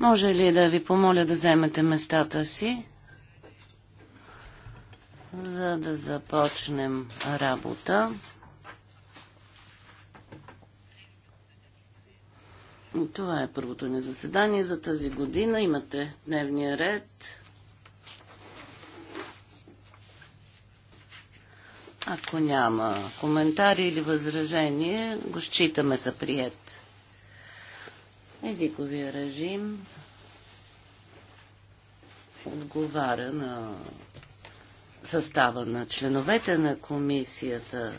Може ли да ви помоля да вземете местата си, за да започнем работа? Това е първото ни заседание за тази година. Имате дневния ред. Ако няма коментари или възражение, го считаме за прият. Езиковия режим отговаря на състава на членовете на комисията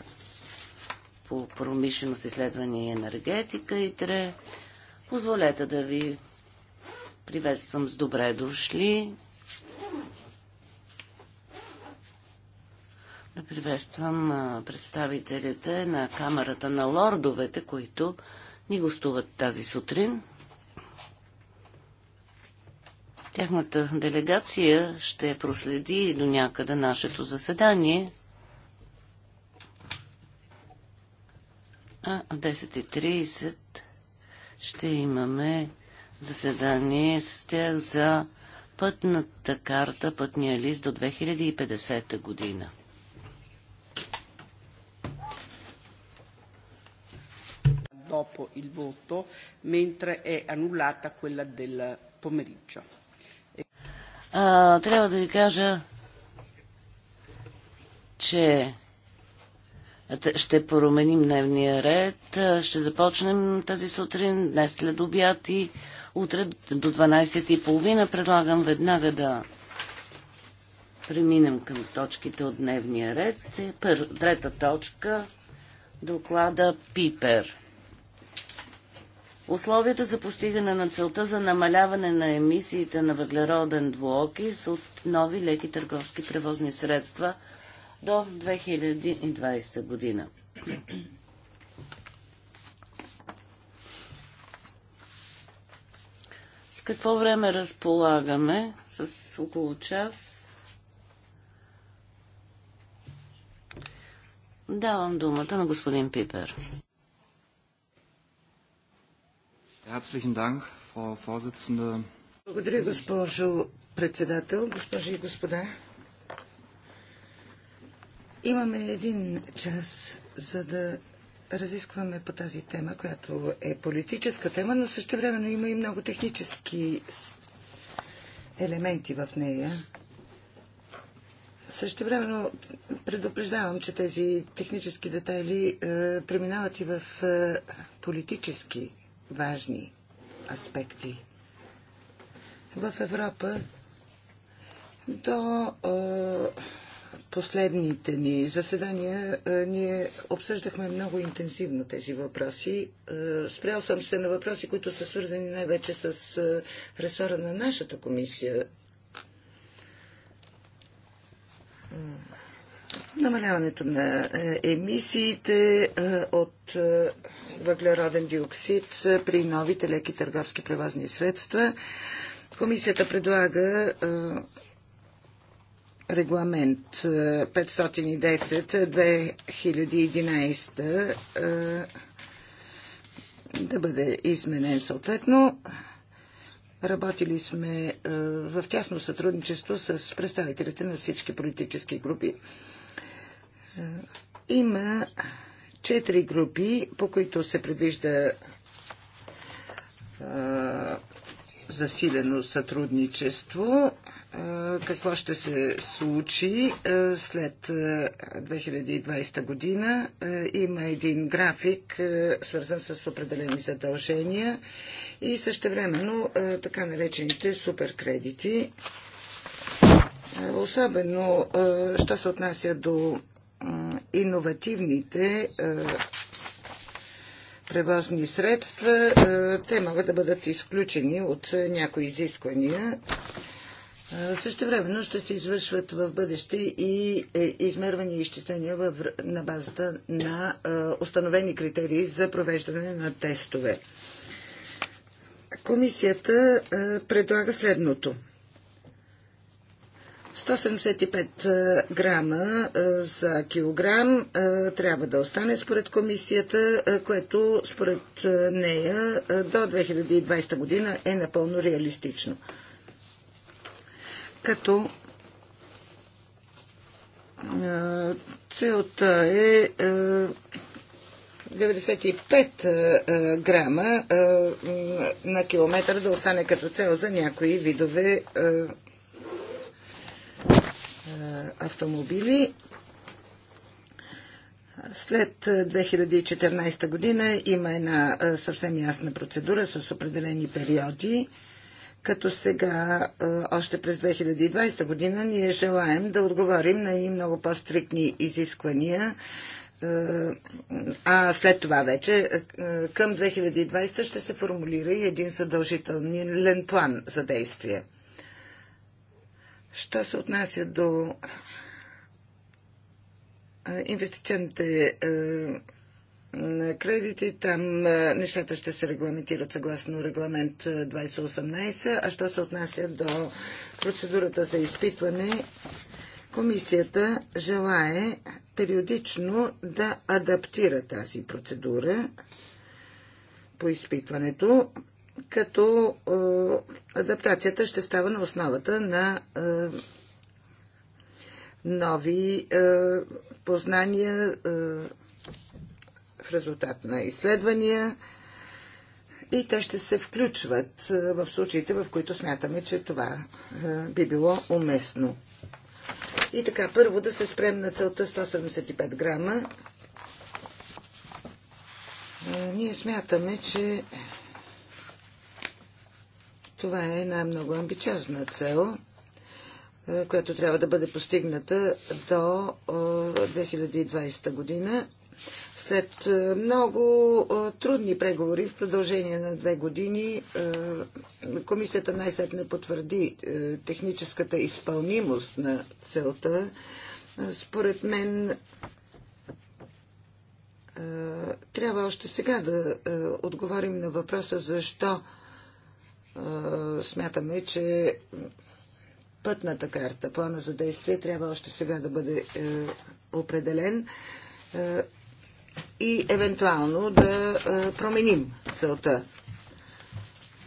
по промишленост, изследване и енергетика и тре. Позволете да ви приветствам с добре дошли. Да приветствам представителите на Камерата на лордовете, които ни гостуват тази сутрин. Тяхната делегация ще проследи до някъде нашето заседание. А в 10.30 ще имаме заседание с тях за пътната карта, пътния лист до 2050 година. dopo il voto, mentre è annullata quella del pomeriggio. А, трябва да ви кажа, че ще променим дневния ред. Ще започнем тази сутрин, днес след обяд и утре до 12.30. Предлагам веднага да преминем към точките от дневния ред. трета точка доклада Пипер. Условията за постигане на целта за намаляване на емисиите на въглероден двуокис от нови леки търговски превозни средства до 2020 година. С какво време разполагаме? С около час. Давам думата на господин Пипер. Herzlichen Dank, Frau Vorsitzende. Благодаря, госпожо председател, госпожи и господа. Имаме един час, за да разискваме по тази тема, която е политическа тема, но също времено има и много технически елементи в нея. Също времено предупреждавам, че тези технически детайли е, преминават и в е, политически важни аспекти. В Европа до последните ни заседания ние обсъждахме много интенсивно тези въпроси. Спрял съм се на въпроси, които са свързани най-вече с ресора на нашата комисия намаляването на е, емисиите е, от е, въглероден диоксид при новите леки търговски превозни средства. Комисията предлага регламент 510-2011 да бъде изменен съответно. Работили сме в тясно сътрудничество с представителите на всички политически групи. Е, има четири групи, по които се предвижда е, засилено сътрудничество. Е, какво ще се случи след 2020 година? Има един график, свързан с определени задължения и същевременно така наречените суперкредити. Особено, що се отнася до иновативните е, превозни средства, е, те могат да бъдат изключени от някои изисквания. Е, Също времено ще се извършват в бъдеще и измервания и изчисления на базата на установени критерии за провеждане на тестове. Комисията предлага следното – 175 е, грама е, за килограм е, трябва да остане според комисията, което според нея до 2020 година е напълно реалистично. Като целта е 95 грама на километър да остане като цел за някои видове е, автомобили. След 2014 е, година има една е, съвсем ясна процедура с определени периоди, като сега, още през 2020 година, ние желаем да отговорим на едни много по-стрикни изисквания, а след това вече към 2020 ще се формулира и един съдължителен план за действие. Що се отнася до инвестиционните кредити, там нещата ще се регламентират съгласно регламент 2018, а що се отнася до процедурата за изпитване, комисията желае периодично да адаптира тази процедура по изпитването като е, адаптацията ще става на основата на е, нови е, познания в резултат на изследвания и те ще се включват в случаите, в които смятаме, че това би било уместно. И така, първо да се спрем на целта 175 грама. Ние смятаме, че това е една много амбициозна цел, е, която трябва да бъде постигната до 2020 е, година. След е, много трудни преговори в продължение на две години, комисията най-сетне потвърди техническата изпълнимост на целта. Според мен трябва още сега да отговорим на въпроса защо смятаме, че пътната карта, плана за действие трябва още сега да бъде е, определен е, и евентуално да е, променим целта.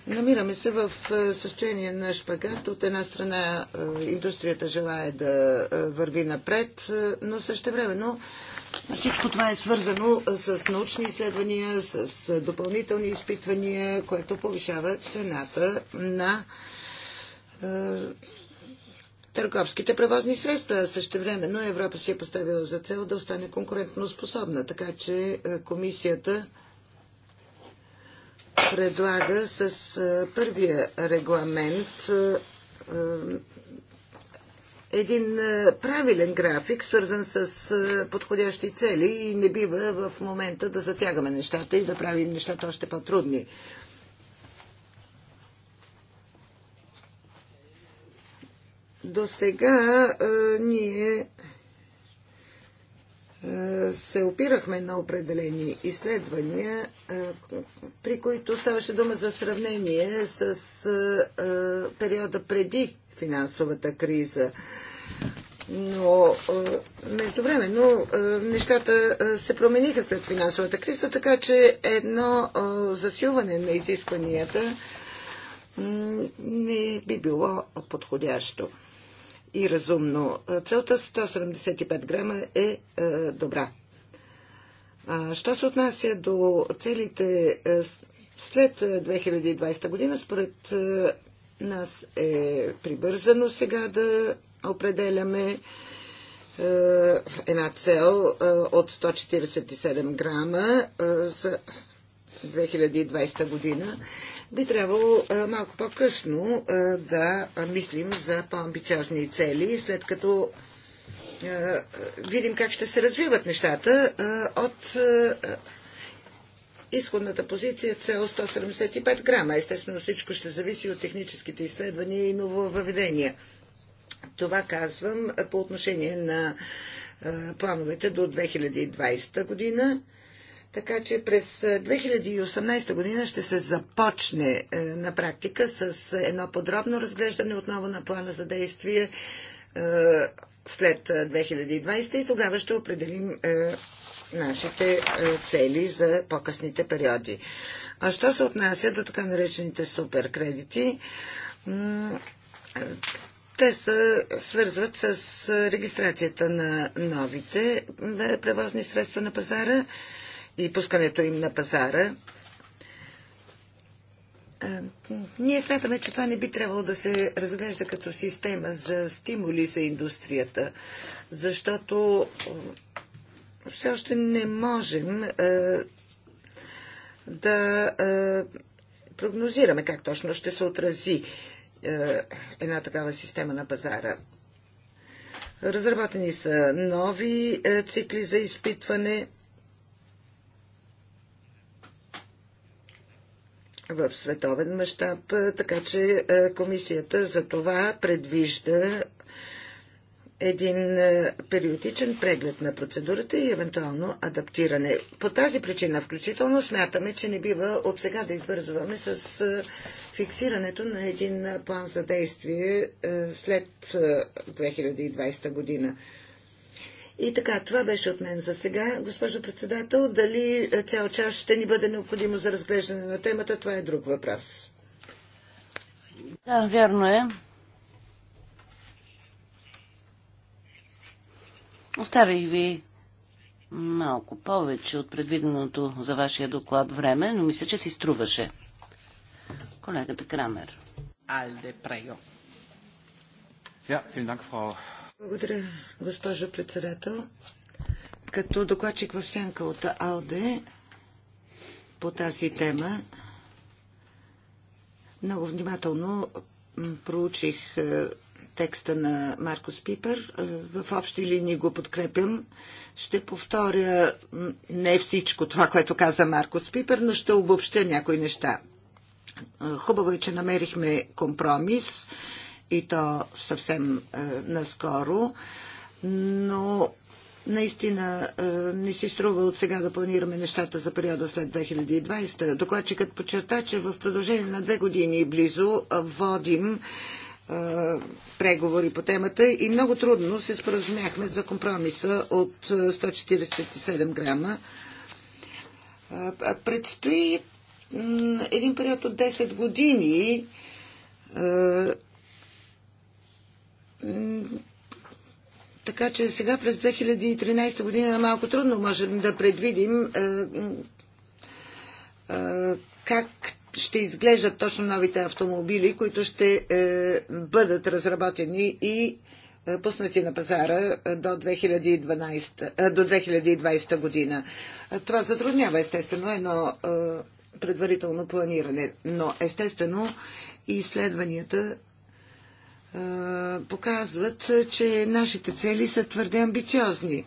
Намираме се в състояние на шпагат. От една страна индустрията желая да върви напред, но също времено всичко това е свързано с научни изследвания, с допълнителни изпитвания, което повишава цената на търговските превозни средства. Също но Европа си е поставила за цел да остане конкурентно способна, така че комисията предлага с първия регламент един е, правилен график, свързан с е, подходящи цели и не бива в момента да затягаме нещата и да правим нещата още по-трудни. До сега е, ние е, се опирахме на определени изследвания, при които ставаше дума за сравнение с периода преди финансовата криза. Но е, междувременно е, нещата е, се промениха след финансовата криза, така че едно засилване на изискванията не би било подходящо и разумно. Целта 175 грама е добра. Що се отнася до целите след 2020 година, според нас е прибързано сега да определяме е, една цел е, от 147 грама е, за 2020 година, би трябвало малко по-късно да мислим за по-амбициозни цели, след като видим как ще се развиват нещата от изходната позиция е цел 175 грама. Естествено всичко ще зависи от техническите изследвания и нововъведения. Това казвам по отношение на плановете до 2020 година. Така че през 2018 година ще се започне на практика с едно подробно разглеждане отново на плана за действие след 2020 и тогава ще определим нашите е, цели за по-късните периоди. А що се отнася до така наречените суперкредити, те се свързват с регистрацията на новите е, превозни средства на пазара и пускането им на пазара. Е, ние смятаме, че това не би трябвало да се разглежда като система за стимули за индустрията, защото все още не можем е, да е, прогнозираме как точно ще се отрази е, една такава система на пазара. Разработени са нови цикли за изпитване в световен мащаб, така че комисията за това предвижда един е, периодичен преглед на процедурата и евентуално адаптиране. По тази причина включително смятаме, че не бива от сега да избързваме с е, фиксирането на един план за действие е, след 2020 година. И така, това беше от мен за сега. Госпожо председател, дали цял час ще ни бъде необходимо за разглеждане на темата, това е друг въпрос. Да, вярно е. Оставих ви малко повече от предвиденото за вашия доклад време, но мисля, че си струваше. Колегата Крамер. Алде Прайо. Благодаря, госпожо председател. Като докладчик в сянка от АЛДЕ по тази тема, много внимателно проучих е, текста на Маркус Пипер. Е, в общи линии го подкрепям. Ще повторя не всичко това, което каза Маркос Пипер, но ще обобщя някои неща. Е, хубаво е, че намерихме компромис и то съвсем е, наскоро, но наистина е, не си струва от сега да планираме нещата за периода след 2020. Докладчикът подчерта, че в продължение на две години и близо водим е, преговори по темата и много трудно се споразумяхме за компромиса от 147 грама. Предстои един период от 10 години така че сега през 2013 година е малко трудно можем да предвидим как ще изглеждат точно новите автомобили, които ще е, бъдат разработени и е, пуснати на пазара е, до 2012, до 2020 година. Това затруднява естествено едно предварително планиране, но естествено изследванията показват, че нашите цели са твърде амбициозни.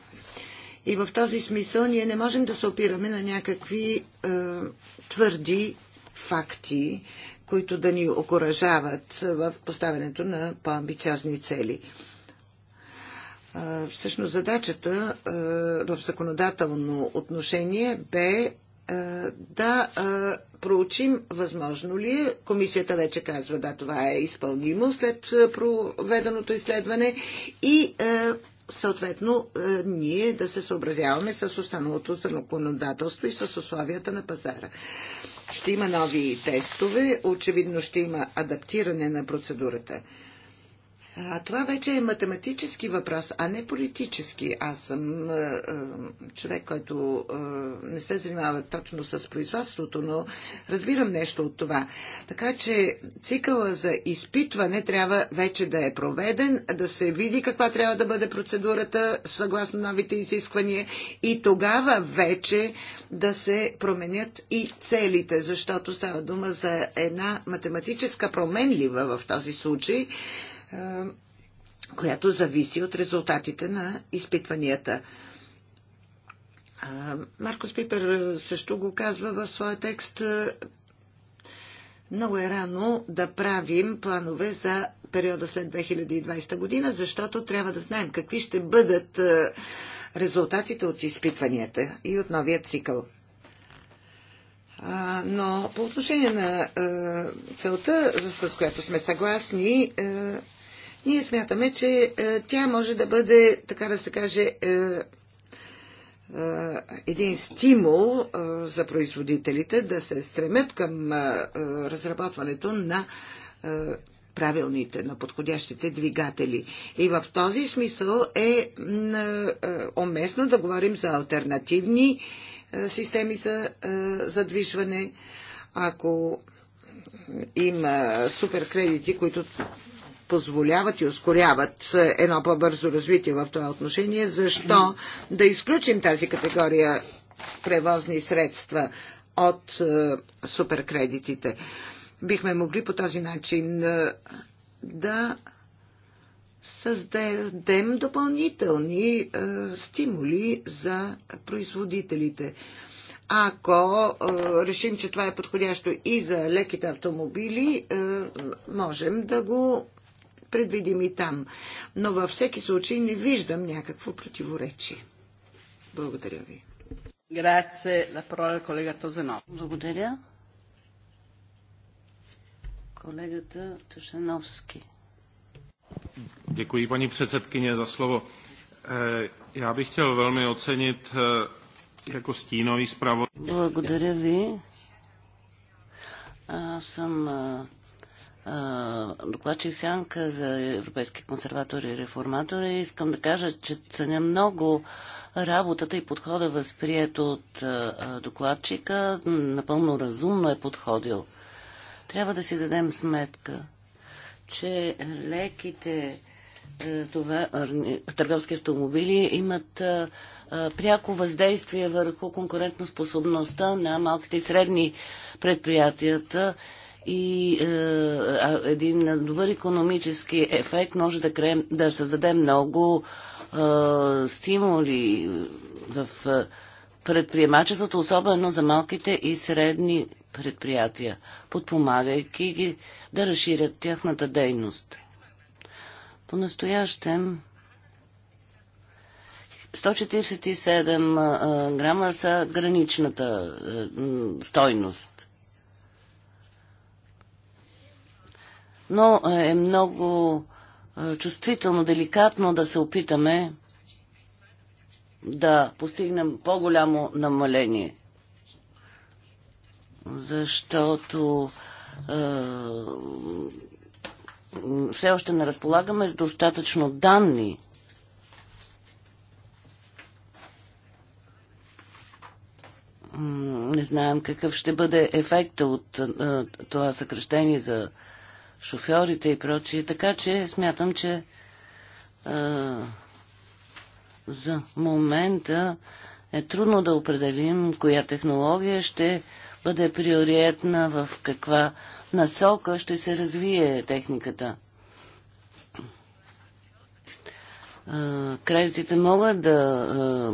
И в този смисъл ние не можем да се опираме на някакви е, твърди факти, които да ни окоръжават в поставянето на по-амбициозни цели. Всъщност задачата в законодателно отношение бе да проучим възможно ли е. Комисията вече казва да, това е изпълнимо след проведеното изследване и съответно ние да се съобразяваме с останалото законодателство и с условията на пазара. Ще има нови тестове, очевидно ще има адаптиране на процедурата. А, това вече е математически въпрос, а не политически. Аз съм а, а, човек, който а, не се занимава точно с производството, но разбирам нещо от това. Така че цикъла за изпитване трябва вече да е проведен, да се види каква трябва да бъде процедурата съгласно новите изисквания и тогава вече да се променят и целите, защото става дума за една математическа променлива в този случай която зависи от резултатите на изпитванията. Маркус Пипер също го казва в своя текст. Много е рано да правим планове за периода след 2020 година, защото трябва да знаем какви ще бъдат резултатите от изпитванията и от новия цикъл. Но по отношение на целта, с която сме съгласни, ние смятаме, че е, тя може да бъде, така да се каже, е, е, един стимул за производителите да се стремят към разработването на правилните, на подходящите двигатели. И в този смисъл е уместно да говорим за альтернативни системи за задвижване. Ако има суперкредити, които позволяват и ускоряват едно по-бързо развитие в това отношение. Защо да изключим тази категория превозни средства от е, суперкредитите? Бихме могли по този начин е, да създадем допълнителни е, стимули за производителите. Ако е, решим, че това е подходящо и за леките автомобили, е, можем да го предвидим и там. Но във всеки случай не виждам някакво противоречие. Благодаря ви. Grazie, la parola колега Тозенов. Благодаря. Колегата Тушеновски. Děkuji, paní předsedkyně, za slovo. Eh, já bych chtěl velmi ocenit eh, jako stínový zpravodaj. Благодаря ви. Аз съм докладчик Сянка за европейски консерватори и реформатори. Искам да кажа, че ценя много работата и подхода възприят от докладчика. Напълно разумно е подходил. Трябва да си дадем сметка, че леките е, е, търговски автомобили имат е, пряко въздействие върху конкурентоспособността на малките и средни предприятията и е, един добър економически ефект може да, крем, да създаде много е, стимули в е, предприемачеството, особено за малките и средни предприятия, подпомагайки ги да разширят тяхната дейност. По-настоящем 147 е, е, грама са граничната стойност но е, е много е, чувствително, деликатно да се опитаме да постигнем по-голямо намаление. Защото е, все още не разполагаме с достатъчно данни. Не знаем какъв ще бъде ефекта от е, това съкръщение за шофьорите и прочие. Така че смятам, че а, за момента е трудно да определим коя технология ще бъде приоритетна, в каква насока ще се развие техниката. Кредитите могат да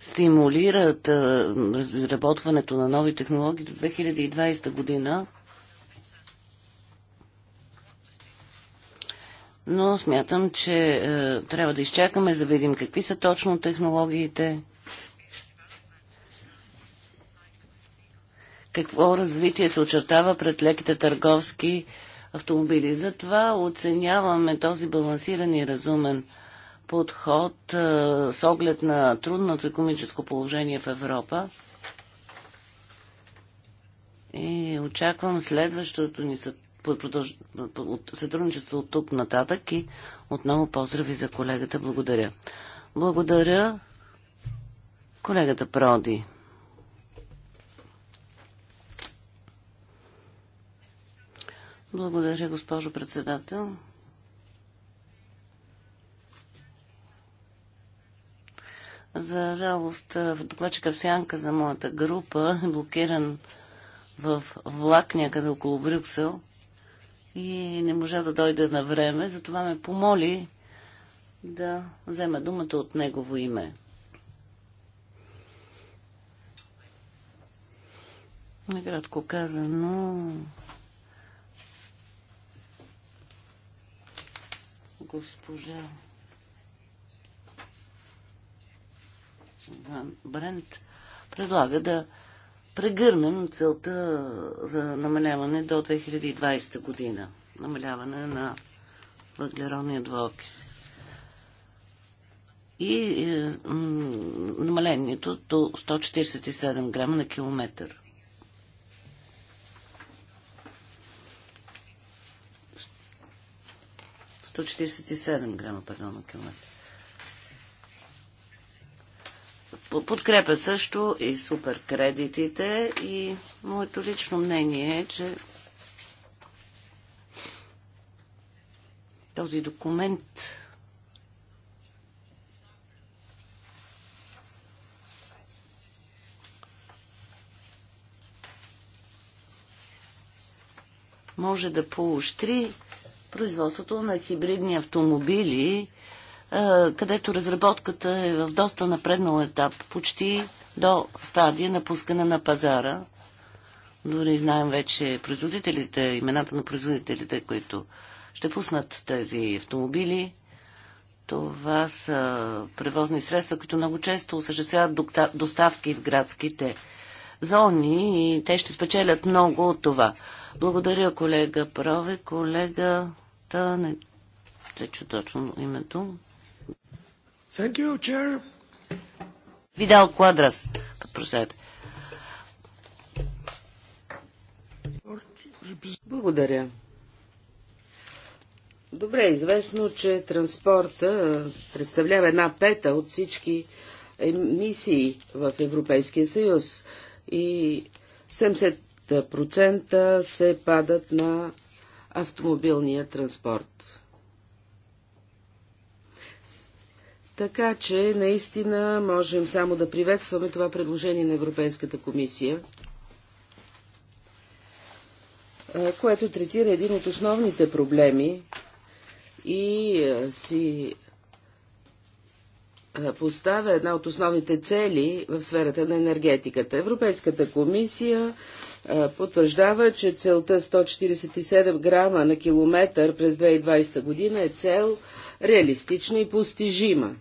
стимулират разработването на нови технологии до 2020 година, но смятам, че е, трябва да изчакаме, за да видим какви са точно технологиите, какво развитие се очертава пред леките търговски автомобили. Затова оценяваме този балансиран и разумен подход е, с оглед на трудното економическо положение в Европа. И очаквам следващото ни сътрудничество продълж... сътрудничество от тук нататък и отново поздрави за колегата. Благодаря. Благодаря колегата Проди. Благодаря, госпожо председател. За жалост, в докладчика в сянка за моята група е блокиран в влак някъде около Брюксел – и не можа да дойде на време, затова ме помоли да взема думата от негово име. Накратко казано, госпожа Брент предлага да прегърнем целта за намаляване до 2020 година. Намаляване на въглеродния двуокис. И е, намалението до 147 грама на километър. Сто грама, пардон, на километър. Подкрепя също и суперкредитите и моето лично мнение е, че този документ може да поощри производството на хибридни автомобили където разработката е в доста напреднал етап, почти до стадия на пускане на пазара. Дори знаем вече производителите, имената на производителите, които ще пуснат тези автомобили. Това са превозни средства, които много често осъществяват доставки в градските зони и те ще спечелят много от това. Благодаря, колега Прове. Колегата, не се чу точно името, Thank you, chair. Видал Квадрас. прощайте. Благодаря. Добре е известно, че транспорта представлява една пета от всички емисии в Европейския съюз и 70% се падат на автомобилния транспорт. Така че наистина можем само да приветстваме това предложение на Европейската комисия, което третира един от основните проблеми и си поставя една от основните цели в сферата на енергетиката. Европейската комисия потвърждава, че целта 147 грама на километър през 2020 година е цел реалистична и постижима.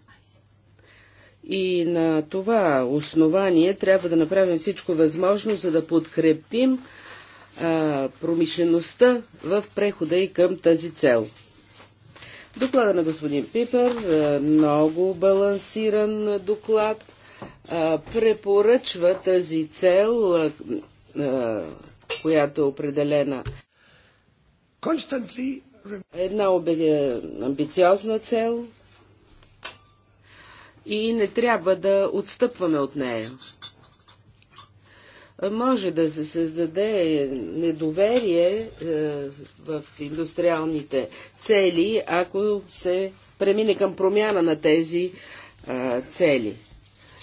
И на това основание трябва да направим всичко възможно, за да подкрепим а, промишлеността в прехода и към тази цел. Доклада на господин Пипер, много балансиран доклад, препоръчва тази цел, която е определена. Една амбициозна цел, и не трябва да отстъпваме от нея. Може да се създаде недоверие е, в индустриалните цели, ако се премине към промяна на тези е, цели.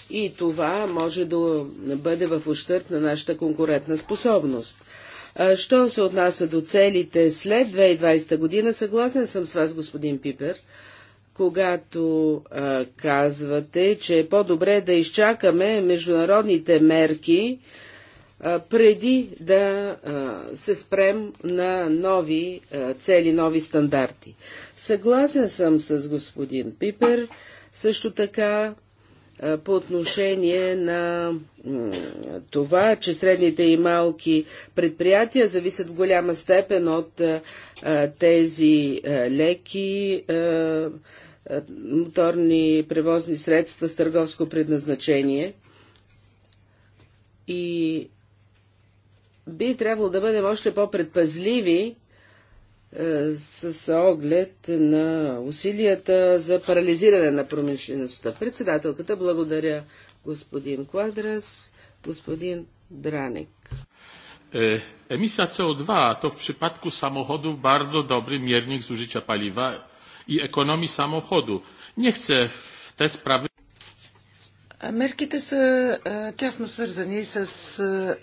И това може да бъде в ущърп на нашата конкурентна способност. Що се отнася до целите след 2020 година, съгласен съм с вас, господин Пипер, когато а, казвате, че е по-добре да изчакаме международните мерки а, преди да а, се спрем на нови а, цели, нови стандарти. Съгласен съм с господин Пипер, също така по отношение на това, че средните и малки предприятия зависят в голяма степен от тези леки моторни превозни средства с търговско предназначение. И би трябвало да бъдем още по-предпазливи е, с оглед на усилията за парализиране на промишлеността. Председателката благодаря господин Квадрас, господин Драник. Е, емисия CO2 то в przypadku самоходов bardzo добри miernik зужича палива и економи самоходу. Не хце в те справи Мерките са тясно свързани с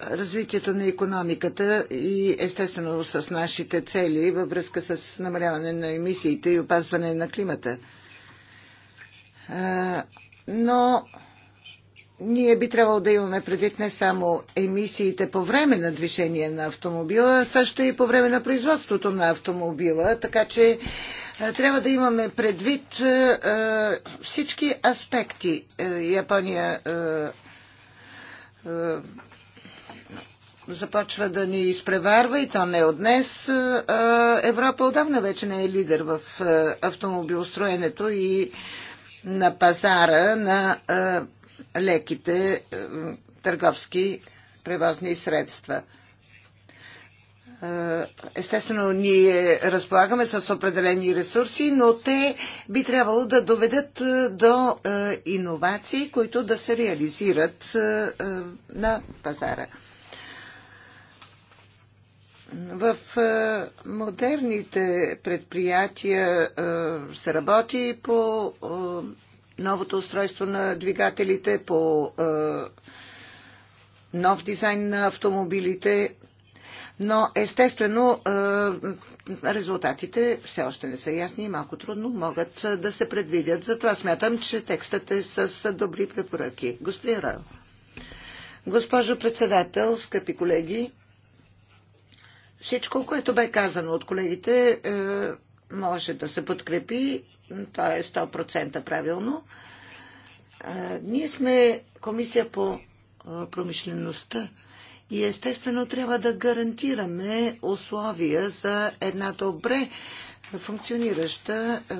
развитието на економиката и естествено с нашите цели във връзка с намаляване на емисиите и опазване на климата. Но ние би трябвало да имаме предвид не само емисиите по време на движение на автомобила, а също и по време на производството на автомобила, така че е, трябва да имаме предвид е, е, всички аспекти. Япония започва да ни изпреварва и то не от днес. Европа отдавна вече не е лидер в автомобилстроенето и на пазара на леките търговски превозни средства. Е, естествено, ние разполагаме с определени ресурси, но те би трябвало да доведат е, до е, иновации, които да се реализират на пазара. В модерните предприятия се работи по новото устройство на двигателите, по нов дизайн на автомобилите. Но естествено е, резултатите все още не са ясни и малко трудно могат е, да се предвидят. Затова смятам, че текстът е с е, добри препоръки. Господин Райл. Госпожо председател, скъпи колеги, всичко, което бе казано от колегите, може да се подкрепи. Това е 100% правилно. Ние сме комисия по промишлеността. И естествено трябва да гарантираме условия за една добре функционираща е,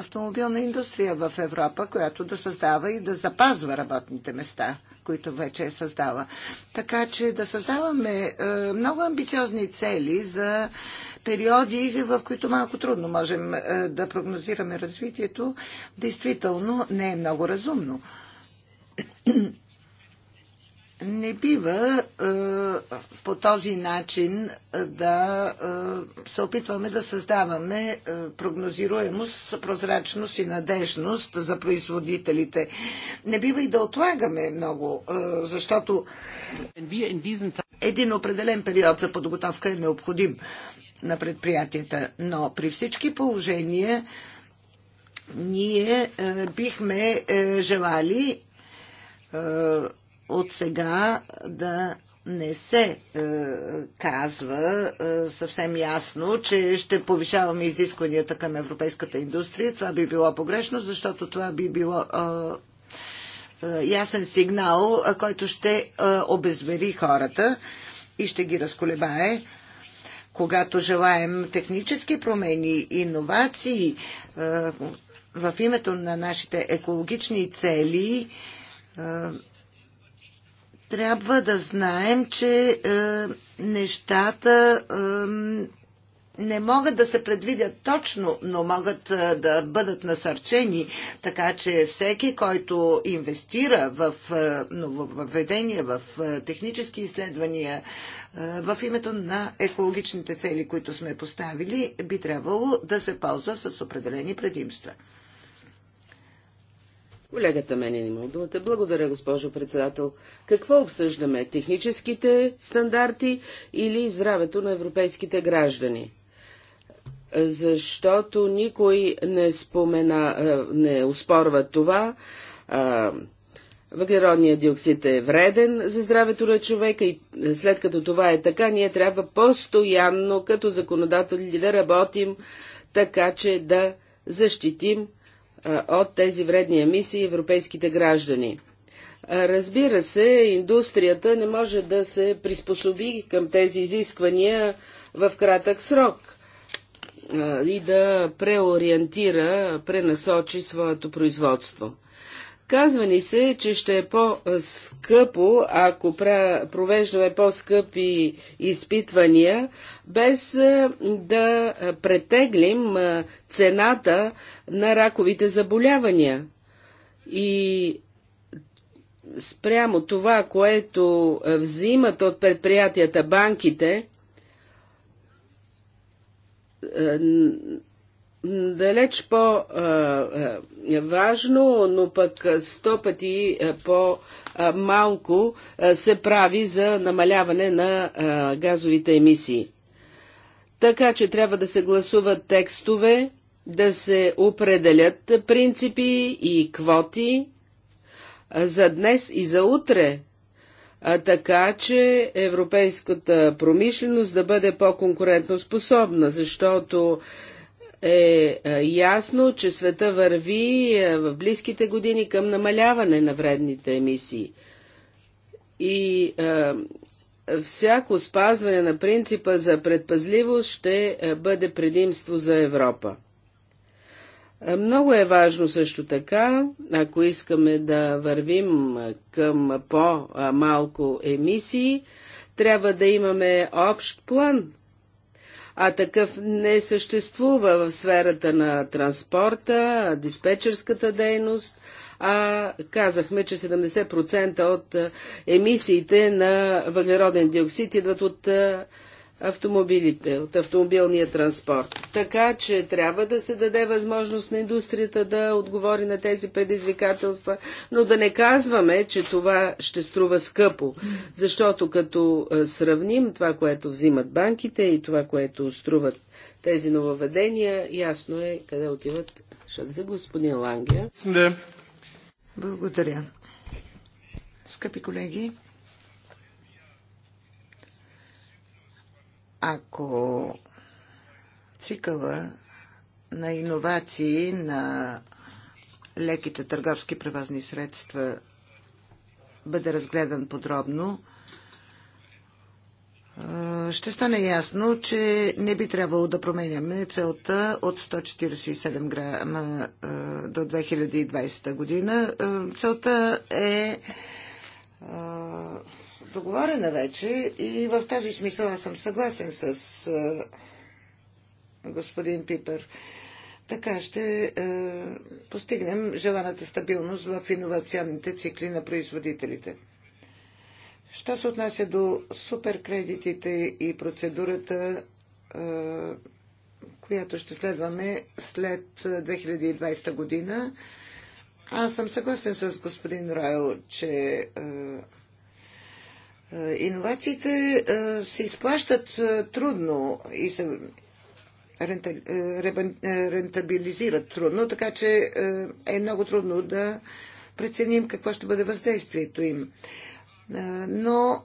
автомобилна индустрия в Европа, която да създава и да запазва работните места които вече е създава. Така че да създаваме е, много амбициозни цели за периоди, в които малко трудно можем е, да прогнозираме развитието, действително не е много разумно не бива е, по този начин е, да е, се опитваме да създаваме прогнозируемост, прозрачност и надежност за производителите. Не бива и да отлагаме много, защото един определен период за подготовка е необходим на предприятията. Но при всички положения ние бихме желали от сега да не се е, казва е, съвсем ясно, че ще повишаваме изискванията към европейската индустрия. Това би било погрешно, защото това би било е, е, ясен сигнал, е, който ще е, обезвери хората и ще ги разколебае. Когато желаем технически промени, иновации е, в името на нашите екологични цели, е, трябва да знаем, че е, нещата е, не могат да се предвидят точно, но могат е, да бъдат насърчени, така че всеки, който инвестира в е, въведение, в е, технически изследвания, е, в името на екологичните цели, които сме поставили, би трябвало да се ползва с определени предимства. Колегата Менин имал думата. Благодаря, госпожо председател. Какво обсъждаме? Техническите стандарти или здравето на европейските граждани? Защото никой не спомена, не успорва това. Въглеродният диоксид е вреден за здравето на човека и след като това е така, ние трябва постоянно като законодатели да работим така, че да защитим от тези вредни емисии европейските граждани. Разбира се, индустрията не може да се приспособи към тези изисквания в кратък срок и да преориентира, пренасочи своето производство. Казва ни се, че ще е по-скъпо, ако провеждаме по-скъпи изпитвания, без да претеглим цената на раковите заболявания. И спрямо това, което взимат от предприятията банките, далеч по-важно, но пък сто пъти по-малко се прави за намаляване на газовите емисии. Така че трябва да се гласуват текстове, да се определят принципи и квоти за днес и за утре, така че европейската промишленост да бъде по-конкурентно способна, защото е, е ясно, че света върви е, в близките години към намаляване на вредните емисии. И е, всяко спазване на принципа за предпазливост ще бъде предимство за Европа. Много е важно също така, ако искаме да вървим към по-малко емисии, трябва да имаме общ план а такъв не съществува в сферата на транспорта, диспетчерската дейност, а казахме, че 70% от емисиите на въглероден диоксид идват от автомобилите, от автомобилния транспорт. Така че трябва да се даде възможност на индустрията да отговори на тези предизвикателства, но да не казваме, че това ще струва скъпо, защото като сравним това, което взимат банките и това, което струват тези нововведения, ясно е къде отиват за господин Лангия. Благодаря. Скъпи колеги, Ако цикъла на иновации на леките търговски превозни средства бъде разгледан подробно, е, ще стане ясно, че не би трябвало да променяме целта от 147 грама е, до 2020 година. Е, целта е договорена вече и в тази смисъл аз съм съгласен с господин Пипер. Така ще е, постигнем желаната стабилност в иновационните цикли на производителите. Що се отнася до суперкредитите и процедурата, е, която ще следваме след 2020 година, аз съм съгласен с господин Райл, че е, е, иновациите е, се изплащат е, трудно и се рентабилизират трудно, така че е много трудно да преценим какво ще бъде въздействието им. Но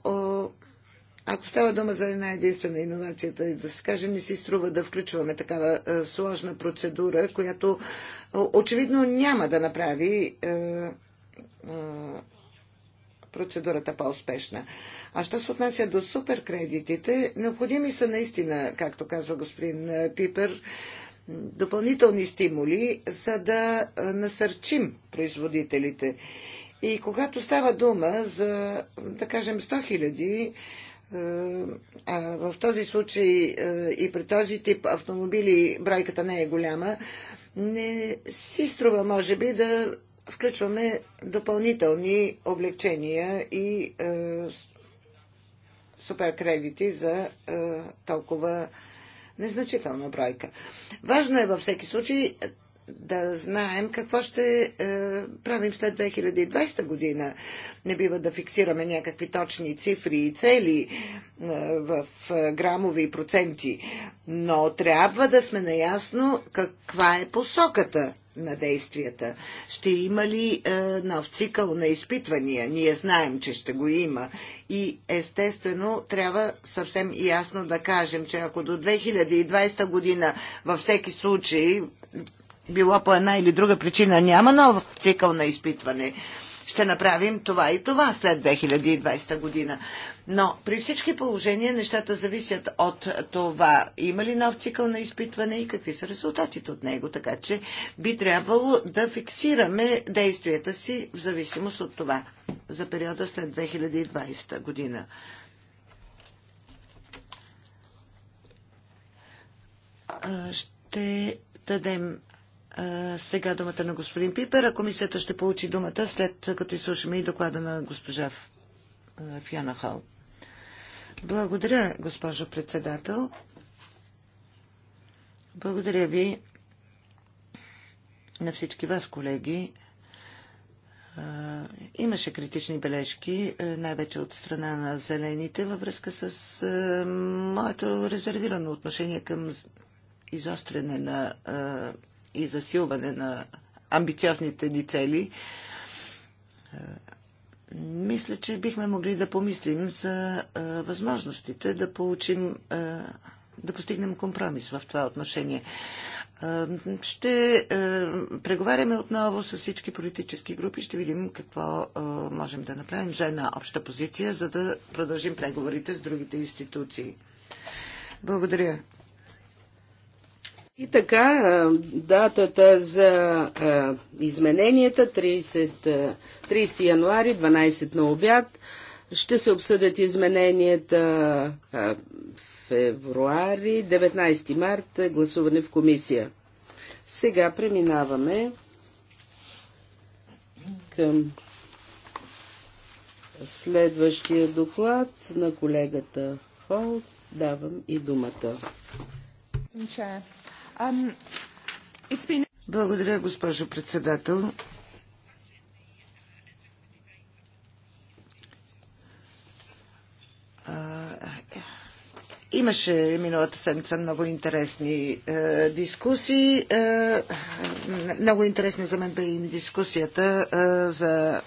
ако става дума за една единствена иновацията и да се каже, не си струва да включваме такава сложна процедура, която очевидно няма да направи процедурата по-успешна. А що се отнася до суперкредитите, необходими са наистина, както казва господин е, Пипер, допълнителни стимули, за да е, насърчим производителите. И когато става дума за, да кажем, 100 хиляди, е, а в този случай и при този тип автомобили бройката не е голяма, не си струва, може би, да включваме допълнителни облегчения и е, суперкредити за е, толкова незначителна бройка. Важно е във всеки случай е, да знаем какво ще е, правим след 2020 година. Не бива да фиксираме някакви точни цифри и цели е, в е, грамови и проценти, но трябва да сме наясно каква е посоката на действията? Ще има ли е, нов цикъл на изпитвания? Ние знаем, че ще го има. И естествено трябва съвсем ясно да кажем, че ако до 2020 година във всеки случай било по една или друга причина няма нов цикъл на изпитване, ще направим това и това след 2020 година. Но при всички положения нещата зависят от това има ли нов цикъл на изпитване и какви са резултатите от него. Така че би трябвало да фиксираме действията си в зависимост от това за периода след 2020 година. Ще дадем сега думата на господин Пипер, а комисията ще получи думата след като изслушаме и доклада на госпожа Фиана Халт. Благодаря, госпожо председател. Благодаря ви на всички вас, колеги. Имаше критични бележки, най-вече от страна на зелените, във връзка с моето резервирано отношение към изостряне на и засилване на амбициозните ни цели мисля, че бихме могли да помислим за а, възможностите да получим, а, да постигнем компромис в това отношение. А, ще а, преговаряме отново с всички политически групи, ще видим какво а, можем да направим за една обща позиция, за да продължим преговорите с другите институции. Благодаря, и така, датата за измененията 30, 30 януари, 12 на обяд. Ще се обсъдят измененията февруари, 19 март, гласуване в комисия. Сега преминаваме към следващия доклад на колегата Холт. Давам и думата. Um, Благодаря, госпожо председател. Имаше миналата седмица много интересни е, дискусии. Е, много интересна за мен бе и дискусията е, за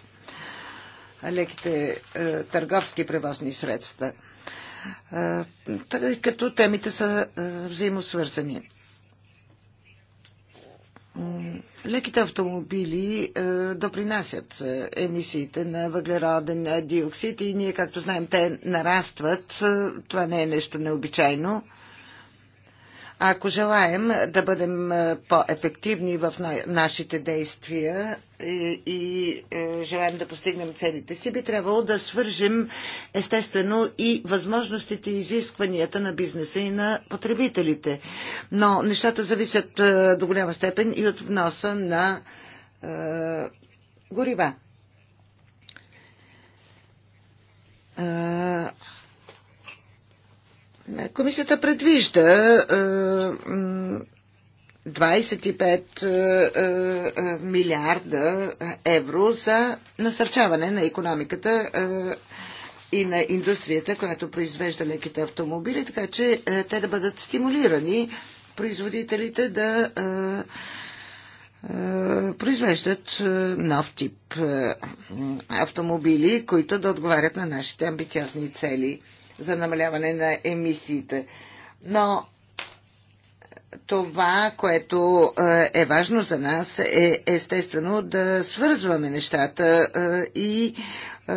леките търговски превозни средства. тъй като темите са взаимосвързани. Леките автомобили е, допринасят емисиите на въглероден диоксид и ние, както знаем, те нарастват. Е, това не е нещо необичайно. Ако желаем да бъдем по-ефективни в нашите действия и е, желаем да постигнем целите си, би трябвало да свържим естествено и възможностите и изискванията на бизнеса и на потребителите. Но нещата зависят е, до голяма степен и от вноса на е, горива Комисията предвижда 25 е, е, е, милиарда евро за насърчаване на економиката и на индустрията, която произвежда леките автомобили, така че те да бъдат стимулирани производителите да произвеждат нов тип автомобили, които да отговарят на нашите амбициозни цели за намаляване на емисиите. Но това, което е, е важно за нас е естествено да свързваме нещата е, и е,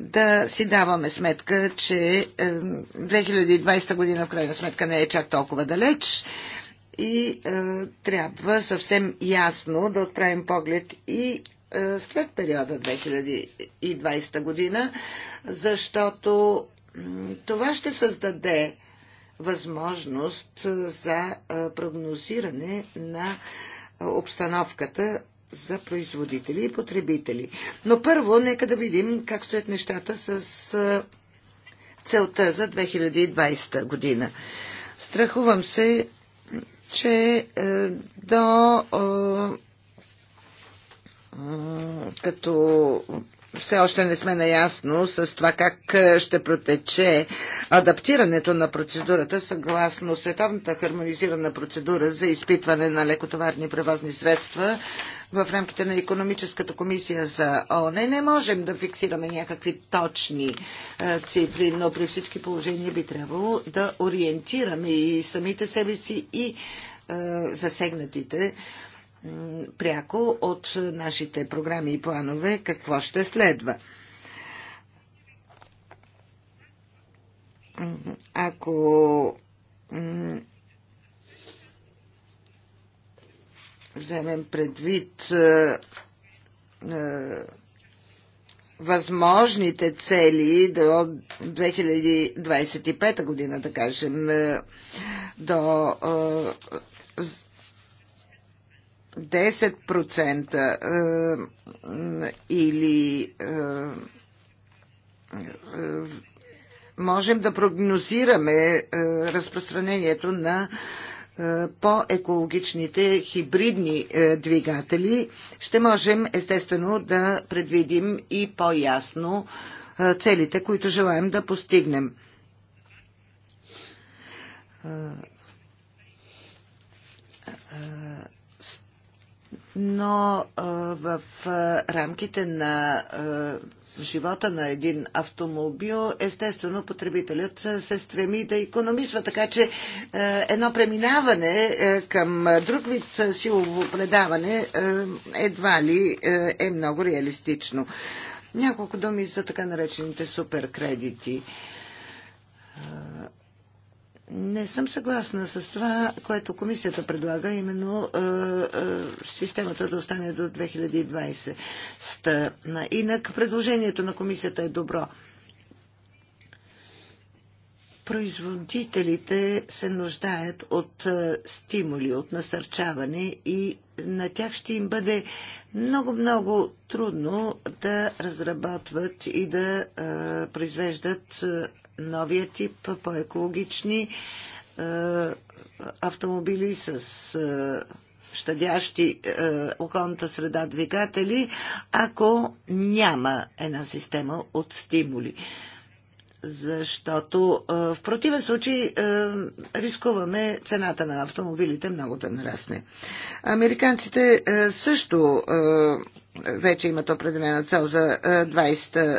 да си даваме сметка, че 2020 година в крайна сметка не е чак толкова далеч и трябва съвсем ясно да отправим поглед и след периода 2020 година, защото това ще създаде възможност за прогнозиране на обстановката за производители и потребители. Но първо, нека да видим как стоят нещата с целта за 2020 година. Страхувам се, че е, до е, е, като все още не сме наясно с това как е, ще протече адаптирането на процедурата съгласно Световната хармонизирана процедура за изпитване на лекотоварни превозни средства в рамките на економическата комисия за ООН. Не можем да фиксираме някакви точни е, цифри, но при всички положения би трябвало да ориентираме и самите себе си и е, засегнатите пряко от нашите програми и планове какво ще следва. Ако вземем предвид е, е, възможните цели до 2025 година, да кажем, е, до 10% е, или е, е, можем да прогнозираме разпространението на по-екологичните хибридни двигатели, ще можем естествено да предвидим и по-ясно целите, които желаем да постигнем. но в рамките на живота на един автомобил, естествено потребителят се стреми да економисва, така че едно преминаване към друг вид силово предаване едва ли е много реалистично. Няколко думи за така наречените суперкредити. Не съм съгласна с това, което комисията предлага, именно е, е, системата да остане до 2020. инак предложението на комисията е добро. Производителите се нуждаят от е, стимули, от насърчаване и на тях ще им бъде много-много трудно да разработват и да е, произвеждат. Е, новия тип по-екологични е, автомобили с е, щадящи е, околната среда двигатели, ако няма една система от стимули. Защото е, в противен случай е, рискуваме цената на автомобилите много да нарасне. Американците е, също е, вече имат определена цел за е, 20. Е,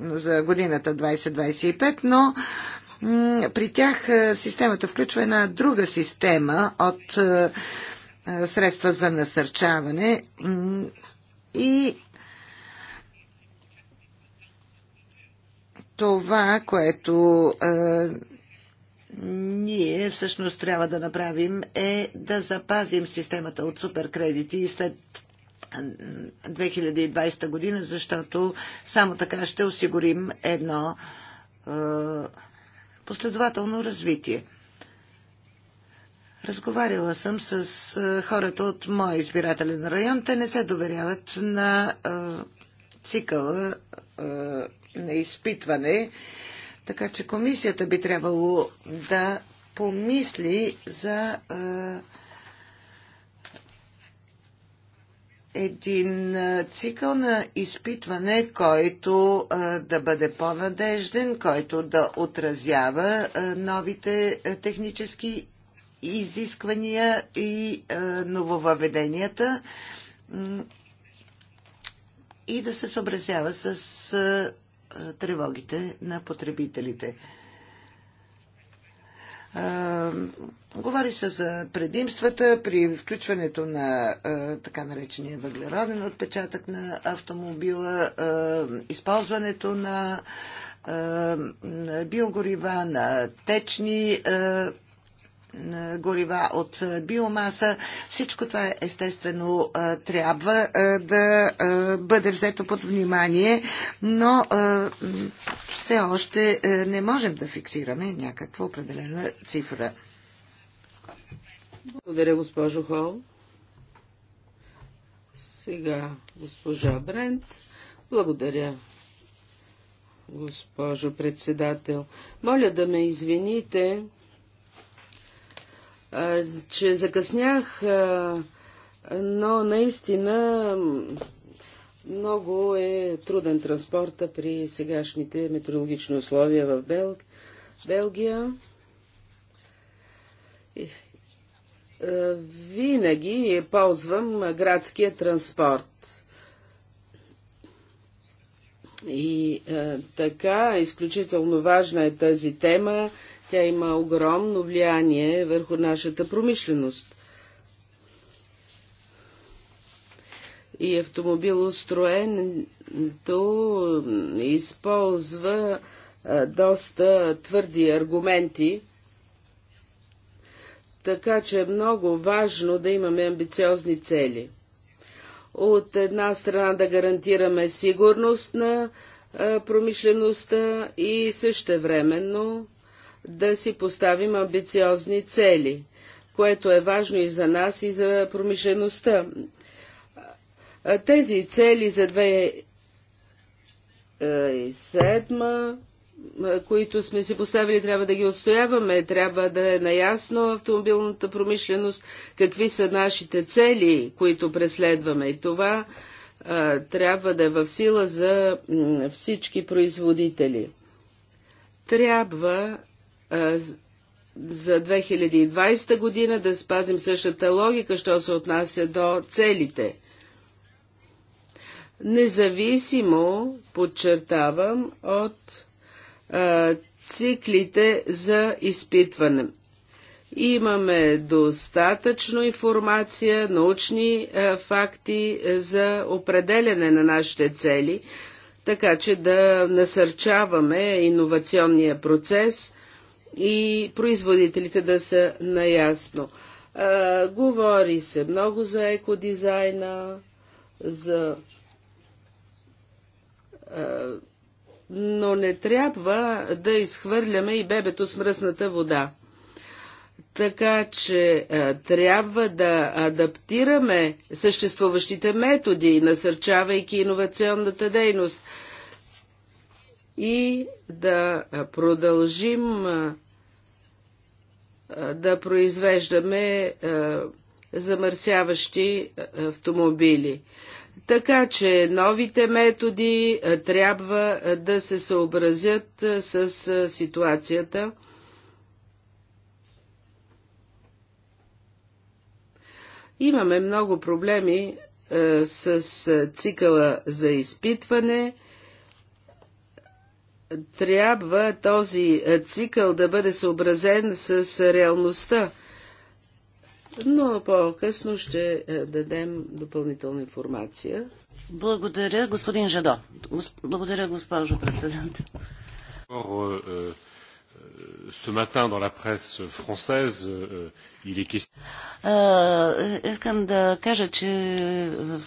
за годината 2025, но при тях е, системата включва една друга система от е, е, средства за насърчаване и това, което ние всъщност трябва да направим е да запазим системата от суперкредити и след 2020 година, защото само така ще осигурим едно е, последователно развитие. Разговаряла съм с е, хората от моя избирателен район. Те не се доверяват на е, цикъла е, на изпитване, така че комисията би трябвало да помисли за е, един цикъл на изпитване, който да бъде по-надежден, който да отразява новите технически изисквания и нововъведенията и да се съобразява с тревогите на потребителите. Говори се за предимствата при включването на така наречения въглероден отпечатък на автомобила, използването на биогорива, на течни горива от биомаса. Всичко това естествено трябва да бъде взето под внимание, но все още не можем да фиксираме някаква определена цифра. Благодаря, госпожо Хол. Сега госпожа Брент. Благодаря, госпожо председател. Моля да ме извините, че закъснях, но наистина много е труден транспорта при сегашните метеорологични условия в Бел... Белгия. Винаги ползвам градския транспорт. И така, изключително важна е тази тема тя има огромно влияние върху нашата промишленост. И автомобилостроенето използва доста твърди аргументи, така че е много важно да имаме амбициозни цели. От една страна да гарантираме сигурност на промишлеността и същевременно да си поставим амбициозни цели, което е важно и за нас, и за промишлеността. Тези цели за 2007 които сме си поставили, трябва да ги отстояваме, трябва да е наясно автомобилната промишленост, какви са нашите цели, които преследваме. И това трябва да е в сила за всички производители. Трябва за 2020 година да спазим същата логика, що се отнася до целите. Независимо, подчертавам, от а, циклите за изпитване. Имаме достатъчно информация, научни а, факти за определене на нашите цели, така че да насърчаваме иновационния процес – и производителите да са наясно. А, говори се много за екодизайна, за. А, но не трябва да изхвърляме и бебето с мръсната вода. Така че а, трябва да адаптираме съществуващите методи, насърчавайки иновационната дейност и да продължим а, да произвеждаме замърсяващи автомобили. Така че новите методи трябва да се съобразят с ситуацията. Имаме много проблеми с цикъла за изпитване трябва този е, цикъл да бъде съобразен с е, реалността. Но по-късно ще е, дадем допълнителна информация. Благодаря, господин Жадо. Благодаря, госпожо председател. Ce matin, dans la presse française, il est question. Искам да кажа, че в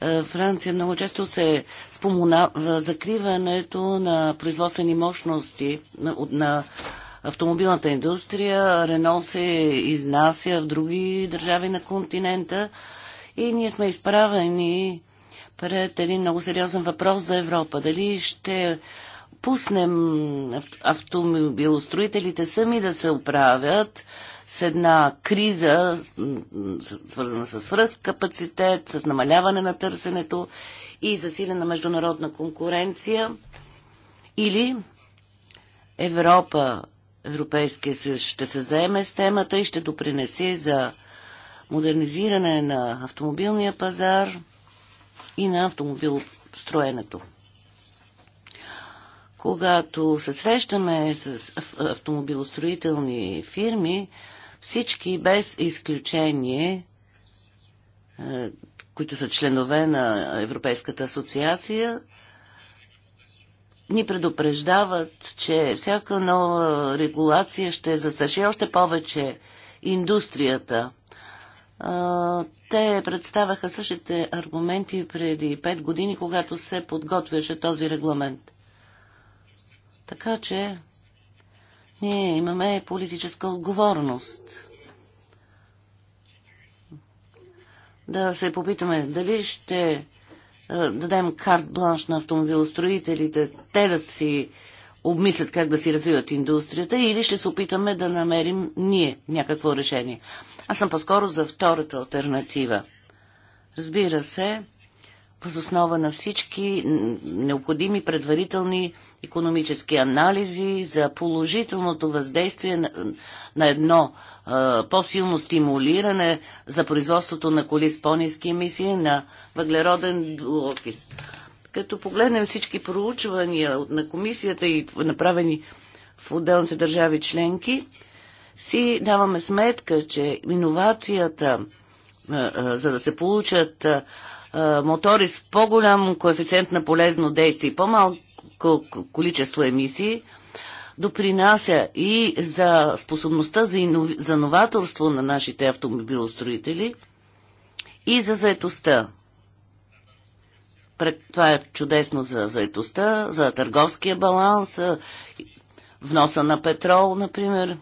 е, Франция много често се спомена е, закриването на производствени мощности на, на автомобилната индустрия. Рено се изнася в други държави на континента и ние сме изправени пред един много сериозен въпрос за Европа. Дали ще пуснем автомобилостроителите сами да се оправят, с една криза, свързана с свръхкапацитет, с намаляване на търсенето и засилена международна конкуренция, или Европа, Европейския съюз ще се заеме с темата и ще допринесе за модернизиране на автомобилния пазар и на автомобилостроенето. Когато се срещаме с автомобилостроителни фирми, всички без изключение, е, които са членове на Европейската асоциация, ни предупреждават, че всяка нова регулация ще застраши още повече индустрията. Те представяха същите аргументи преди 5 години, когато се подготвяше този регламент. Така че ние имаме политическа отговорност. Да се попитаме дали ще е, дадем карт бланш на автомобилостроителите, те да си обмислят как да си развиват индустрията или ще се опитаме да намерим ние някакво решение. Аз съм по-скоро за втората альтернатива. Разбира се, възоснова на всички необходими предварителни економически анализи за положителното въздействие на, на едно по-силно стимулиране за производството на коли с по-низки емисии на въглероден двуокис. Като погледнем всички проучвания на комисията и направени в отделните държави членки, си даваме сметка, че иновацията, за да се получат мотори с по-голям коефициент на полезно действие и по-малък количество емисии, допринася и за способността за, инов... за новаторство на нашите автомобилостроители и за заетостта. Това е чудесно за заетостта, за търговския баланс, вноса на петрол, например,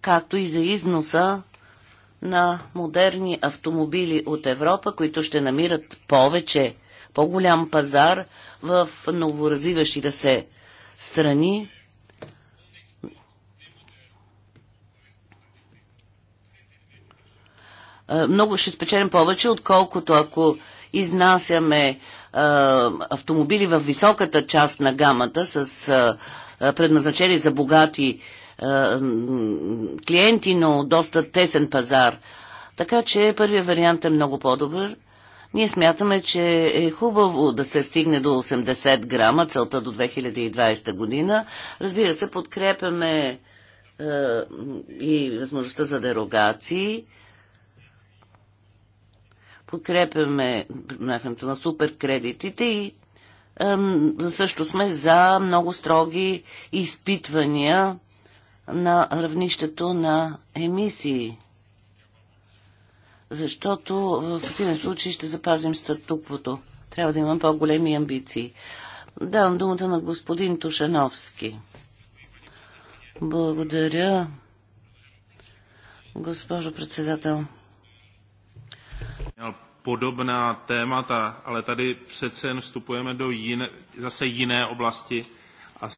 както и за износа на модерни автомобили от Европа, които ще намират повече по-голям пазар в новоразвиващите се страни. Много ще спечелим повече, отколкото ако изнасяме автомобили в високата част на гамата с предназначени за богати клиенти, но доста тесен пазар. Така че първият вариант е много по-добър. Ние смятаме, че е хубаво да се стигне до 80 грама, целта до 2020 година. Разбира се, подкрепяме е, и възможността за дерогации. Подкрепяме махането на суперкредитите и е, също сме за много строги изпитвания на равнището на емисии защото в противен случай ще запазим статуквото. Трябва да имам по-големи амбиции. Давам думата на господин Тушановски. Благодаря, госпожо председател. Подобná témata, ale tady přece jen vstupujeme do jiné, zase jiné oblasti. A...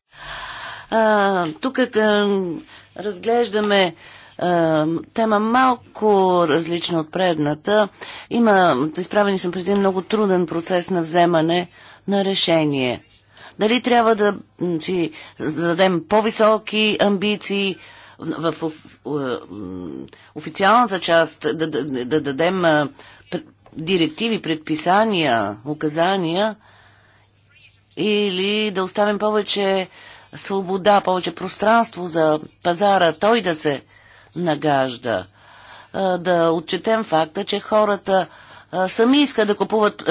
А, тук към, разглеждаме тема малко различна от предната. Има, изправени съм преди много труден процес на вземане на решение. Дали трябва да си зададем по-високи амбиции в, в, в официалната част, да, да, да дадем директиви, предписания, указания или да оставим повече свобода, повече пространство за пазара, той да се нагажда. Да отчетем факта, че хората сами искат да купуват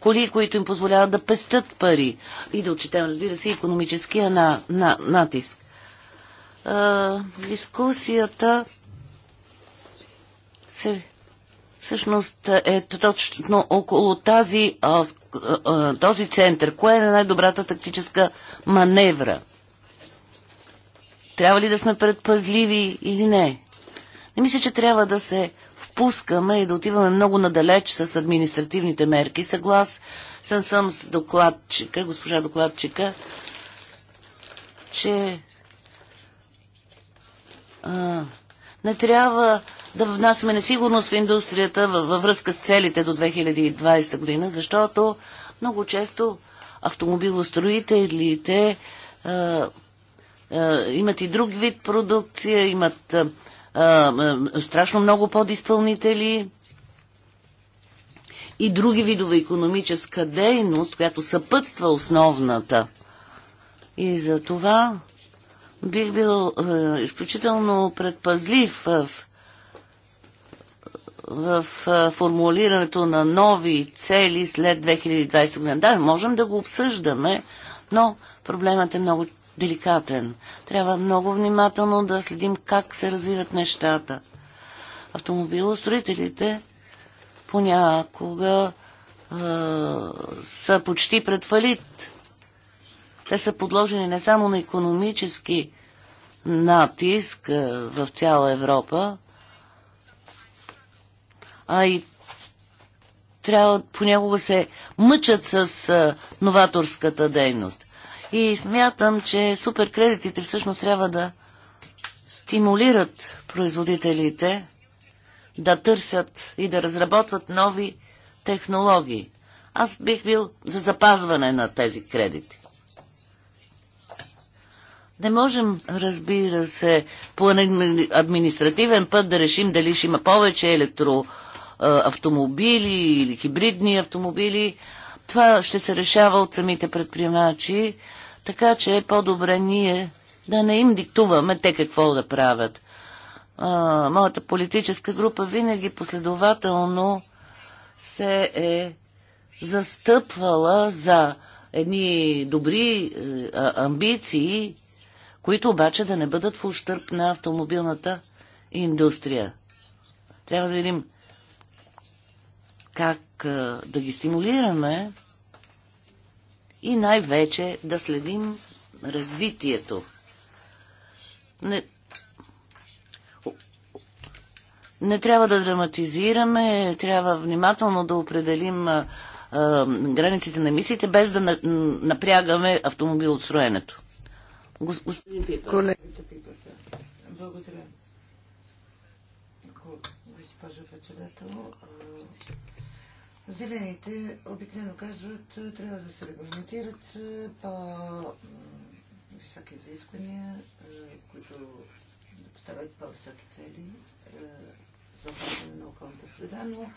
коли, които им позволяват да пестят пари. И да отчетем, разбира се, економическия на, на, натиск. Дискусията се всъщност е точно около тази, този център. Кое е най-добрата тактическа маневра? Трябва ли да сме предпазливи или не? Не мисля, че трябва да се впускаме и да отиваме много надалеч с административните мерки. Съглас съм, съм с докладчика, госпожа докладчика, че а, не трябва да внасяме несигурност в индустрията във, във връзка с целите до 2020 година, защото много често автомобилостроителите а, а, имат и друг вид продукция, имат страшно много подизпълнители и други видове економическа дейност, която съпътства основната. И за това бих бил е, изключително предпазлив в, в, в формулирането на нови цели след 2020 година. Да, можем да го обсъждаме, но проблемът е много деликатен. Трябва много внимателно да следим как се развиват нещата. Автомобилостроителите понякога е, са почти пред фалит. Те са подложени не само на економически натиск е, в цяла Европа, а и трябва понякога се мъчат с е, новаторската дейност. И смятам, че суперкредитите всъщност трябва да стимулират производителите да търсят и да разработват нови технологии. Аз бих бил за запазване на тези кредити. Не можем, разбира се, по административен път да решим дали ще има повече електроавтомобили или хибридни автомобили. Това ще се решава от самите предприемачи така че е по-добре ние да не им диктуваме те какво да правят. А, моята политическа група винаги последователно се е застъпвала за едни добри е, а, амбиции, които обаче да не бъдат в ущърп на автомобилната индустрия. Трябва да видим как а, е, да ги стимулираме, и най-вече да следим развитието. Не, не трябва да драматизираме, трябва внимателно да определим а, а, границите на мисиите, без да на, напрягаме автомобилостроенето. Гос, господин Пипер. Колегата Пипер. Благодаря. Госпожо председател, Зелените обикновено казват, е, трябва да се регламентират е, по-високи изисквания, е, които поставят по-високи цели за опазване на околната среда, но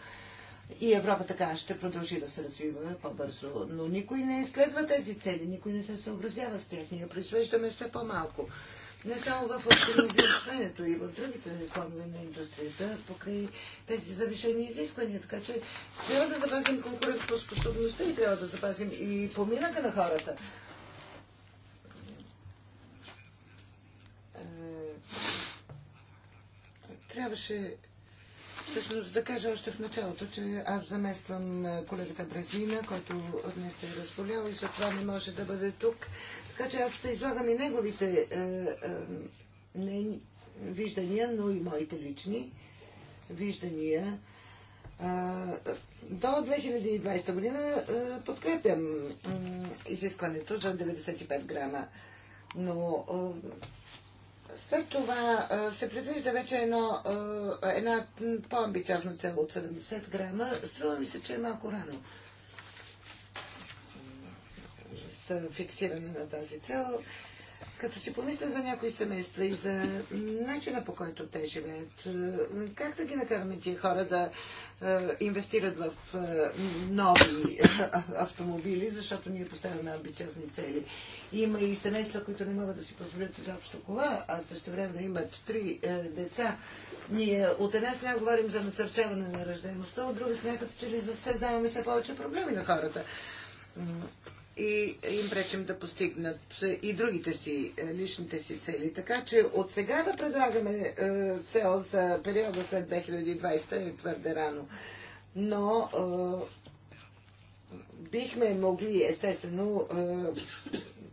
и Европа така ще продължи да се развива по-бързо. Но никой не изследва тези цели, никой не се съобразява с тях. Ние произвеждаме все по-малко не само в автомобилстването и в другите форми на индустрията, покрай тези завишени изисквания. Така че трябва да запазим конкурентоспособността и трябва да запазим и поминъка на хората. Е, трябваше всъщност да кажа още в началото, че аз замествам колегата Бразина, който днес се е разполял и затова не може да бъде тук. Така че аз излагам и неговите е, е, не, виждания, но и моите лични виждания. До 2020 година е, подкрепям изискването за 95 грама, но е, след това е, се предвижда вече едно, една по-амбициозна цел от 70 грама. Струва ми се, че е малко рано за фиксиране на тази цел. Като си помисля за някои семейства и за начина по който те живеят, как да ги накараме тия хора да инвестират в нови автомобили, защото ние поставяме амбициозни цели. Има и семейства, които не могат да си позволят изобщо кола, а също време имат три деца. Ние от една страна говорим за насърчаване на ръждаемостта, от друга страна като че ли създаваме все повече проблеми на хората и им пречим да постигнат и другите си, е, личните си цели. Така че от сега да предлагаме е, цел за периода след 2020 е твърде рано. Но е, бихме могли, естествено,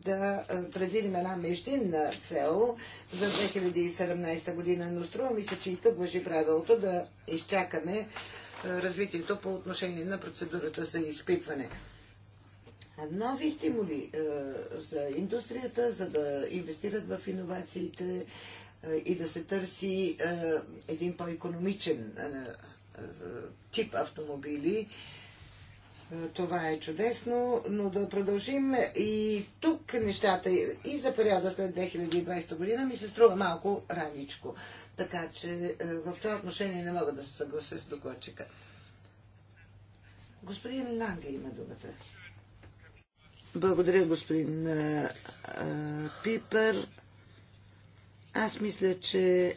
да предвидим една междинна цел за 2017 година, но струва ми се, че и тук въжи правилото да изчакаме развитието по отношение на процедурата за изпитване нови стимули е, за индустрията, за да инвестират в иновациите е, и да се търси е, един по-економичен тип автомобили. Това е чудесно, но да продължим и тук нещата и за периода след 2020 година ми се струва малко раничко. Така че в това отношение не мога да се съглася с докладчика. Господин Ланге има думата. Благодаря, господин а, а, Пипер. Аз мисля, че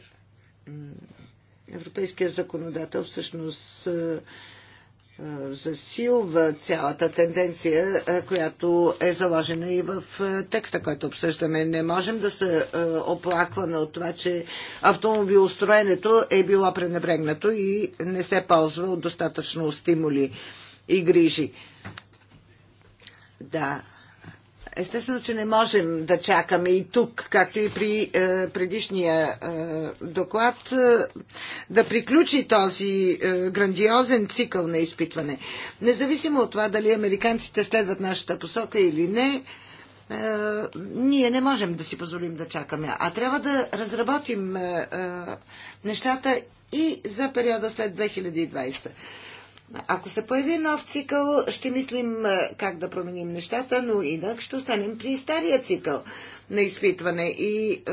европейският законодател всъщност а, засилва цялата тенденция, която е заложена и в текста, който обсъждаме. Не можем да се оплакваме от това, че автомобилостроенето е било пренебрегнато и не се ползва от достатъчно стимули и грижи. Да. Естествено, че не можем да чакаме и тук, както и при е, предишния е, доклад, е, да приключи този е, грандиозен цикъл на изпитване. Независимо от това дали американците следват нашата посока или не, е, ние не можем да си позволим да чакаме, а трябва да разработим е, е, нещата и за периода след 2020. Ако се появи нов цикъл, ще мислим е, как да променим нещата, но инак ще останем при стария цикъл на изпитване. И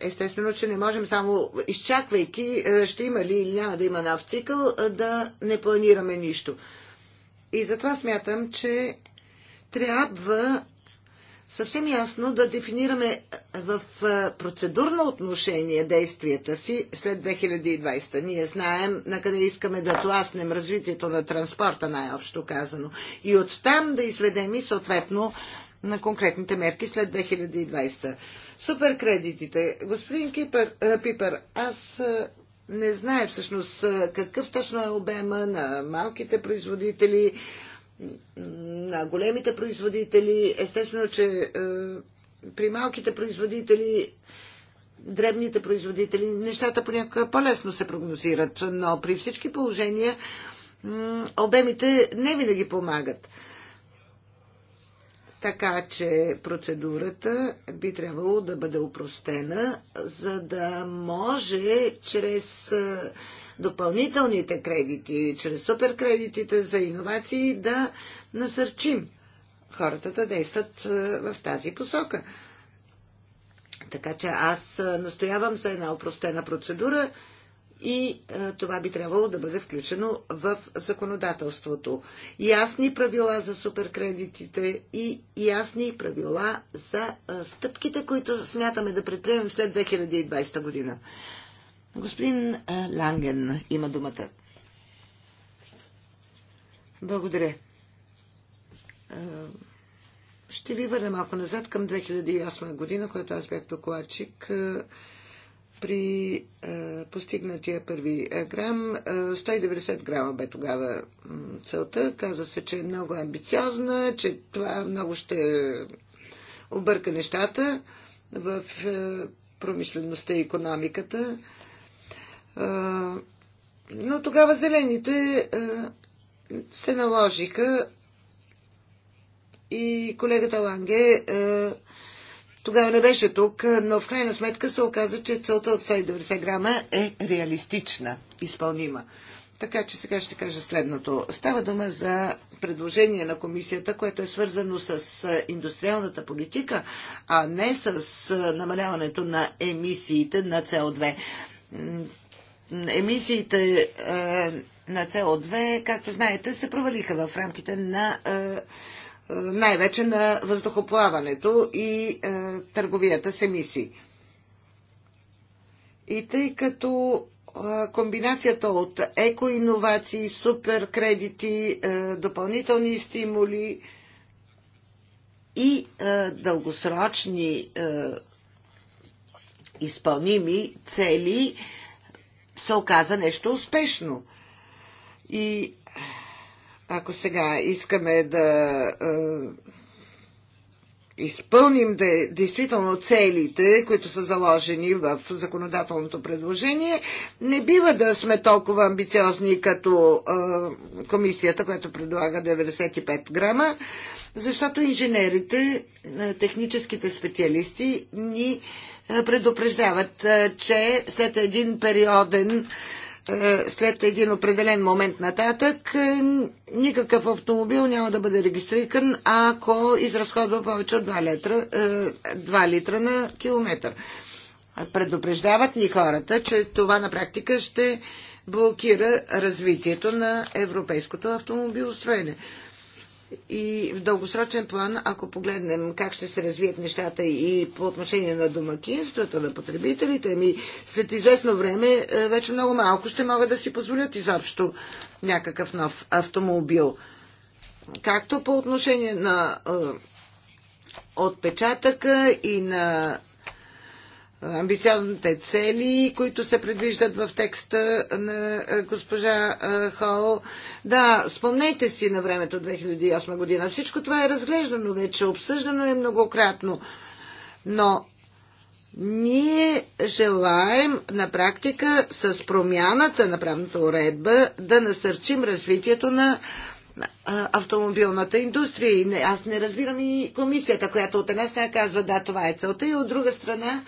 естествено, че не можем само изчаквайки, е, ще има ли или няма да има нов цикъл, е, да не планираме нищо. И затова смятам, че трябва съвсем ясно да дефинираме в процедурно отношение действията си след 2020. Ние знаем на къде искаме да тласнем развитието на транспорта, най-общо казано. И оттам да изведем и съответно на конкретните мерки след 2020. Суперкредитите. Господин Кипър, Пипър, аз не знае всъщност какъв точно е обема на малките производители, на големите производители. Естествено, че е, при малките производители, дребните производители, нещата понякога по-лесно се прогнозират, но при всички положения обемите не винаги помагат. Така че процедурата би трябвало да бъде упростена, за да може чрез е, допълнителните кредити, чрез суперкредитите за иновации да насърчим хората да действат е, в тази посока. Така че аз е, настоявам за една опростена процедура и е, това би трябвало да бъде включено в законодателството. Ясни правила за суперкредитите и ясни правила за стъпките, които смятаме да предприемем след 2020 година. Господин Ланген има думата. Благодаря. Ще ви върна малко назад към 2008 година, когато аз бях докладчик при постигнатия първи грам. 190 грама бе тогава целта. Каза се, че е много амбициозна, че това много ще обърка нещата в промишлеността и економиката. Но тогава зелените се наложиха и колегата Ланге тогава не беше тук, но в крайна сметка се оказа, че целта от 190 грама е реалистична, изпълнима. Така че сега ще кажа следното. Става дума за предложение на комисията, което е свързано с индустриалната политика, а не с намаляването на емисиите на СО2 емисиите е, на CO2, както знаете, се провалиха в рамките на е, е, най-вече на въздухоплаването и търговията с емисии. И тъй като комбинацията от екоинновации, суперкредити, допълнителни стимули и дългосрочни изпълними цели – се оказа нещо успешно. И ако сега искаме да изпълним де, действително целите, които са заложени в законодателното предложение, не бива да сме толкова амбициозни като е, комисията, която предлага 95 грама, защото инженерите, техническите специалисти ни е, е, предупреждават, е, че след един периоден е, след един определен момент нататък никакъв автомобил няма да бъде регистриран, ако изразходва повече от 2 литра, 2 литра на километър. Предупреждават ни хората, че това на практика ще блокира развитието на европейското автомобилостроение. И в дългосрочен план, ако погледнем как ще се развият нещата и по отношение на домакинствата, на потребителите ми, след известно време е, вече много малко ще могат да си позволят изобщо някакъв нов автомобил. Както по отношение на е, отпечатъка и на амбициозните цели, които се предвиждат в текста на госпожа Хол. Да, спомнете си на времето 2008 година. Всичко това е разглеждано вече, обсъждано е многократно. Но ние желаем на практика с промяната на правната уредба да насърчим развитието на автомобилната индустрия. И аз не разбирам и комисията, която от една страна казва да, това е целта и от друга страна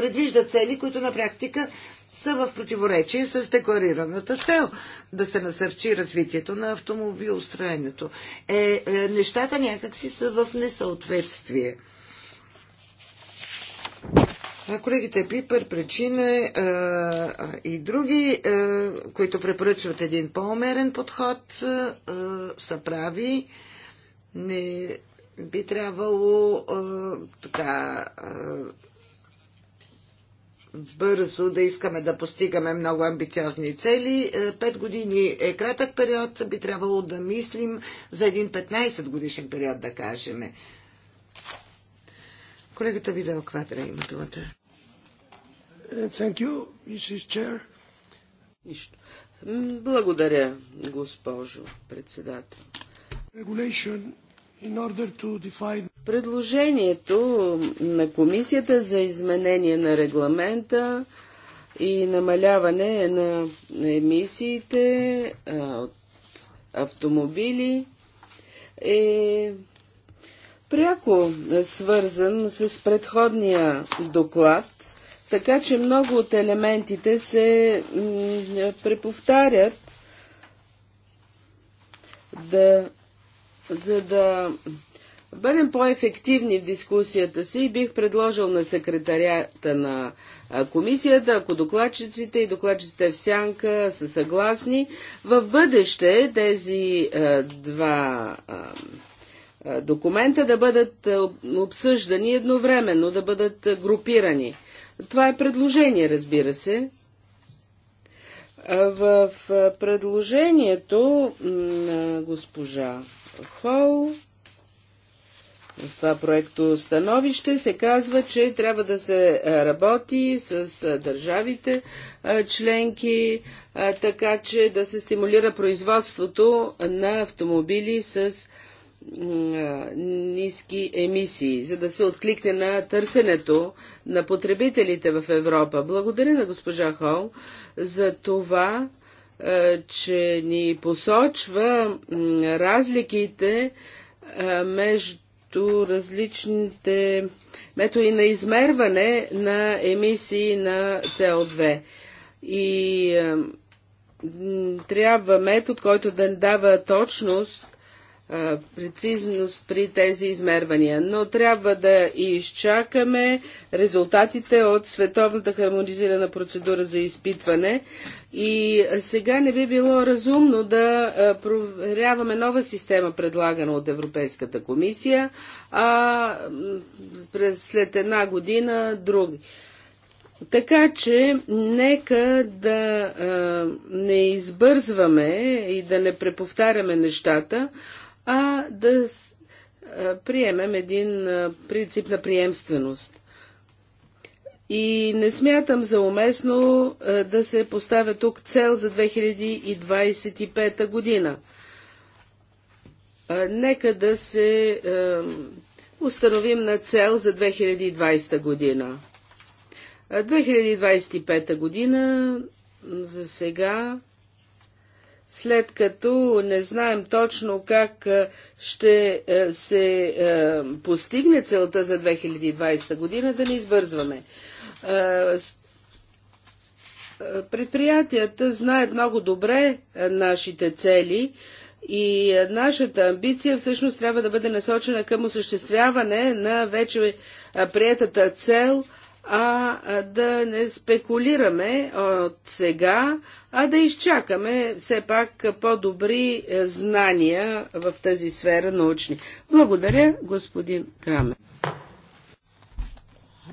предвижда цели, които на практика са в противоречие с декларираната цел да се насърчи развитието на автомобилостроенето. Е, е, нещата някакси са в несъответствие. Колегите Пипер, Причина е, е, и други, е, които препоръчват един по-умерен подход, е, е са прави. Не би трябвало е, така. Е, бързо да искаме да постигаме много амбициозни цели. Е, пет години е кратък период, би трябвало да мислим за един 15 годишен период, да кажем. Колегата Видео Квадра има думата. Е, thank you, Mrs. Chair. Нищо. Благодаря, госпожо председател. Regulation Предложението на комисията за изменение на регламента и намаляване на емисиите от автомобили е пряко свързан с предходния доклад, така че много от елементите се преповтарят да за да бъдем по-ефективни в дискусията си, бих предложил на секретарята на комисията, ако докладчиците и докладчиците в сянка са съгласни, в бъдеще тези два документа да бъдат обсъждани едновременно, да бъдат групирани. Това е предложение, разбира се. В предложението на госпожа Хол В това проекто становище се казва, че трябва да се работи с държавите членки, така че да се стимулира производството на автомобили с ниски емисии, за да се откликне на търсенето на потребителите в Европа. Благодаря на госпожа Хол за това, е, че ни посочва разликите е, между различните методи на измерване на емисии на СО2. И е, трябва метод, който да дава точност, прецизност при тези измервания. Но трябва да изчакаме резултатите от Световната хармонизирана процедура за изпитване, и сега не би било разумно да проверяваме нова система, предлагана от Европейската комисия, а през след една година други. Така че, нека да а, не избързваме и да не преповтаряме нещата, а да с, а, приемем един а, принцип на приемственост. И не смятам за уместно е, да се поставя тук цел за 2025 година. Е, нека да се е, установим на цел за 2020 година. 2025 година за сега, след като не знаем точно как ще се постигне целта за 2020 година, да не избързваме. Е, е, предприятията знаят много добре е, нашите цели и нашата амбиция всъщност трябва да бъде насочена към осъществяване на вече приятата цел, а да не спекулираме от сега, а да изчакаме все пак по-добри знания в тази сфера научни. Благодаря, господин Краме.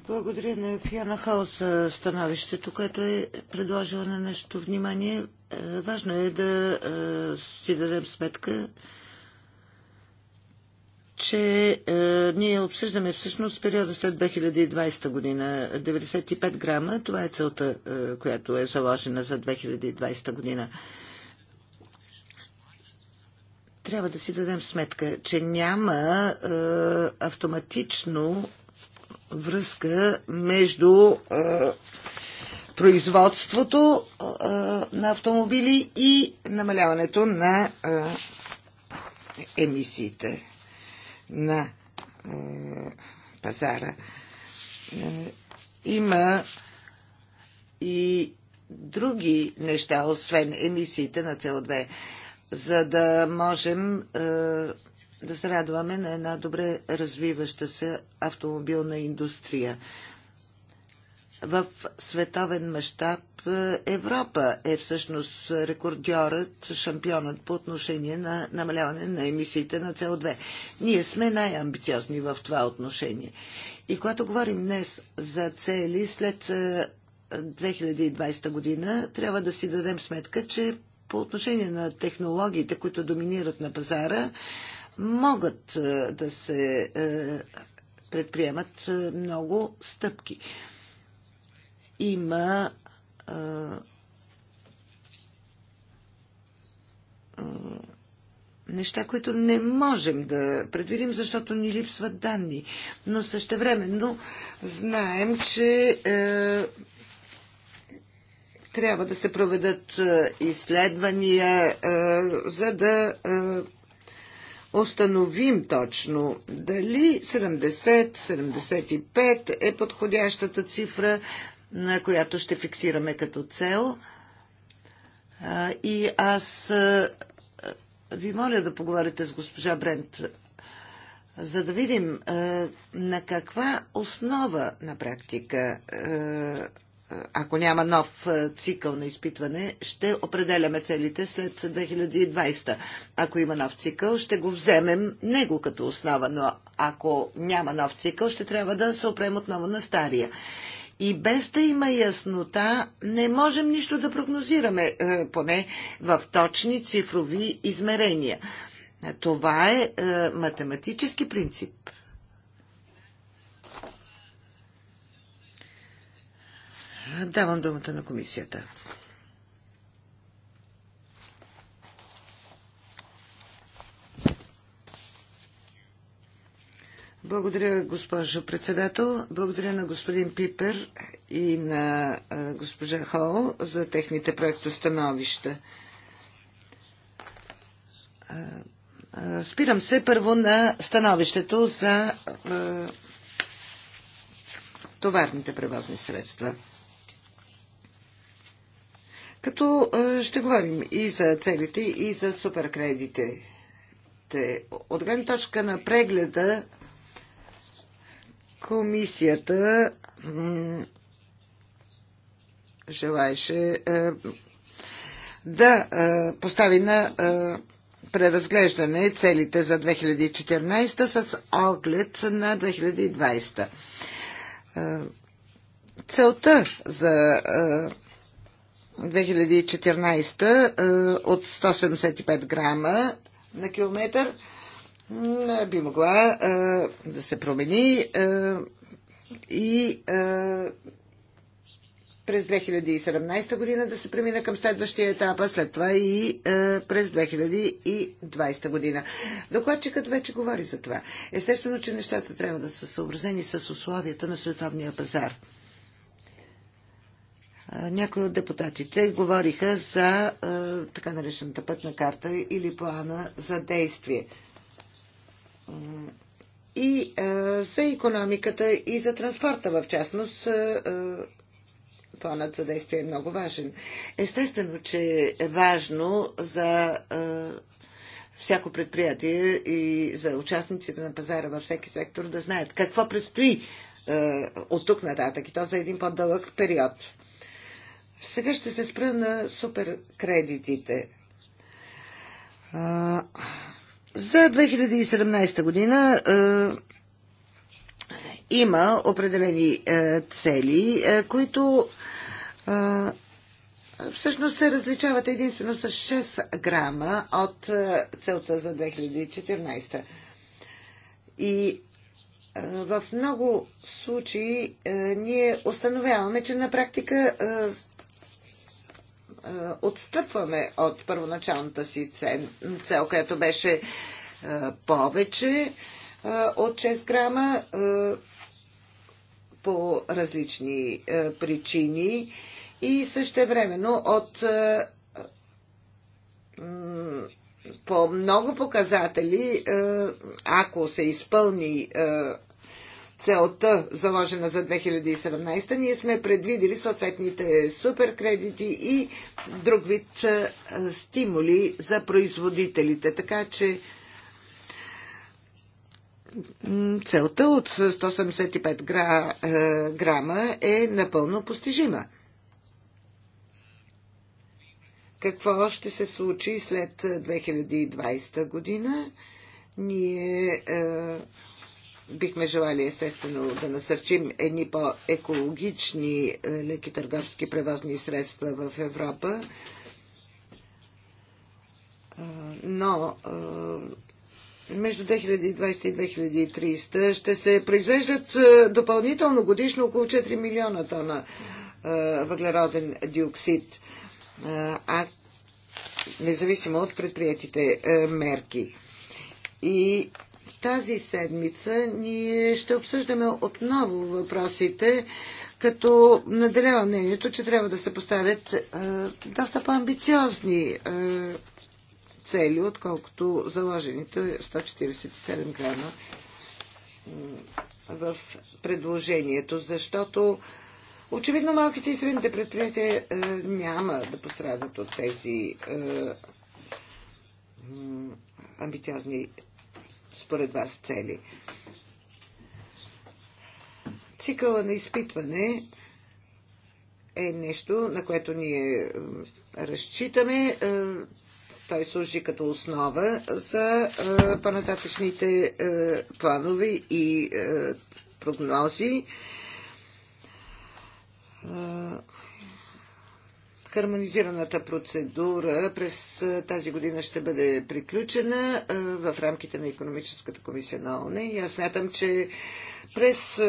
Благодаря на Фиана Хал за становището, което е предложила на нашето внимание. Е, важно е да е, си дадем сметка, че е, ние обсъждаме всъщност периода след 2020 година. 95 грама, това е целта, която е заложена за 2020 година. Трябва да си дадем сметка, че няма автоматично връзка между производството на автомобили и намаляването на емисиите на пазара. Има и други неща, освен емисиите на CO2, за да можем да се радваме на една добре развиваща се автомобилна индустрия. В световен мащаб е, Европа е всъщност рекордьорът, шампионът по отношение на намаляване на емисиите на СО2. Ние сме най-амбициозни в това отношение. И когато говорим днес за цели след 2020 е, година, трябва да си дадем сметка, че по отношение на технологиите, които доминират на пазара, могат е, да се е, предприемат е, много стъпки. Има неща, които не можем да предвидим, защото ни липсват данни. Но същевременно знаем, че е, трябва да се проведат изследвания, е, за да е, установим точно дали 70-75 е подходящата цифра, на която ще фиксираме като цел. И аз ви моля да поговорите с госпожа Брент, за да видим на каква основа на практика ако няма нов цикъл на изпитване, ще определяме целите след 2020. Ако има нов цикъл, ще го вземем него като основа, но ако няма нов цикъл, ще трябва да се опрем отново на стария. И без да има яснота, не можем нищо да прогнозираме, е, поне в точни цифрови измерения. Това е, е математически принцип. Давам думата на комисията. Благодаря, госпожо председател. Благодаря на господин Пипер и на госпожа Хол за техните проектостановища. Спирам се първо на становището за товарните превозни средства. Като ще говорим и за целите, и за суперкредите. От гледна точка на прегледа, комисията желаеше да постави на преразглеждане целите за 2014 с оглед на 2020. Целта за 2014 е, от 175 грама на километър е, би могла е, да се промени и през 2017 година да се премина към следващия етап, а след това и е, през 2020 година. Докладчикът вече говори за това. Естествено, че нещата трябва да са съобразени с условията на световния пазар. Някои от депутатите говориха за така наречената пътна карта или плана за действие. И за економиката и за транспорта в частност планът за действие е много важен. Естествено, че е важно за всяко предприятие и за участниците на пазара във всеки сектор да знаят какво предстои от тук нататък и то за един по-дълъг период. Сега ще се спра на суперкредитите. За 2017 година има определени цели, които всъщност се различават единствено с 6 грама от целта за 2014. И в много случаи ние установяваме, че на практика е, отстъпваме от първоначалната си цел, която беше е, повече е, от 6 грама по различни причини и също времено от по много показатели, ако се изпълни целта, заложена за 2017, ние сме предвидили съответните суперкредити и друг вид стимули за производителите. Така че целта от 175 гра, грама е напълно постижима. Какво ще се случи след 2020 година? Ние е, Бихме желали естествено да насърчим едни по-екологични е, леки търговски превозни средства в Европа, е, но е, между 2020 и 2030 ще се произвеждат допълнително годишно около 4 милиона тона въглероден диоксид. А независимо от предприятите мерки. И тази седмица ние ще обсъждаме отново въпросите, като наделява мнението, че трябва да се поставят е, доста по-амбициозни е, цели, отколкото заложените 147 грама в предложението, защото очевидно малките и средните предприятия е, няма да пострадат от тези е, амбициозни според вас цели. Цикъла на изпитване е нещо, на което ние разчитаме. Е, той служи като основа за е, по-нататъчните е, планове и прогнози. Хармонизираната процедура през тази година ще бъде приключена в рамките на економическата комисия на ОНЕ и аз смятам, че през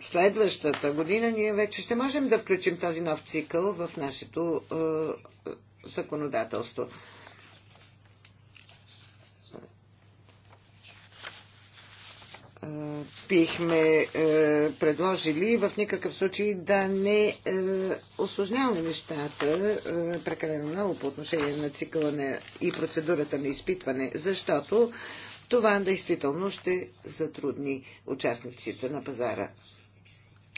следващата година ние вече ще можем да включим този нов цикъл в нашето законодателство. бихме предложили в никакъв случай да не осложняваме нещата прекалено много по отношение на цикъла на, и процедурата на изпитване, защото това действително ще затрудни участниците на пазара.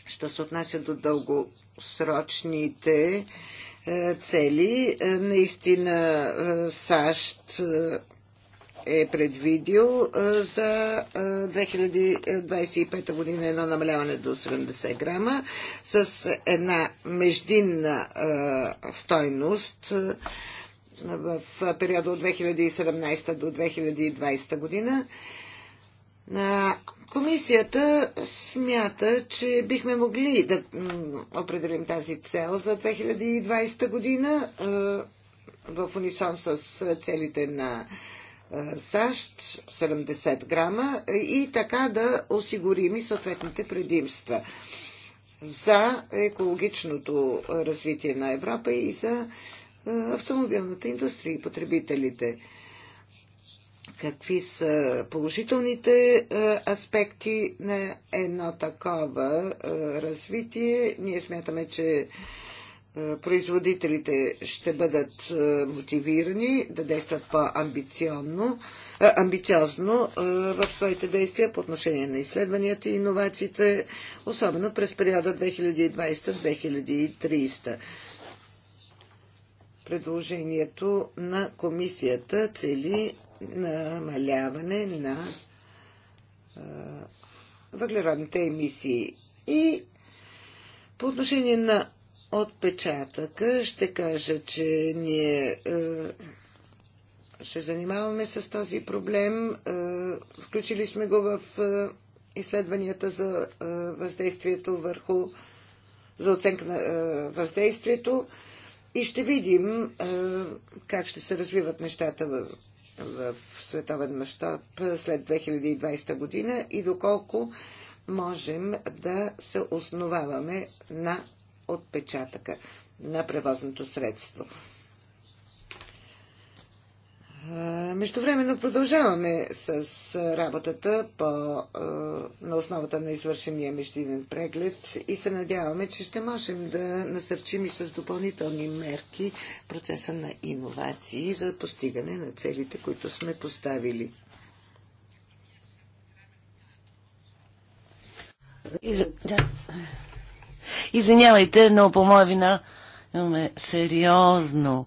Що се отнася до дългосрочните цели, наистина САЩ е предвидил за 2025 година едно намаляване до 70 грама с една междинна стойност в периода от 2017 до 2020 година. Комисията смята, че бихме могли да определим тази цел за 2020 година в унисон с целите на САЩ 70 грама и така да осигурим и съответните предимства за екологичното развитие на Европа и за автомобилната индустрия и потребителите. Какви са положителните аспекти на едно такова развитие? Ние смятаме, че е, производителите ще бъдат е, мотивирани да действат по-амбициозно е, амбициозно в своите действия по отношение на изследванията и иновациите, особено през периода 2020-2030. Предложението на комисията цели намаляване на въглеродните емисии и по отношение на отпечатъка, ще кажа, че ние е, се занимаваме с този проблем. Е, включили сме го в е, изследванията за въздействието върху за оценка на въздействието и ще видим как ще се развиват нещата в, в световен мащаб след 2020 година и доколко можем да се основаваме на отпечатъка на превозното средство. Междувременно продължаваме с работата по, на основата на извършения междинен преглед и се надяваме, че ще можем да насърчим и с допълнителни мерки процеса на иновации за постигане на целите, които сме поставили. И за... Извинявайте, но по моя вина имаме сериозно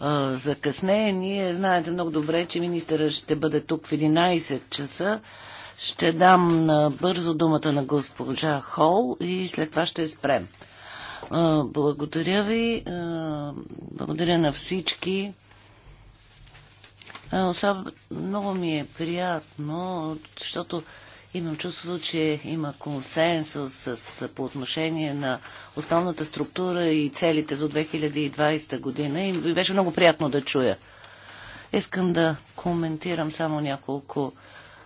а, закъснение. Знаете много добре, че министъра ще бъде тук в 11 часа. Ще дам на бързо думата на госпожа Хол и след това ще спрем. А, благодаря ви. А, благодаря на всички. А, особ... Много ми е приятно, защото Имам чувство, че има консенсус с, по отношение на основната структура и целите до 2020 година и беше много приятно да чуя. Искам да коментирам само няколко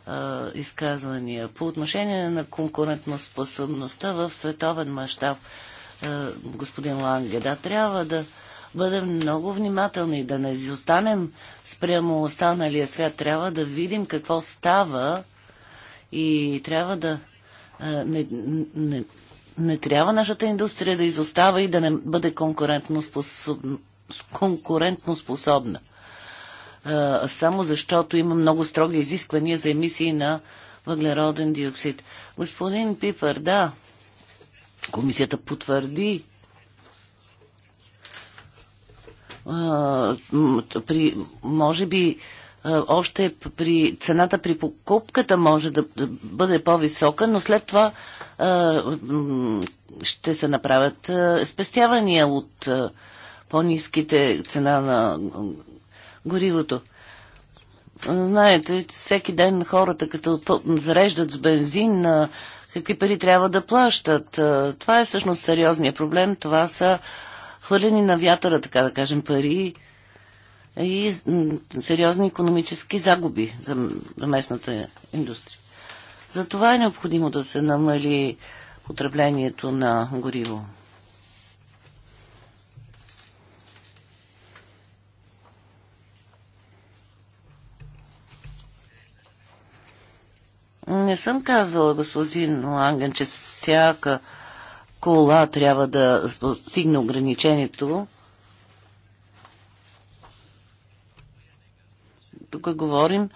а, изказвания. По отношение на конкурентноспособността в световен мащаб, господин Ланге, да, трябва да бъдем много внимателни, да не изостанем спрямо останалия свят. Трябва да видим какво става и трябва да. Не, не, не трябва нашата индустрия да изостава и да не бъде конкурентно, способ... конкурентно способна. Само защото има много строги изисквания за емисии на въглероден диоксид. Господин Пипър, да, комисията потвърди при, може би е, още при цената при покупката може да бъде по-висока, но след това е, ще се направят е, спестявания от по-низките цена на горивото. Знаете, всеки ден хората, като зареждат с бензин, какви пари трябва да плащат. Това е всъщност сериозният проблем. Това са хвърлени на вятъра, така да кажем, пари, и сериозни економически загуби за, за местната индустрия. Затова е необходимо да се намали потреблението на гориво. Не съм казвала, господин Ланген, че всяка кола трябва да постигне ограничението тук говорим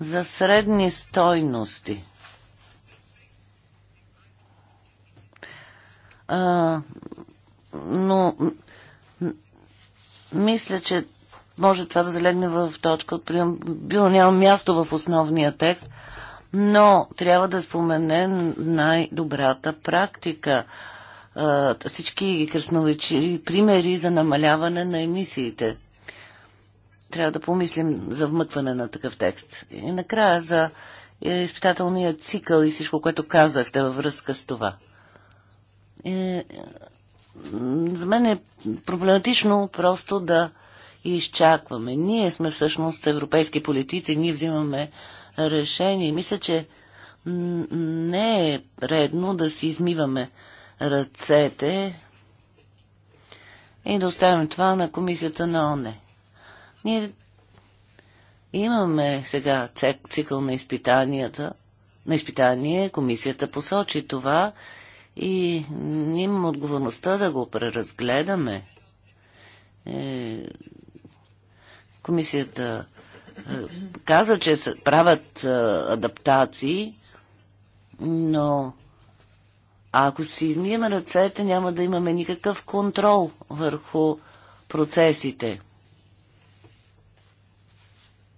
за средни стойности. А, но мисля, че може това да залегне в точка от прием. Било няма място в основния текст, но трябва да спомене най-добрата практика. А, всички кръсновичи примери за намаляване на емисиите – трябва да помислим за вмъкване на такъв текст. И накрая за е, изпитателния цикъл и всичко, което казахте във връзка с това. И, е, за мен е проблематично просто да изчакваме. Ние сме всъщност европейски политици, ние взимаме решение. Мисля, че не е редно да си измиваме ръцете и да оставим това на комисията на ОНЕ. Ние имаме сега цикъл на изпитанията, на изпитание, комисията посочи това и имам отговорността да го преразгледаме. Е, комисията е, каза, че се правят е, адаптации, но ако си измием ръцете, няма да имаме никакъв контрол върху процесите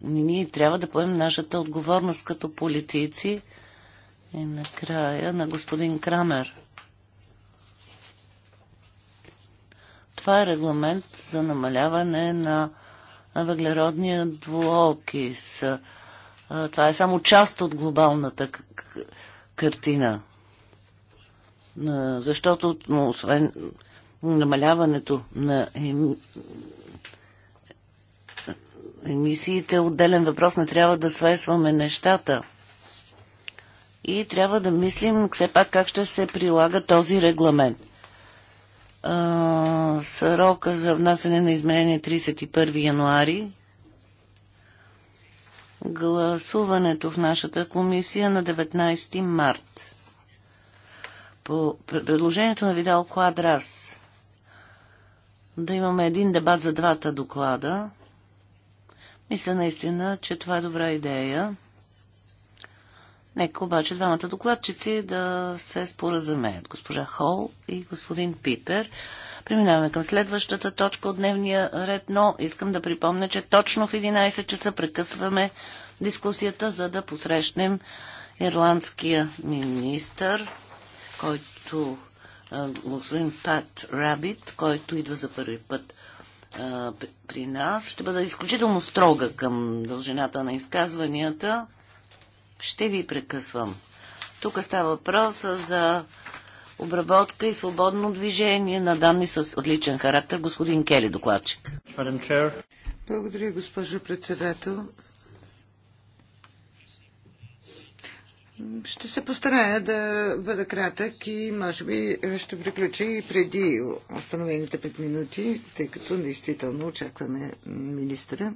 ние трябва да поемем нашата отговорност като политици. И накрая на господин Крамер. Това е регламент за намаляване на въглеродния двуокис. Това е само част от глобалната картина. Защото, освен намаляването на емисиите е отделен въпрос, не трябва да свесваме нещата. И трябва да мислим все пак как ще се прилага този регламент. срока за внасене на изменение 31 е януари. Гласуването в нашата комисия е на 19 март. По предложението на Видал Квадрас да имаме един дебат за двата доклада. Мисля наистина, че това е добра идея. Нека обаче двамата докладчици да се споразумеят. Госпожа Хол и господин Пипер. Преминаваме към следващата точка от дневния ред, но искам да припомня, че точно в 11 часа прекъсваме дискусията, за да посрещнем ирландския министр, който господин Пат Рабит, който идва за първи път при нас. Ще бъда изключително строга към дължината на изказванията. Ще ви прекъсвам. Тук става въпрос за обработка и свободно движение на данни с отличен характер. Господин Кели, докладчик. Благодаря, госпожо председател. Ще се постарая да бъда кратък и може би ще приключа и преди остановените 5 минути, тъй като действително очакваме министра.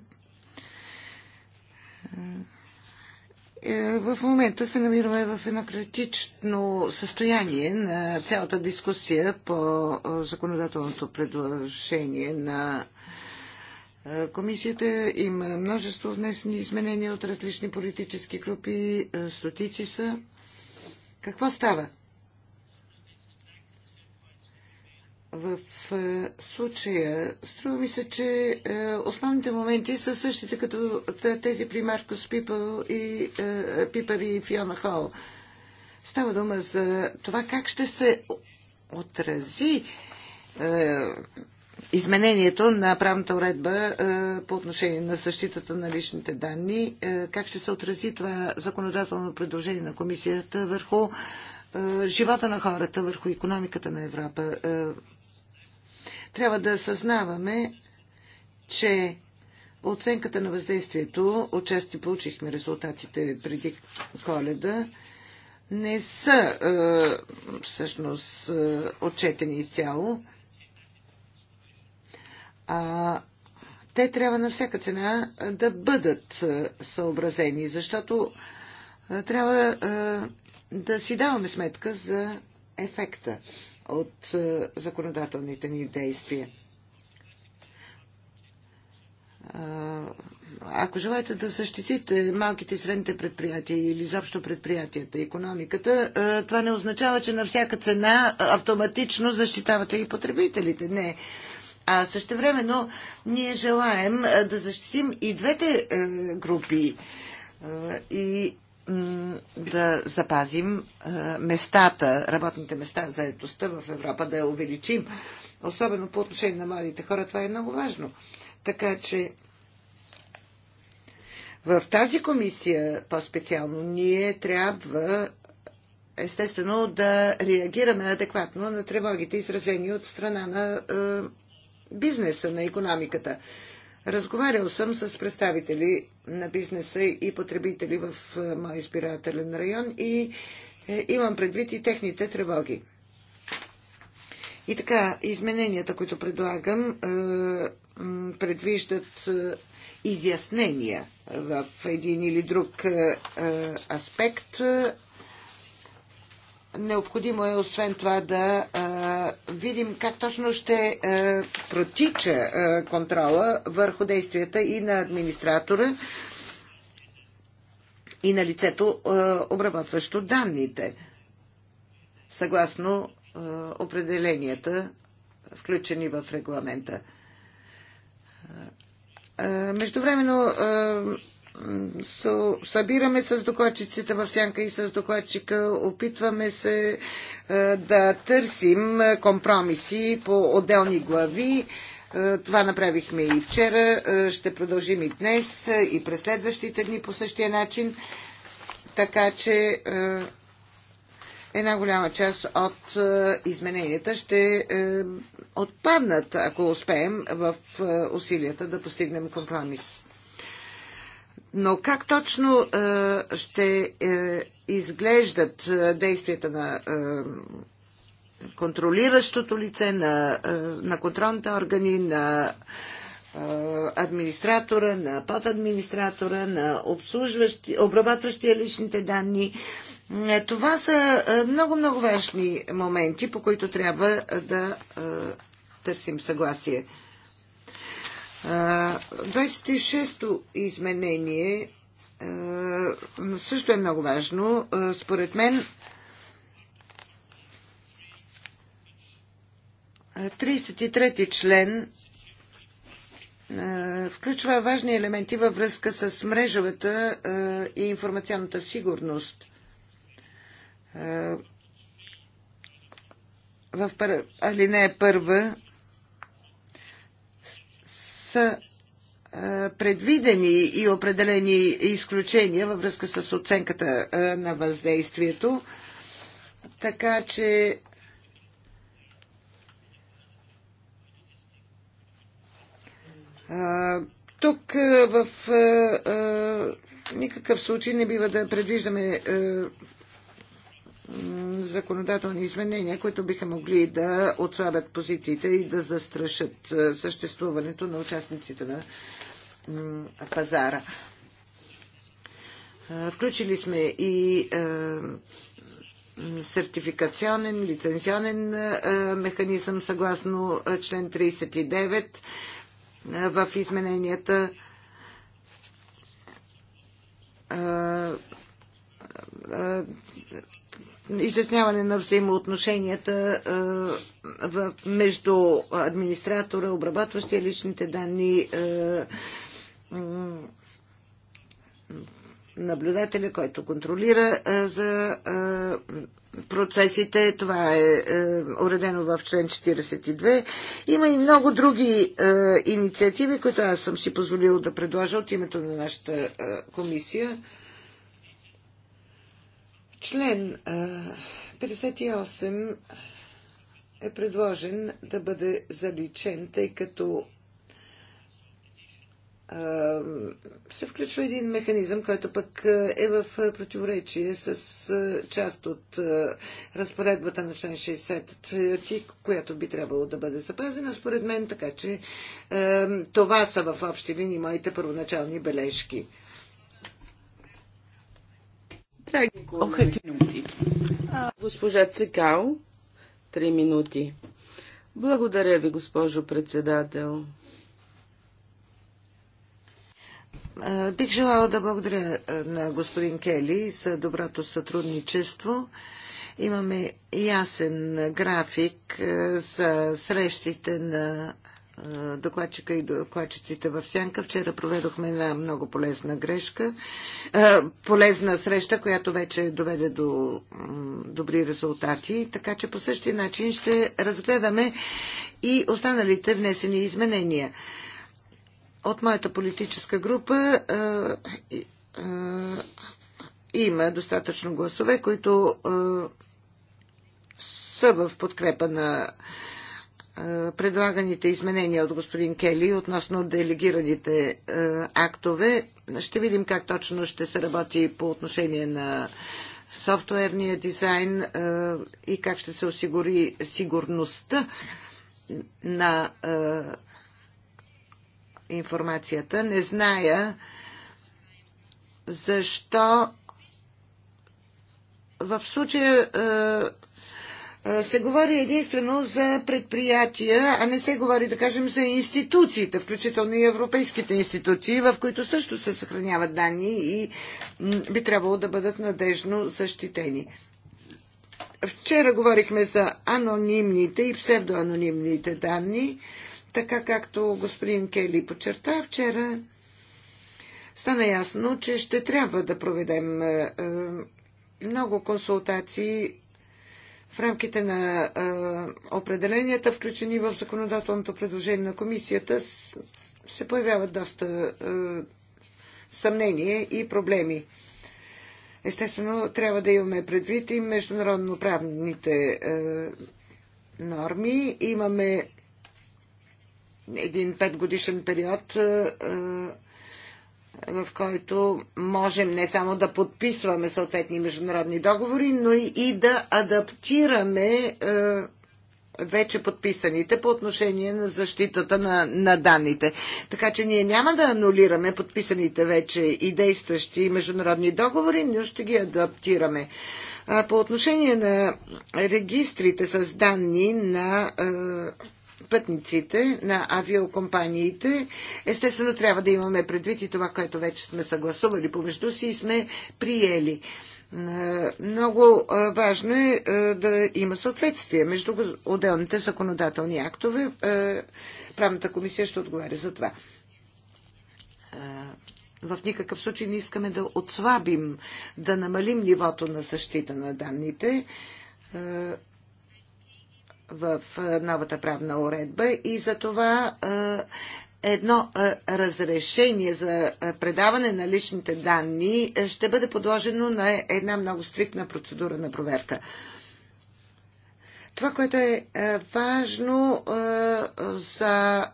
Е, в момента се намираме в едно критично състояние на цялата дискусия по законодателното предложение на е, комисията има множество внесени изменения от различни политически групи, е, стотици са. Какво става? В е, случая, струва ми се, че основните моменти са същите като тези при Маркос Пипъл и, Пипър и Фиона Хол. Става дума за това как ще се отрази изменението на правната уредба е, по отношение на защитата на личните данни. Е, как ще се отрази това законодателно предложение на комисията върху е, живота на хората, върху економиката на Европа? Трябва да съзнаваме, че оценката на въздействието, отчасти получихме резултатите преди коледа, не са всъщност отчетени изцяло. А, те трябва на всяка цена да бъдат съобразени, защото трябва да си даваме сметка за ефекта от законодателните ни действия. Ако желаете да защитите малките и средните предприятия или изобщо предприятията, економиката, това не означава, че на всяка цена автоматично защитавате и потребителите. Не. А също времено ние желаем да защитим и двете е, групи е, и да запазим е, местата, работните места, заедостта в Европа, да я увеличим. Особено по отношение на младите хора, това е много важно. Така че в тази комисия по-специално ние трябва естествено да реагираме адекватно на тревогите, изразени от страна на бизнеса, на економиката. Разговарял съм с представители на бизнеса и потребители в моя избирателен район и е, имам предвид и техните тревоги. И така, измененията, които предлагам, предвиждат изяснения в един или друг аспект Необходимо е освен това да а, видим как точно ще а, протича а, контрола върху действията и на администратора и на лицето, а, обработващо данните, съгласно а, определенията, включени в регламента. Междувременно събираме с докладчиците в сянка и с докладчика, опитваме се е, да търсим компромиси по отделни глави. Е, това направихме и вчера, е, ще продължим и днес, и през следващите дни по същия начин. Така че една голяма част от измененията ще отпаднат, ако успеем в усилията да постигнем компромис. Но как точно е, ще е, изглеждат е, действията на контролиращото лице, на, на контролните органи, на администратора, на подадминистратора, на обслужващи, обработващия личните данни. Това са много-много важни моменти, по които трябва да търсим съгласие. 26-то изменение също е много важно. Според мен 33-ти член включва важни елементи във връзка с мрежовата и информационната сигурност. В алинея първа са е, предвидени и определени изключения във връзка с оценката е, на въздействието. Така че е, тук в никакъв случай не бива да предвиждаме законодателни изменения, които биха могли да отслабят позициите и да застрашат е, съществуването на участниците на пазара. Е, включили сме и е, сертификационен, лицензионен механизъм съгласно член 39 в измененията изясняване на взаимоотношенията между администратора, обрабатващия личните данни, наблюдателя, който контролира за процесите. Това е, е уредено в член 42. Има и много други инициативи, които аз съм си позволил да предложа от името на нашата комисия. Член 58 е предложен да бъде заличен, тъй като се включва един механизъм, който пък е в противоречие с част от разпоредбата на член 60, която би трябвало да бъде запазена според мен, така че това са в общи линии моите първоначални бележки. Драги колеги, госпожа Цикао, три минути. Благодаря ви, госпожо председател. Бих желала да благодаря на господин Кели за доброто сътрудничество. Имаме ясен график за срещите на докладчика и докладчиците в Сянка. Вчера проведохме една много полезна грешка, полезна среща, която вече доведе до добри резултати. Така че по същия начин ще разгледаме и останалите внесени изменения. От моята политическа група има достатъчно гласове, които са в подкрепа на предлаганите изменения от господин Кели относно делегираните актове. Ще видим как точно ще се работи по отношение на софтуерния дизайн и как ще се осигури сигурността на информацията. Не зная защо в случая се говори единствено за предприятия, а не се говори, да кажем, за институциите, включително и европейските институции, в които също се съхраняват данни и би трябвало да бъдат надежно защитени. Вчера говорихме за анонимните и псевдоанонимните данни, така както господин Кели почерта вчера. Стана ясно, че ще трябва да проведем е, е, много консултации в рамките на определенията, включени в законодателното предложение на комисията, се появяват доста съмнения и проблеми. Естествено, трябва да имаме предвид и правните а, норми. Имаме един петгодишен период, А, в който можем не само да подписваме съответни международни договори, но и да адаптираме е, вече подписаните по отношение на защитата на, на данните. Така че ние няма да анулираме подписаните вече и действащи международни договори, но ще ги адаптираме. По отношение на регистрите с данни на е, пътниците, на авиокомпаниите. Естествено, трябва да имаме предвид и това, което вече сме съгласували помежду си и сме приели. Е, много е, важно е, е да има съответствие между отделните законодателни актове. Правната комисия ще отговаря за това. В никакъв случай не искаме да отслабим, да намалим нивото на защита на данните в новата правна уредба и за това едно разрешение за предаване на личните данни ще бъде подложено на една много стриктна процедура на проверка. Това, което е важно за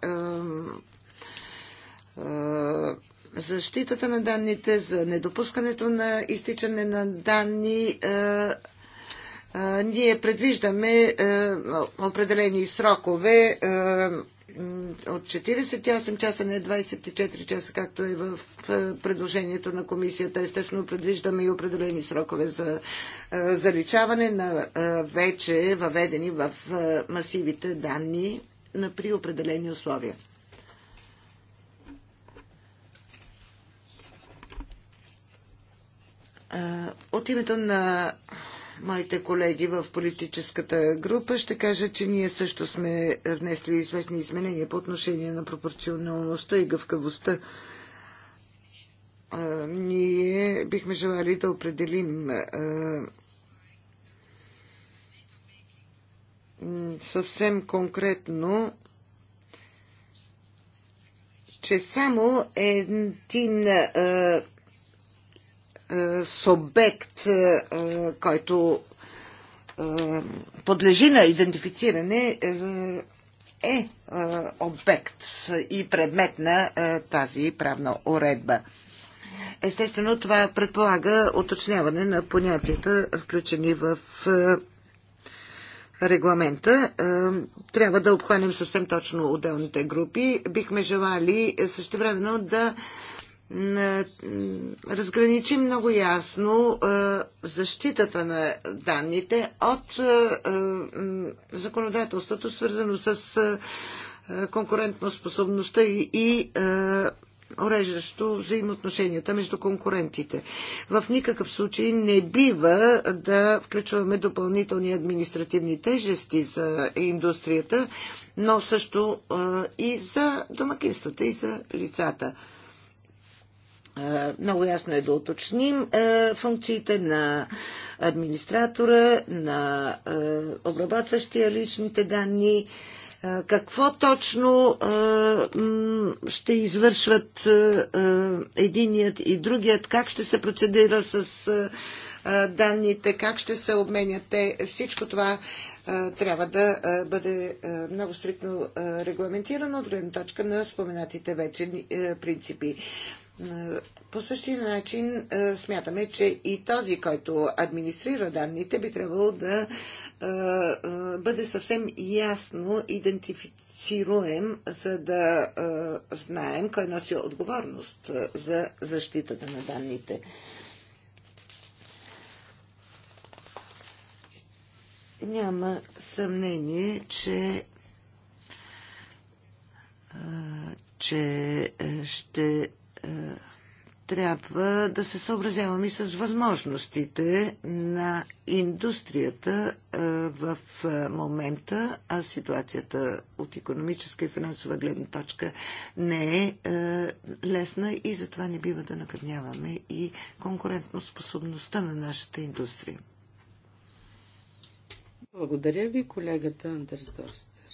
защитата на данните, за недопускането на изтичане на данни, ние предвиждаме е, определени срокове е, от 48 часа, не 24 часа, както е в е, предложението на комисията. Естествено, предвиждаме и определени срокове за заличаване на вече въведени в масивите данни при определени условия. От името на моите колеги в политическата група. Ще кажа, че ние също сме внесли известни изменения по отношение на пропорционалността и гъвкавостта. Ние бихме желали да определим съвсем конкретно че само един е, субект, е, е, който подлежи на идентифициране, е обект и предмет на тази правна уредба. Естествено, това предполага уточняване на понятията, включени в регламента. Трябва да обхванем съвсем точно отделните групи. Бихме желали времено да разграничи много ясно защитата на данните от законодателството, свързано с конкурентоспособността и уреждащо взаимоотношенията между конкурентите. В никакъв случай не бива да включваме допълнителни административни тежести за индустрията, но също и за домакинствата и за лицата много ясно е да уточним функциите на администратора, на обработващия личните данни, какво точно ще извършват единият и другият, как ще се процедира с данните, как ще се обменят те, всичко това трябва да бъде много стрикно регламентирано от гледна точка на споменатите вече принципи. По същия начин е, смятаме, че и този, който администрира данните, би трябвало да е, е, бъде съвсем ясно идентифицируем, за да знаем кой носи отговорност за защитата на данните. Няма съмнение, че че ще е, трябва да се съобразяваме с възможностите на индустрията е, в е, момента, а ситуацията от економическа и финансова гледна точка не е лесна и затова не бива да накърняваме и конкурентоспособността на нашата индустрия. Благодаря ви, колегата Андерсдорстер.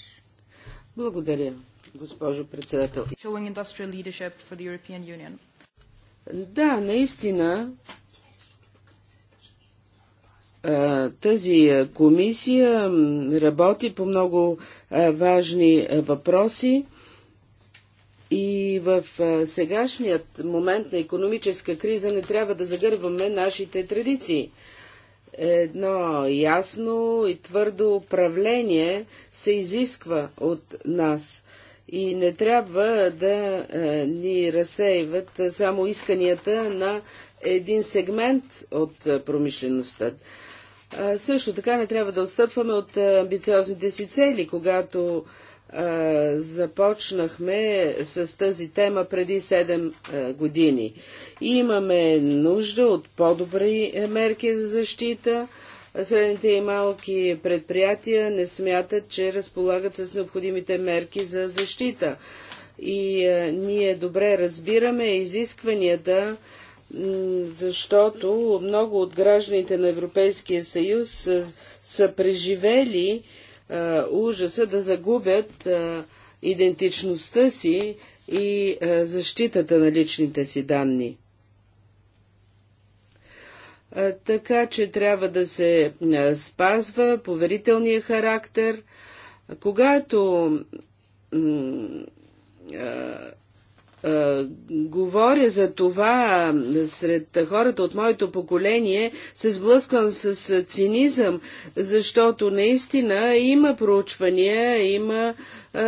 Благодаря госпожо председател. Да, наистина тази комисия работи по много важни въпроси и в сегашният момент на економическа криза не трябва да загърваме нашите традиции. Едно ясно и твърдо управление се изисква от нас – и не трябва да е, ни разсейват само исканията на един сегмент от е, промишлеността. Е, също така не трябва да отстъпваме от амбициозните си цели, когато започнахме с тази тема преди 7 години. Имаме нужда от по-добри мерки за защита, Средните и малки предприятия не смятат, че разполагат с необходимите мерки за защита. И е, ние добре разбираме изискванията, защото много от гражданите на Европейския съюз е, са, преживели е, ужаса да загубят идентичността си и защитата на личните си данни така че трябва да се спазва поверителния характер. Когато говоря за това сред хората от моето поколение, се сблъсквам с цинизъм, защото наистина има проучвания, има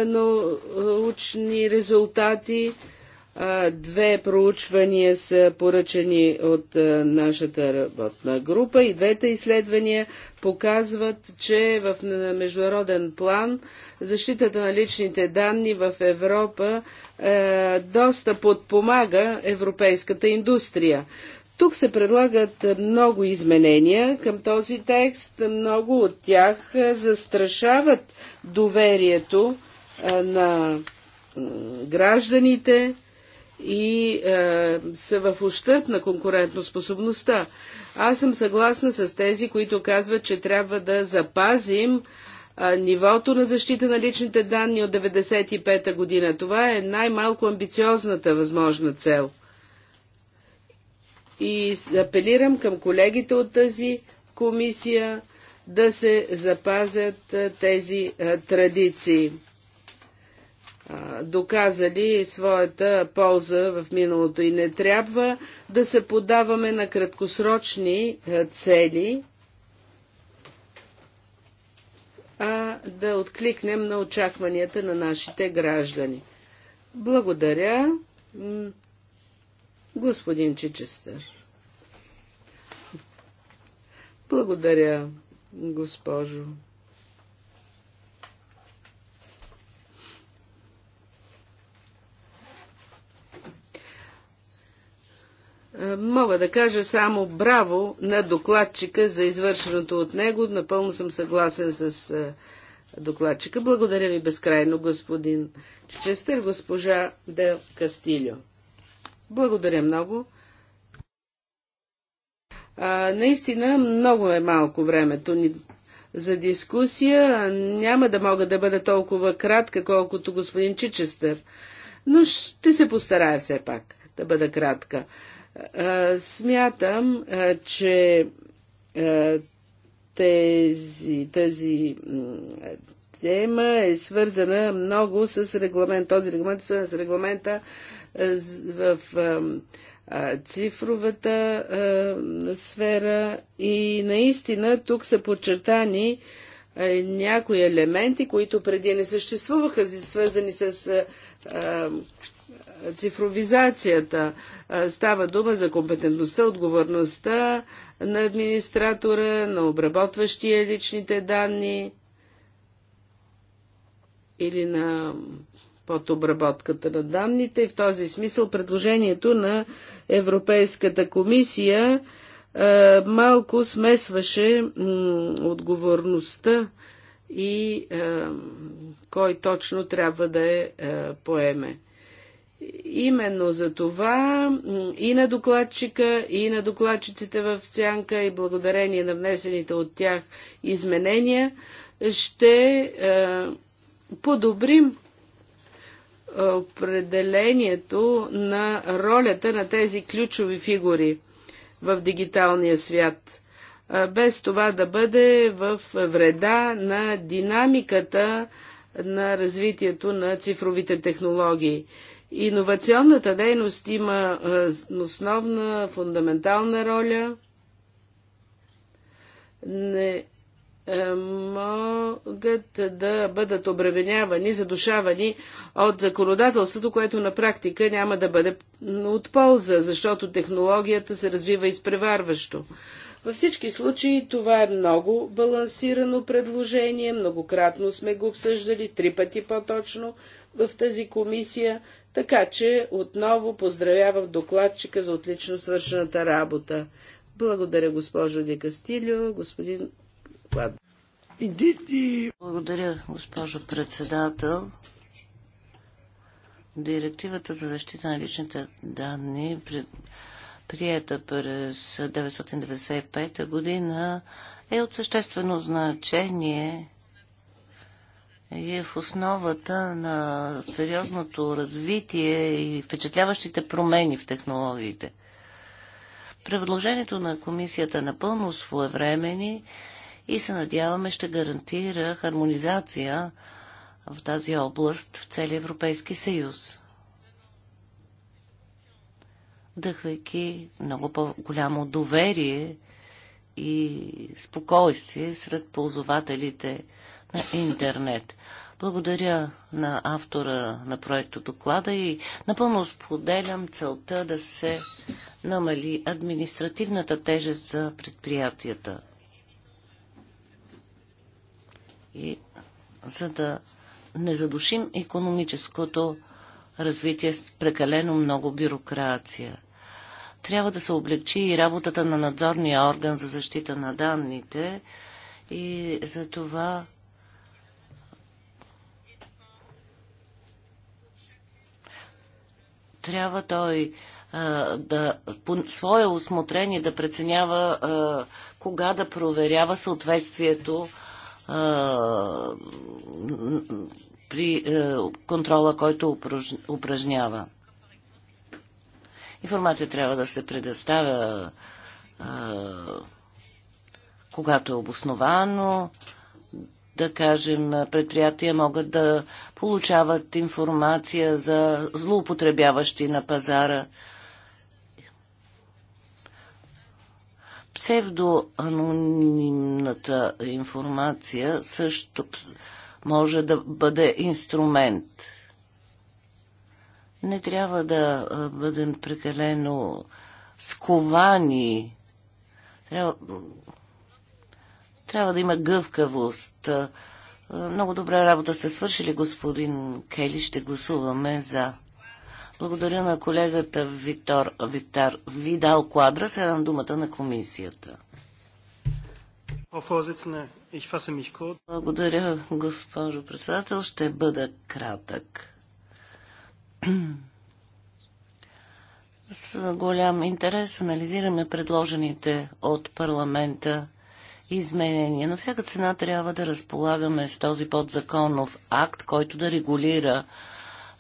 научни резултати, Две проучвания са поръчани от нашата работна група и двете изследвания показват, че в международен план защитата на личните данни в Европа е, доста подпомага европейската индустрия. Тук се предлагат много изменения към този текст. Много от тях застрашават доверието на гражданите и е, са в ущърп на конкурентоспособността. Аз съм съгласна с тези, които казват, че трябва да запазим е, нивото на защита на личните данни от 1995 година. Това е най-малко амбициозната възможна цел. И апелирам към колегите от тази комисия да се запазят тези е, традиции доказали своята полза в миналото и не трябва да се подаваме на краткосрочни цели, а да откликнем на очакванията на нашите граждани. Благодаря, господин Чичестър. Благодаря, госпожо Мога да кажа само браво на докладчика за извършеното от него. Напълно съм съгласен с докладчика. Благодаря ви безкрайно, господин Честър, госпожа Дел Кастилио. Благодаря много. А, наистина много е малко времето ни за дискусия. Няма да мога да бъда толкова кратка, колкото господин Чичестър, но ще се постарая все пак да бъда кратка. Е, смятам, е, че е, тези, тази тема е свързана много с регламент. Този регламент е свързан с регламента в цифровата сфера и наистина тук са подчертани някои елементи, които преди не съществуваха, свързани с цифровизацията. Става дума за компетентността, отговорността на администратора, на обработващия личните данни или на под обработката на данните. В този смисъл предложението на Европейската комисия малко смесваше отговорността и кой точно трябва да е, поеме. Именно за това и на докладчика, и на докладчиците в Сянка, и благодарение на внесените от тях изменения, ще е, подобрим е, определението на ролята на тези ключови фигури в дигиталния свят, е, без това да бъде в вреда на динамиката на развитието на цифровите технологии. Иновационната дейност има основна, фундаментална роля. Не могат да бъдат обременявани, задушавани от законодателството, което на практика няма да бъде от полза, защото технологията се развива изпреварващо. Във всички случаи това е много балансирано предложение, многократно сме го обсъждали, три пъти по-точно в тази комисия, така че отново поздравявам докладчика за отлично свършената работа. Благодаря, госпожо Декастилио, господин Клад. Благодаря, госпожо председател. Директивата за защита на личните данни, приета през 1995 година, е от съществено значение е в основата на сериозното развитие и впечатляващите промени в технологиите. Предложението на комисията е напълно своевремени и се надяваме ще гарантира хармонизация в тази област в целия Европейски съюз, Дъхвайки много по-голямо доверие и спокойствие сред ползователите – на интернет. Благодаря на автора на проекта доклада и напълно споделям целта да се намали административната тежест за предприятията. И за да не задушим економическото развитие с прекалено много бюрокрация. Трябва да се облегчи и работата на надзорния орган за защита на данните и за това трябва той да по свое усмотрение да преценява а, кога да проверява съответствието а, при а, контрола, който упражнява. Информация трябва да се предоставя когато е обосновано, да кажем, предприятия могат да получават информация за злоупотребяващи на пазара. Псевдоанонимната информация също може да бъде инструмент. Не трябва да бъдем прекалено сковани. Трябва трябва да има гъвкавост. Много добра работа сте свършили, господин Кели. Ще гласуваме за. Благодаря на колегата Виктор, Виктор Видал Квадра. Седам думата на комисията. Благодаря, госпожо председател. Ще бъда кратък. С голям интерес анализираме предложените от парламента изменения. На всяка цена трябва да разполагаме с този подзаконов акт, който да регулира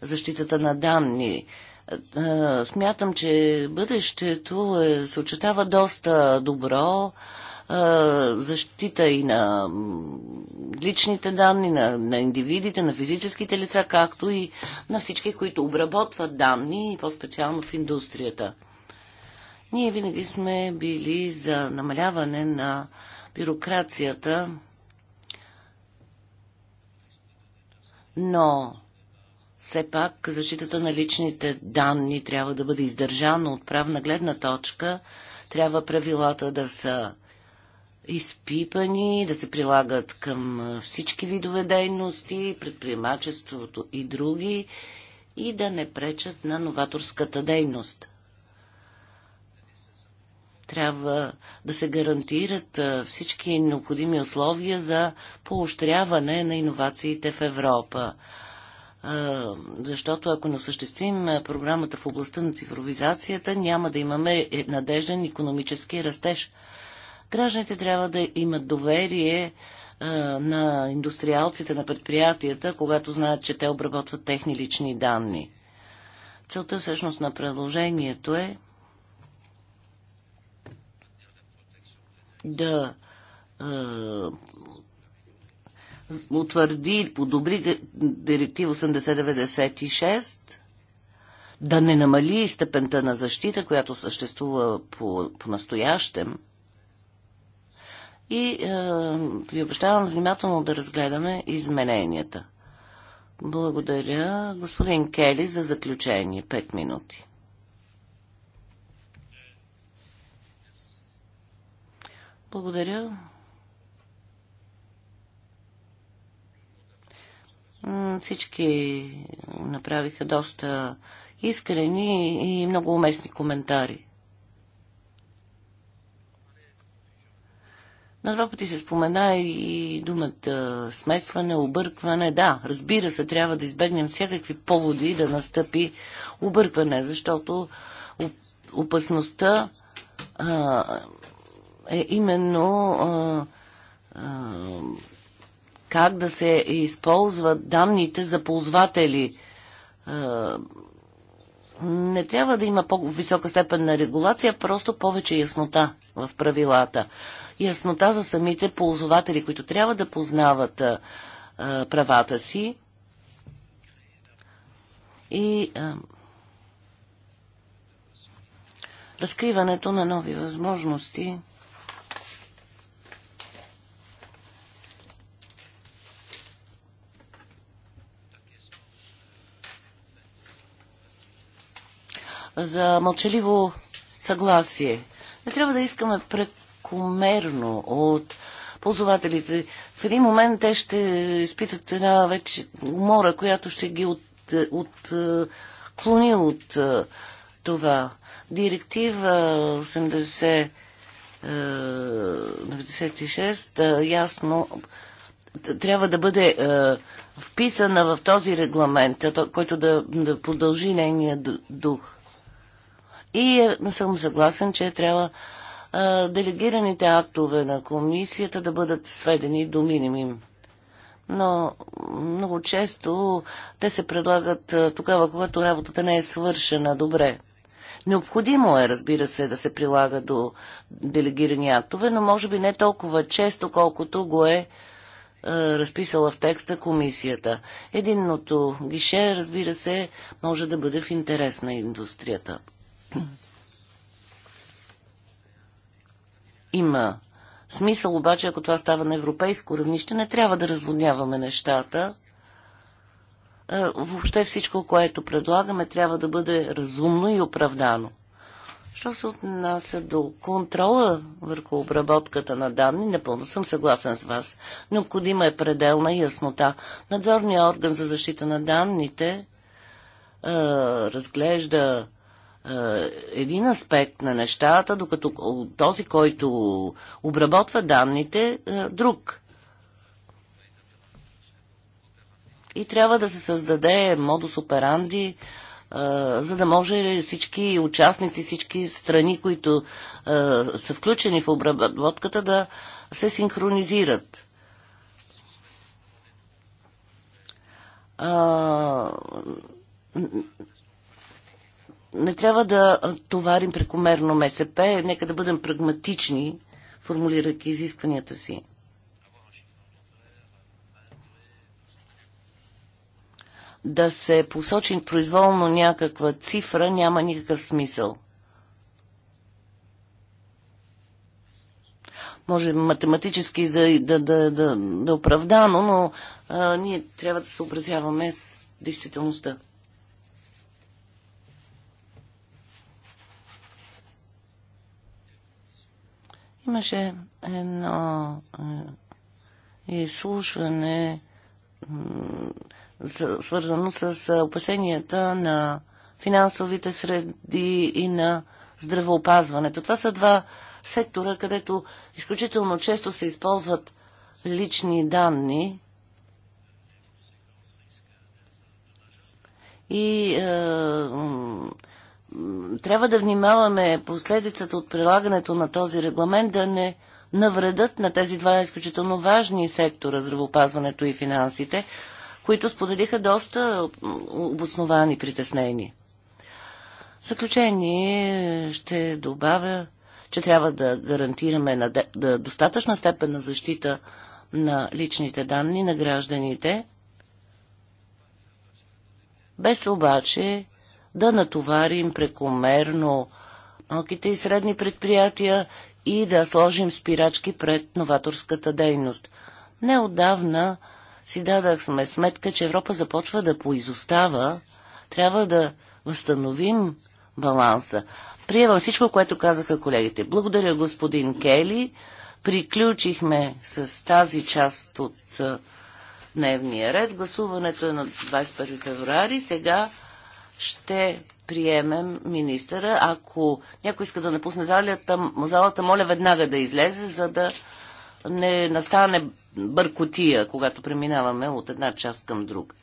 защитата на данни. Смятам, че бъдещето е, се очетава доста добро защита и на личните данни, на, на индивидите, на физическите лица, както и на всички, които обработват данни, и по-специално в индустрията. Ние винаги сме били за намаляване на бюрокрацията, но все пак защитата на личните данни трябва да бъде издържана от правна гледна точка. Трябва правилата да са изпипани, да се прилагат към всички видове дейности, предприемачеството и други и да не пречат на новаторската дейност. Трябва да се гарантират всички необходими условия за поощряване на иновациите в Европа. Защото ако не осъществим програмата в областта на цифровизацията, няма да имаме е, надежден економически растеж. Гражданите трябва да имат доверие на индустриалците, на предприятията, когато знаят, че те обработват техни лични данни. Целта всъщност на предложението е да е, утвърди и подобри директива 8096, да не намали степента на защита, която съществува по, по настоящем. И е, ви обещавам внимателно да разгледаме измененията. Благодаря, господин Кели, за заключение. Пет минути. Благодаря. Всички направиха доста искрени и много уместни коментари. На два пъти се спомена и думата смесване, объркване. Да, разбира се, трябва да избегнем всякакви поводи да настъпи объркване, защото опасността а, е именно как да се използват данните за ползватели. Не трябва да има по-висока степен на регулация, просто повече яснота в правилата. Яснота за самите ползватели, които трябва да познават правата си. И разкриването на нови възможности. за мълчаливо съгласие. Не трябва да искаме прекомерно от ползвателите. В един момент те ще изпитат една вече умора, която ще ги от, от, е, от е, това. Директива 86 е, ясно трябва да бъде вписана в този регламент, който да, да продължи нейния дух. И е, съм съгласен, че трябва а, делегираните актове на комисията да бъдат сведени до минимум. Но много често те се предлагат а, тогава, когато работата не е свършена добре. Необходимо е, разбира се, да се прилага до делегирани актове, но може би не толкова често, колкото го е, е разписала в текста комисията. Единното гише, разбира се, може да бъде в интерес на индустрията. Има смисъл обаче, ако това става на европейско равнище, не трябва да разводняваме нещата. Е, въобще всичко, което предлагаме, трябва да бъде разумно и оправдано. Що се отнася до контрола върху обработката на данни, непълно съм съгласен с вас. Необходима е пределна яснота. Надзорният орган за защита на данните е, разглежда е, един аспект на нещата, докато този, който обработва данните, е, друг. И трябва да се създаде модус операнди, е, за да може всички участници, всички страни, които са включени в обработката, да се синхронизират не трябва да товарим прекомерно МСП, нека да бъдем прагматични, формулирайки изискванията си. Да се посочи произволно някаква цифра няма никакъв смисъл. Може математически да, да, да, да, да е оправдано, но а, ние трябва да съобразяваме с действителността. Имаше едно изслушване, свързано с опасенията на финансовите среди и на здравеопазването. Това са два сектора, където изключително често се използват лични данни и е, трябва да внимаваме последицата от прилагането на този регламент да не навредят на тези два изключително важни сектора здравеопазването и финансите, които споделиха доста обосновани притеснения. В заключение ще добавя, че трябва да гарантираме на достатъчна степен на защита на личните данни на гражданите, без обаче да натоварим прекомерно малките и средни предприятия и да сложим спирачки пред новаторската дейност. Неодавна си сме сметка, че Европа започва да поизостава. Трябва да възстановим баланса. Приемам всичко, което казаха колегите. Благодаря, господин Кели. Приключихме с тази част от дневния ред. Гласуването е на 21 феврари. Сега ще приемем министъра. Ако някой иска да напусне залата, залата моля веднага да излезе, за да не настане бъркотия, когато преминаваме от една част към друга.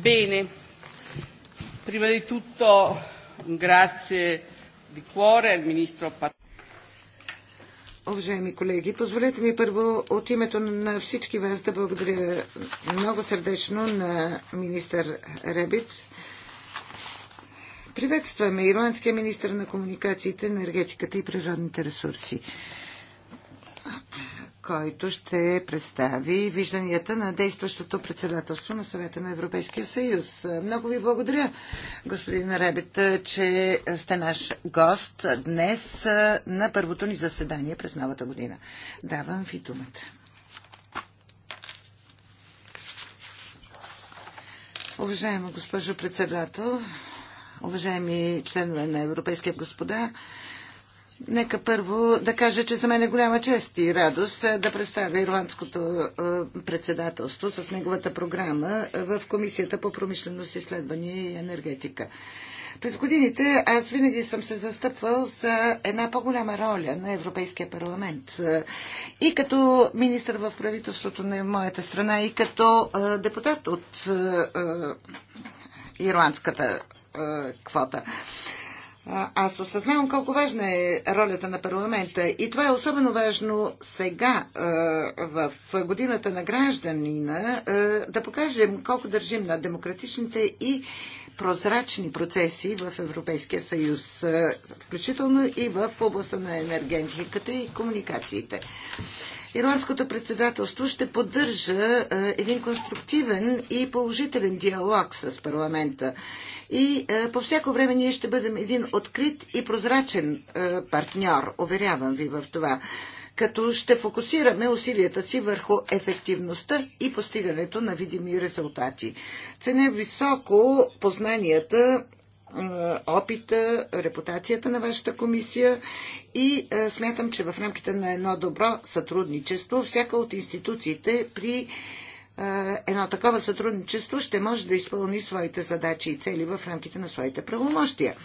Bene, prima di tutto grazie di cuore al ministro Уважаеми колеги, позволете ми първо от името на всички вас да благодаря много сърдечно на министър Ребит. Приветстваме ирландския министр на комуникациите, енергетиката и природните ресурси който ще представи вижданията на действащото председателство на съвета на Европейския съюз. Много ви благодаря, господин Ребет, че сте наш гост днес на първото ни заседание през новата година. Давам ви думата. Уважаема госпожо председател, уважаеми членове на Европейския господа, Нека първо да кажа, че за мен е голяма чест и радост е, да представя ирландското е, председателство с неговата програма е, в Комисията по промишленост, изследвания и енергетика. През годините аз винаги съм се застъпвал за една по-голяма роля на Европейския парламент. И като министр в правителството на моята страна, и като депутат от ирландската квота. Аз осъзнавам колко важна е ролята на парламента и това е особено важно сега, в годината на гражданина, да покажем колко държим на демократичните и прозрачни процеси в Европейския съюз, включително и в областта на енергетиката и комуникациите. Ирландското председателство ще поддържа един конструктивен и положителен диалог с парламента и е, по всяко време ние ще бъдем един открит и прозрачен е, партньор, уверявам ви в това като ще фокусираме усилията си върху ефективността и постигането на видими резултати. Ценя високо познанията, е, опита, репутацията на вашата комисия и смятам, че в рамките на едно добро сътрудничество всяка от институциите при е, едно такова сътрудничество ще може да изпълни своите задачи и цели в рамките на своите правомощия.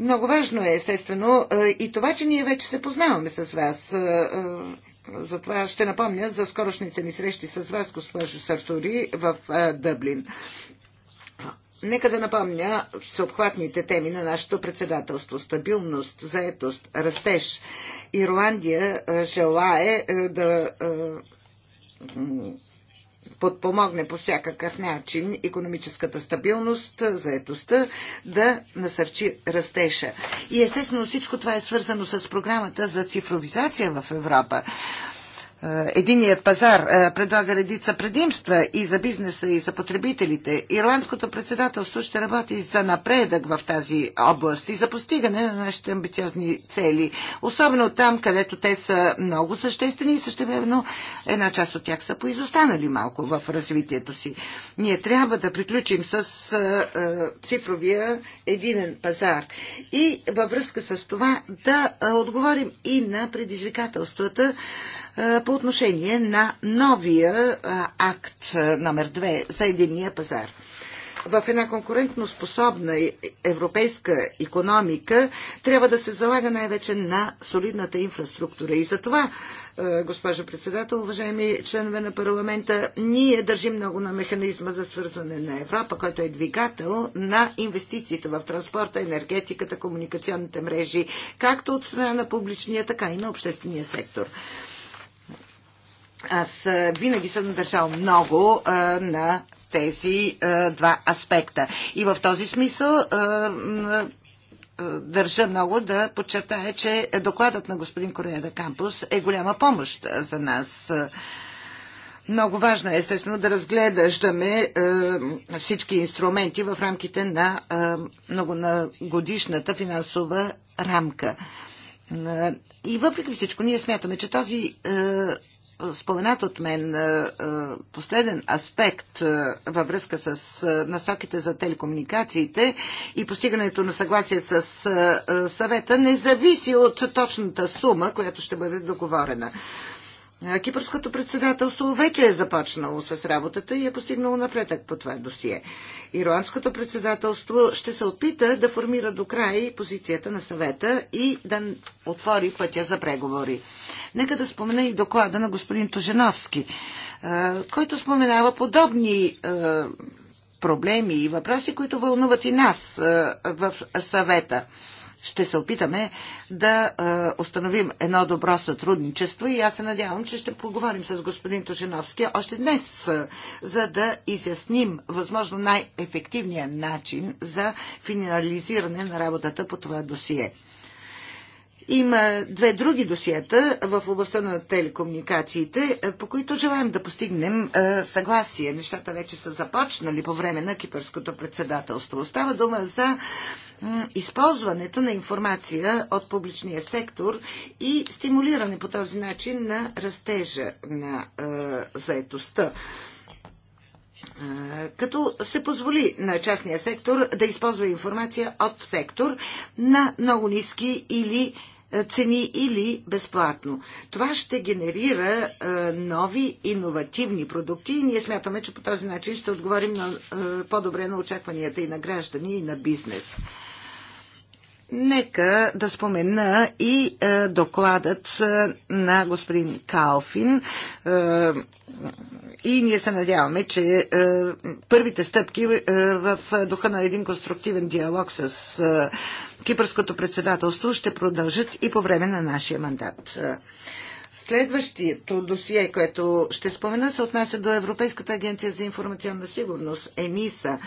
Много важно е, естествено, е, и това, че ние вече се познаваме с вас. Е, Затова ще напомня за скорошните ни срещи с вас, госпожо Сартури, в Дъблин. Нека да напомня всеобхватните теми на нашето председателство. Стабилност, заетост, растеж. Ирландия желае да подпомогне по всякакъв начин економическата стабилност, заедостта, да насърчи растежа. И естествено всичко това е свързано с програмата за цифровизация в Европа. Е, единият пазар е, предлага редица предимства и за бизнеса, и за потребителите. Ирландското председателство ще работи за напредък в тази област и за постигане на нашите амбициозни цели, особено там, където те са много съществени и същевременно една част от тях са поизостанали малко в развитието си. Ние трябва да приключим с е, цифровия единен пазар и във връзка с това да отговорим и на предизвикателствата, е, по отношение на новия е, акт е, номер 2 за единния пазар. В една конкурентно способна европейска економика трябва да се залага най-вече на солидната инфраструктура. И за това, госпожо председател, уважаеми членове на парламента, ние държим много на механизма за свързване на Европа, който е двигател на инвестициите в транспорта, енергетиката, комуникационните мрежи, както от страна на публичния, така и на обществения сектор. Аз винаги съм държал много а, на тези а, два аспекта. И в този смисъл а, държа много да подчертая, че докладът на господин Корееда Кампус е голяма помощ за нас. Много важно е, естествено, да разгледаме е, всички инструменти в рамките на е, много годишната финансова рамка. И въпреки всичко, ние смятаме, че този е, споменат от мен последен аспект във връзка с насоките за телекомуникациите и постигането на съгласие с съвета не зависи от точната сума, която ще бъде договорена. Кипърското председателство вече е започнало с работата и е постигнало напредък по това досие. Ирландското председателство ще се опита да формира до край позицията на съвета и да отвори пътя за преговори. Нека да спомена и доклада на господин Тоженовски, който споменава подобни проблеми и въпроси, които вълнуват и нас в съвета ще се опитаме да установим едно добро сътрудничество и аз се надявам, че ще поговорим с господин Тушиновски още днес, за да изясним възможно най-ефективния начин за финализиране на работата по това досие. Има две други досиета в областта на телекомуникациите, е, по които желаем да постигнем е, съгласие. Нещата вече са започнали по време на кипърското председателство. Остава дума за използването на информация от публичния сектор и стимулиране по този начин на растежа на е, заетостта като се позволи на частния сектор да използва информация от сектор на много ниски или е, цени или безплатно. Това ще генерира е, нови иновативни продукти и ние смятаме, че по този начин ще отговорим на, е, по-добре на очакванията и на граждани, и на бизнес. Нека да спомена и докладът на господин Калфин. и ние се надяваме, че първите стъпки в духа на един конструктивен диалог с Кипърското председателство ще продължат и по време на нашия мандат. Следващото досие, което ще спомена, се отнася до Европейската агенция за информационна сигурност, ЕНИСА.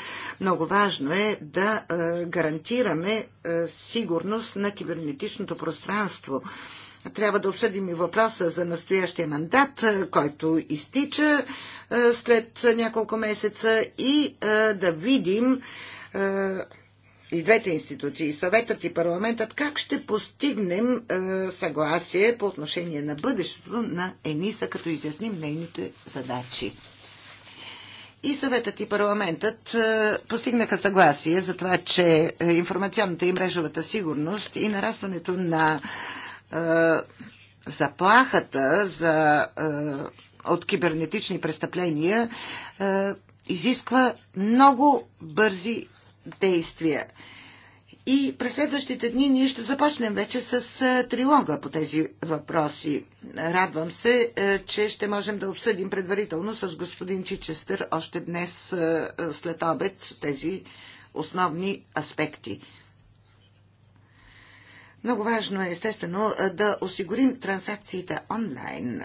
Много важно е да гарантираме сигурност на кибернетичното пространство. Трябва да обсъдим и въпроса за настоящия мандат, който изтича след няколко месеца и да видим и двете институции, и съветът и парламентът, как ще постигнем е, съгласие по отношение на бъдещето на ЕНИСА, като изясним нейните задачи. И съветът и парламентът е, постигнаха съгласие за това, че е, информационната и мрежовата сигурност и нарастването на е, заплахата за, е, от кибернетични престъпления е, изисква много бързи действия. И през следващите дни ние ще започнем вече с трилога по тези въпроси. Радвам се, че ще можем да обсъдим предварително с господин Чичестър още днес след обед тези основни аспекти. Много важно е, естествено, да осигурим транзакциите онлайн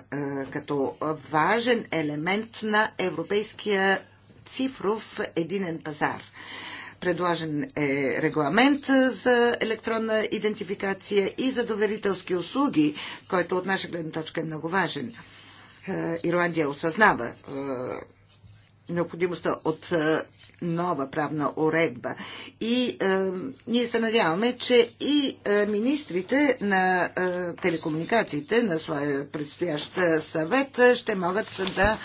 като важен елемент на европейския цифров единен пазар. Предложен е регламент за електронна идентификация и за доверителски услуги, който от наша гледна точка е много важен. Е, Ирландия осъзнава е, необходимостта от е, нова правна уредба. И е, ние се надяваме, че и е, министрите на е, телекомуникациите на своя предстоящ съвет ще могат да е,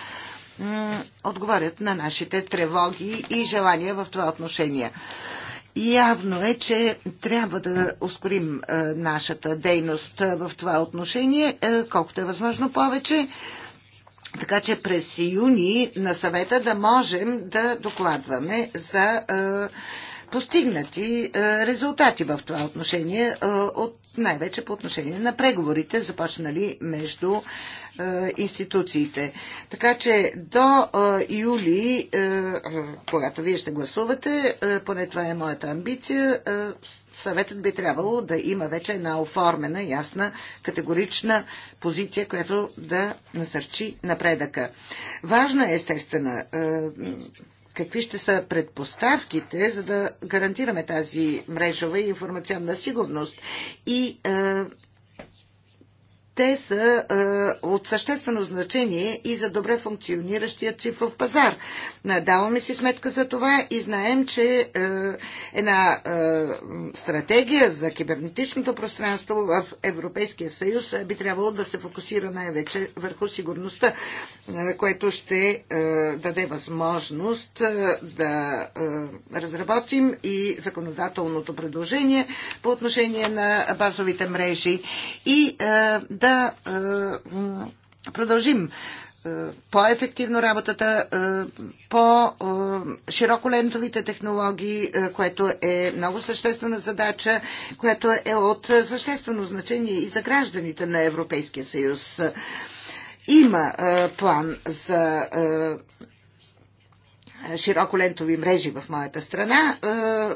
отговарят на нашите тревоги и желания в това отношение. Явно е, че трябва да ускорим е, нашата дейност е, в това отношение, е, колкото е възможно повече, така че през юни на съвета да можем да докладваме за постигнати е, резултати в това отношение, е, от, най-вече по отношение на преговорите, започнали между е, институциите. Така че до юли, когато вие ще гласувате, поне това е моята амбиция, съветът би трябвало да има вече една оформена, ясна, категорична позиция, която да насърчи напредъка. Важна е естествена какви ще са предпоставките, за да гарантираме тази мрежова и информационна сигурност и е, те са е, от съществено значение и за добре функциониращия цифров пазар. Е, даваме си сметка за това и знаем, че е, една е, стратегия за кибернетичното пространство в Европейския съюз е, би трябвало да се фокусира най-вече върху сигурността, е, което ще е, даде възможност е, да е, разработим и законодателното предложение по отношение на базовите мрежи и е, да продължим по-ефективно работата по широколентовите технологии, което е много съществена задача, което е от съществено значение и за гражданите на Европейския съюз. Има план за широколентови мрежи в моята страна,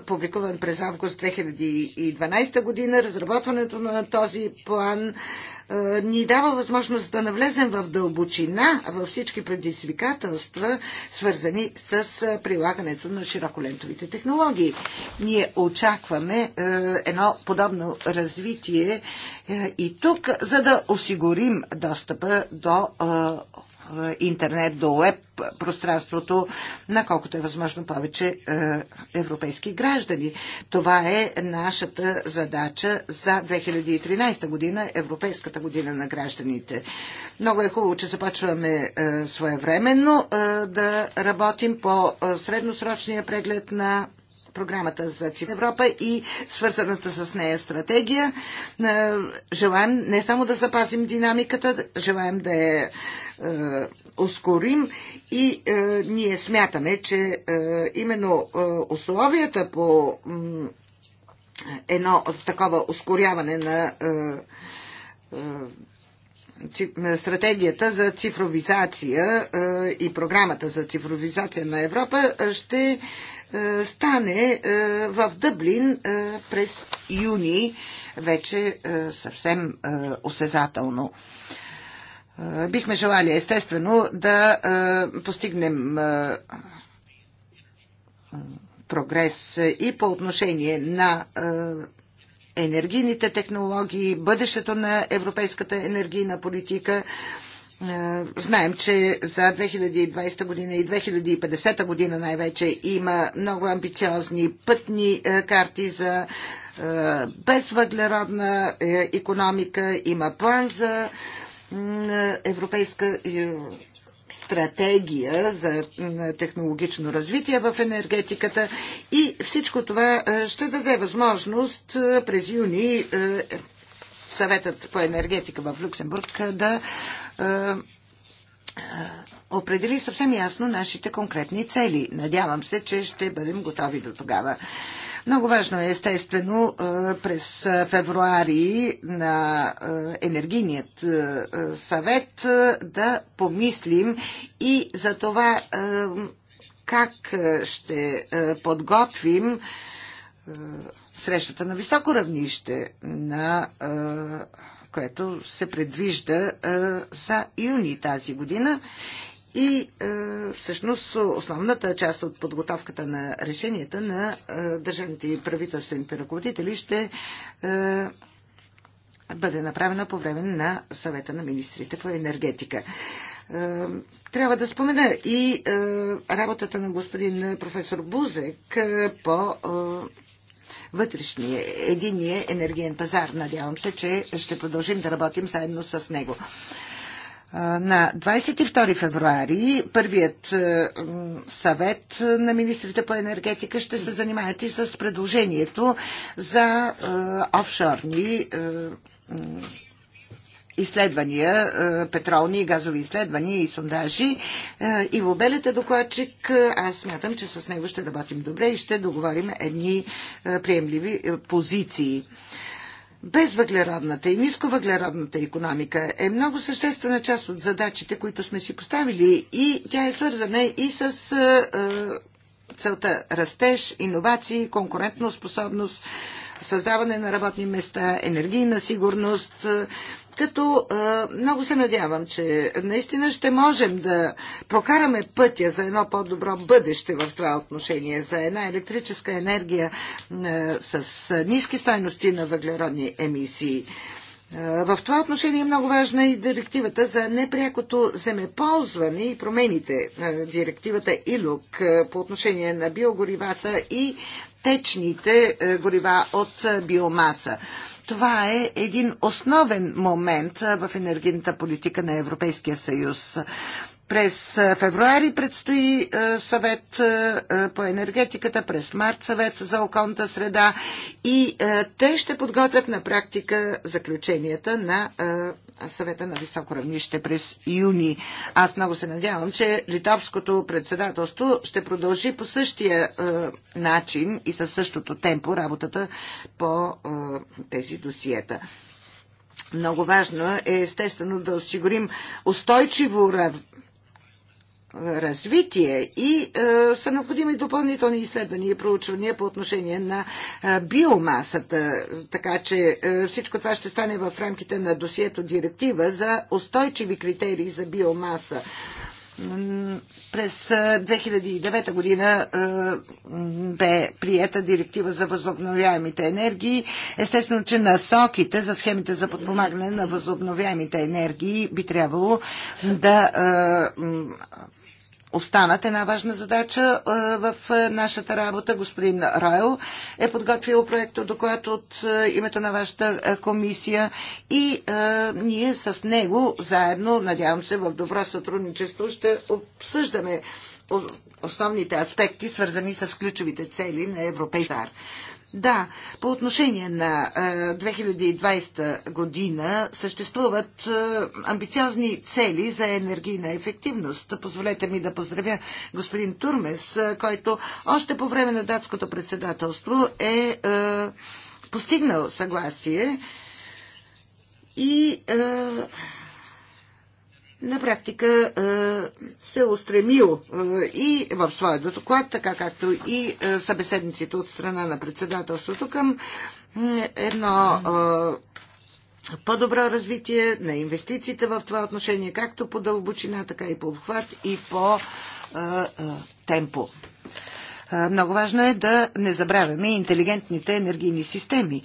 публикуван през август 2012 година. Разработването на този план ни дава възможност да навлезем в дълбочина във всички предизвикателства, свързани с прилагането на широколентовите технологии. Ние очакваме едно подобно развитие и тук, за да осигурим достъпа до интернет до веб пространството на колкото е възможно повече е, европейски граждани. Това е нашата задача за 2013 година, Европейската година на гражданите. Много е хубаво, че започваме е, своевременно е, да работим по средносрочния преглед на програмата за Цивна Европа и свързаната с нея стратегия. Е, желаем не само да запазим динамиката, желаем да я е, ускорим и е, ние смятаме, че именно условията по едно такова ускоряване на стратегията за цифровизация и програмата за цифровизация на Европа ще е, стане е, в Дъблин е, през юни, вече съвсем осезателно. Бихме желали, естествено, да постигнем прогрес и по отношение на енергийните технологии, бъдещето на европейската енергийна политика е, знаем, че за 2020 година и 2050 година най-вече има много амбициозни пътни е, карти за е, безвъглеродна економика, има план за европейска стратегия за технологично развитие в енергетиката и всичко това ще даде възможност през юни съветът по енергетика в Люксембург да определи съвсем ясно нашите конкретни цели. Надявам се, че ще бъдем готови до тогава. Много важно е, естествено, през февруари на енергийният съвет да помислим и за това как ще подготвим срещата на високо равнище на което се предвижда за юни тази година. И е, всъщност основната част от подготовката на решенията на е, държавните и правителствените ръководители ще е, бъде направена по време на съвета на министрите по енергетика. Трябва да спомена и работата на господин професор Бузек по вътрешния, единия енергиен пазар. Надявам се, че ще продължим да работим заедно с него. На 22 февруари първият е, съвет на министрите по енергетика ще се занимаят и с предложението за е, офшорни е, изследвания, е, петролни и газови изследвания и сондажи. Е, Иво Белет е докладчик. Е, аз смятам, че с него ще работим добре и ще договорим едни приемливи позиции. Безвъглеродната и нисковъглеродната економика е много съществена част от задачите, които сме си поставили и тя е свързана и с целта растеж, иновации, конкурентно способност, създаване на работни места, енергийна сигурност, като много се надявам, че наистина ще можем да прокараме пътя за едно по-добро бъдеще в това отношение, за една електрическа енергия с ниски стойности на въглеродни емисии. В това отношение е много важна и директивата за непрякото земеползване и промените. Директивата ИЛОК по отношение на биогоривата и течните горива от биомаса. Това е един основен момент в енергийната политика на Европейския съюз. През февруари предстои съвет по енергетиката, през март съвет за околната среда и те ще подготвят на практика заключенията на съвета на високо равнище през юни. Аз много се надявам, че литовското председателство ще продължи по същия е, начин и със същото темпо работата по е, тези досиета. Много важно е естествено да осигурим устойчиво развитие и е, са необходими допълнителни изследвания и проучвания по отношение на е, биомасата. Така че е, всичко това ще стане в рамките на досието директива за устойчиви критерии за биомаса. През 2009 е, година е, бе приета директива за възобновяемите енергии. Естествено, че насоките за схемите за подпомагане на възобновяемите енергии би трябвало да е, останат една важна задача е, в е, нашата работа. Господин Райл е подготвил проекто доклад от е, името на вашата комисия и ние с него заедно, надявам се, в добро сътрудничество ще обсъждаме основните аспекти, свързани с ключовите цели на Европейския да, по отношение на 2020 е, година съществуват е, амбициозни цели за енергийна ефективност. Позволете ми да поздравя господин Турмес, е, който още по време на датското председателство е постигнал съгласие и е, на практика е, се е устремил е, и в своя доклад, така както и събеседниците от страна на председателството към едно по-добро развитие на инвестициите в това отношение, както по дълбочина, така и по обхват и по темпо. Много важно е да не забравяме интелигентните енергийни системи,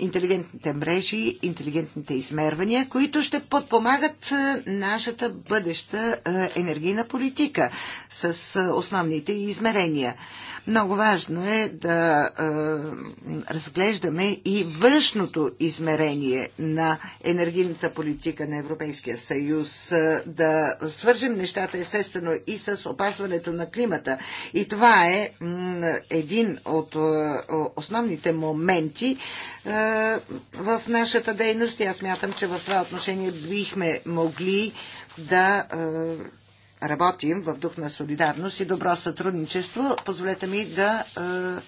интелигентните мрежи, интелигентните измервания, които ще подпомагат нашата бъдеща енергийна политика с основните измерения. Много важно е да е, разглеждаме и външното измерение на енергийната политика на Европейския съюз, да свържем нещата естествено и с опазването на климата. И това е един от основните моменти е, в нашата дейност. аз мятам, че в това отношение бихме могли да работим в дух на солидарност и добро сътрудничество. Позволете ми да е,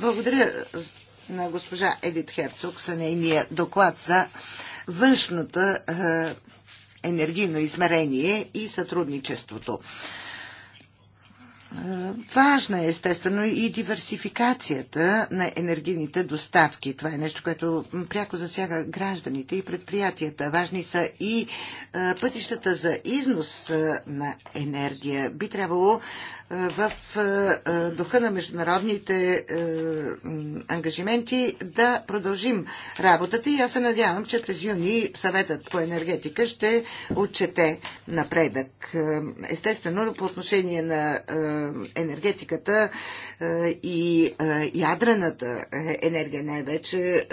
благодаря на госпожа Едит Херцог за нейния доклад за външната е, енергийно измерение и сътрудничеството. Важна е естествено и диверсификацията на енергийните доставки. Това е нещо, което пряко засяга гражданите и предприятията. Важни са и пътищата за износ на енергия. Би трябвало в духа на международните ангажименти да продължим работата и аз се надявам, че през юни съветът по енергетика ще отчете напредък. Естествено, по отношение на енергетиката и ядрената е, енергия най-вече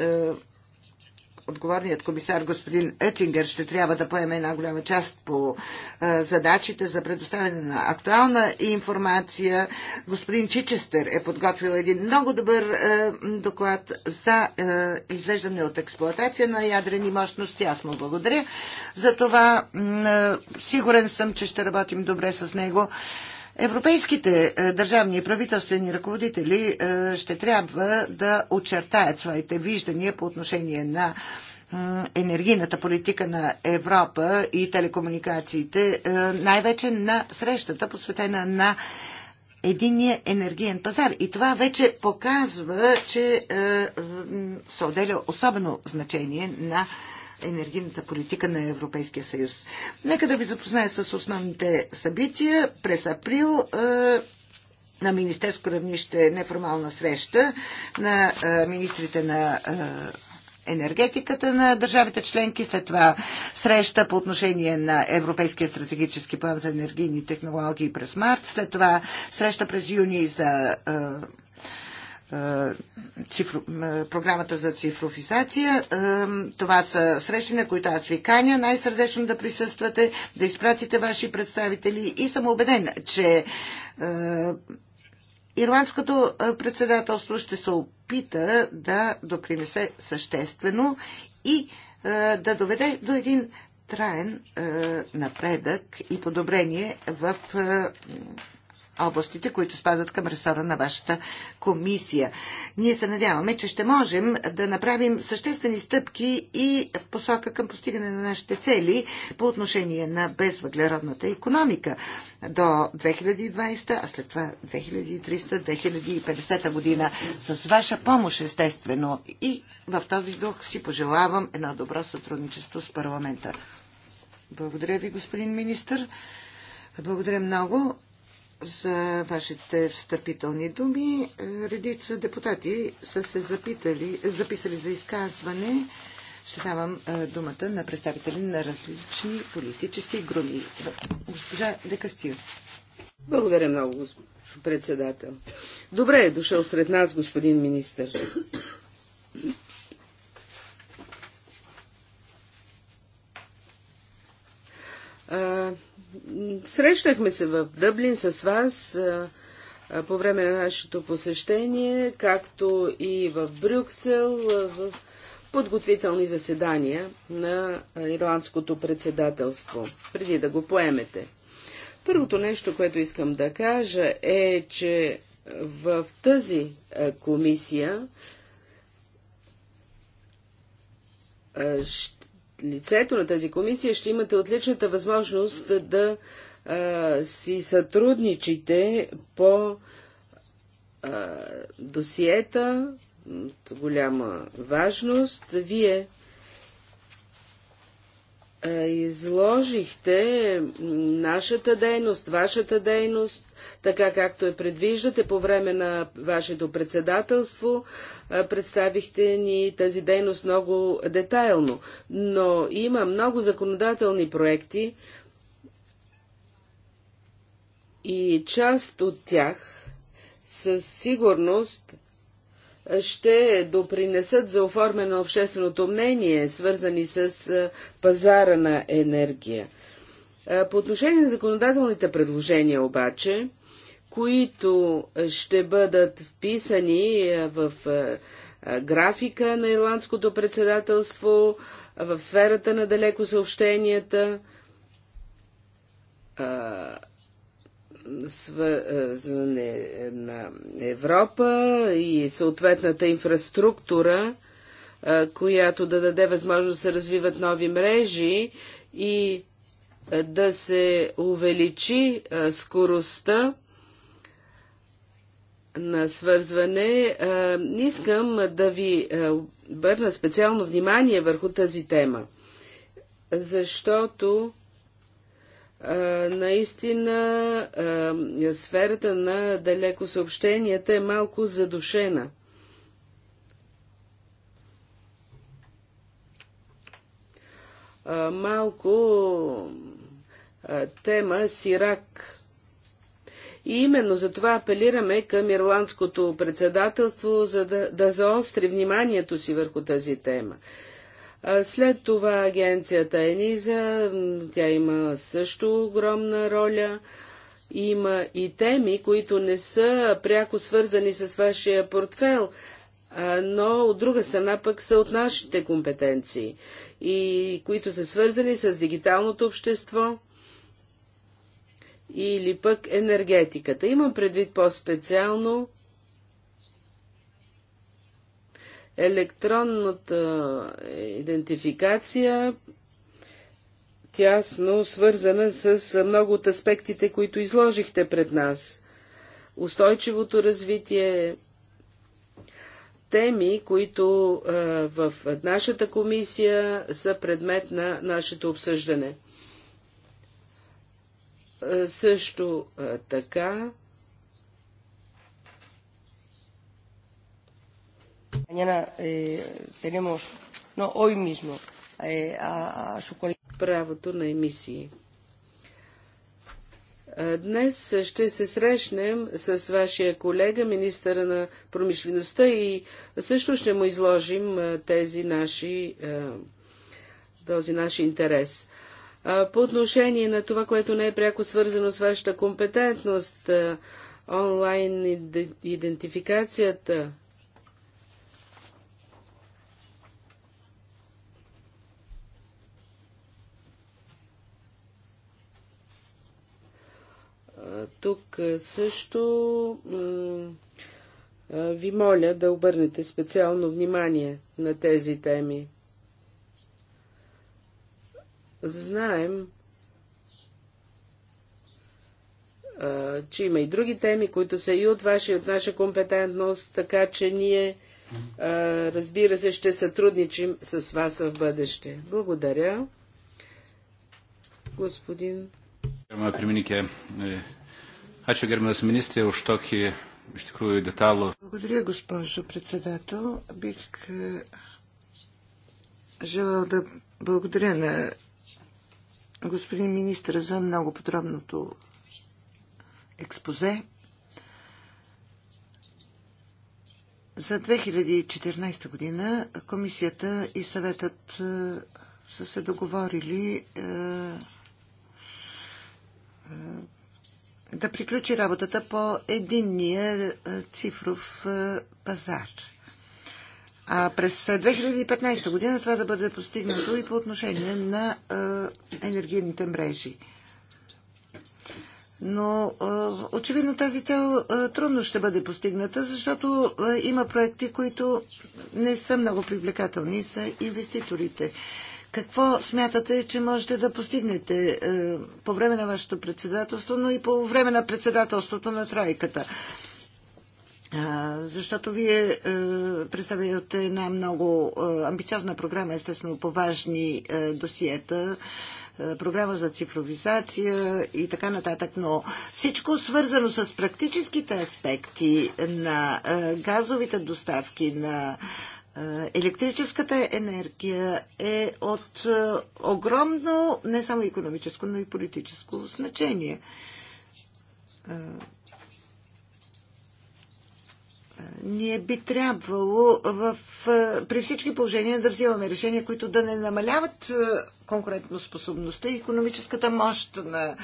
отговорният комисар господин Етингер ще трябва да поеме една голяма част по задачите за предоставяне на актуална информация. Господин Чичестър е подготвил един много добър доклад за извеждане от експлоатация на ядрени мощности. Аз му благодаря. За това сигурен съм, че ще работим добре с него. Европейските е, държавни и правителствени ръководители е, ще трябва да очертаят своите виждания по отношение на енергийната политика на Европа и телекомуникациите, е, най-вече на срещата, посветена на единия енергиен пазар. И това вече показва, че се отделя особено значение на енергийната политика на Европейския съюз. Нека да ви запозная с основните събития. През април е, на министерско равнище неформална среща на е, министрите на е, енергетиката на държавите членки, след това среща по отношение на Европейския стратегически план за енергийни технологии през март, след това среща през юни за е, цифро, е, програмата за цифровизация. Е, това са срещи, на които аз ви каня най-сърдечно да присъствате, да изпратите ваши представители и съм убеден, че Ирландското председателство ще се опита да допринесе съществено и да доведе до един траен напредък и подобрение в областите, които спадат към ресора на вашата комисия. Ние се надяваме, че ще можем да направим съществени стъпки и в посока към постигане на нашите цели по отношение на безвъглеродната економика до 2020, а след това 2300-2050 година. С ваша помощ, естествено. И в този дух си пожелавам едно добро сътрудничество с парламента. Благодаря ви, господин министр. Благодаря много за вашите встъпителни думи. Редица депутати са се запитали, записали за изказване. Ще давам думата на представители на различни политически групи. Госпожа Декастир. Благодаря много, госпожо председател. Добре е дошъл сред нас, господин министр. Срещнахме се в Дъблин с вас по време на нашето посещение, както и в Брюксел, в подготвителни заседания на ирландското председателство, преди да го поемете. Първото нещо, което искам да кажа е, че в тази комисия ще лицето на тази комисия ще имате отличната възможност да а, си сътрудничите по а, досиета от голяма важност. Вие а, изложихте нашата дейност, вашата дейност, така както е предвиждате по време на вашето председателство. Представихте ни тази дейност много детайлно, но има много законодателни проекти и част от тях със сигурност ще допринесат за оформяне на общественото мнение, свързани с пазара на енергия. По отношение на законодателните предложения обаче, които ще бъдат вписани е, в е, е, графика на ирландското председателство, в сферата на далеко съобщенията, на Европа и съответната инфраструктура, която да даде възможност да се развиват нови мрежи и да се увеличи скоростта на свързване, искам да ви върна специално внимание върху тази тема, защото наистина сферата на далеко съобщенията е малко задушена. Малко тема Сирак и именно за това апелираме към ирландското председателство, за да, да заостри вниманието си върху тази тема. След това агенцията Ениза, тя има също огромна роля. Има и теми, които не са пряко свързани с вашия портфел, но от друга страна пък са от нашите компетенции и които са свързани с дигиталното общество или пък енергетиката. Имам предвид по-специално електронната е, идентификация, тясно свързана с е, много от аспектите, които изложихте пред нас. Устойчивото развитие, теми, които а, е, в нашата комисия са предмет на нашето обсъждане. Също така Правото на емисии. Е, днес ще се срещнем с вашия колега, министъра на промишлеността и също ще му изложим е, тези наши, е, този наш интерес. По отношение на това, което не е пряко свързано с вашата компетентност, онлайн идентификацията, Тук също ви моля да обърнете специално внимание на тези теми. Знаем, че има и други теми, които са и от ваша и от наша компетентност, така че ние, разбира се, ще сътрудничим с вас в бъдеще. Благодаря. Господин. E, благодаря, госпожо председател. Бих е, желал да благодаря на господин министра, за много подробното експозе. За 2014 година комисията и съветът е, са се договорили е, е, да приключи работата по единния цифров пазар – а през 2015 година това да бъде постигнато и по отношение на енергийните мрежи. Но очевидно тази цел трудно ще бъде постигната, защото има проекти, които не са много привлекателни за инвеститорите. Какво смятате, че можете да постигнете по време на вашето председателство, но и по време на председателството на тройката? Защото вие е, представяте една много е, амбициозна програма, естествено по важни е, досиета, програма за цифровизация и така нататък, но всичко свързано с практическите аспекти на газовите доставки, на електрическата енергия е от огромно не само економическо, но и политическо значение ние би трябвало в, при всички положения да взимаме решения, които да не намаляват конкурентоспособността и економическата мощ на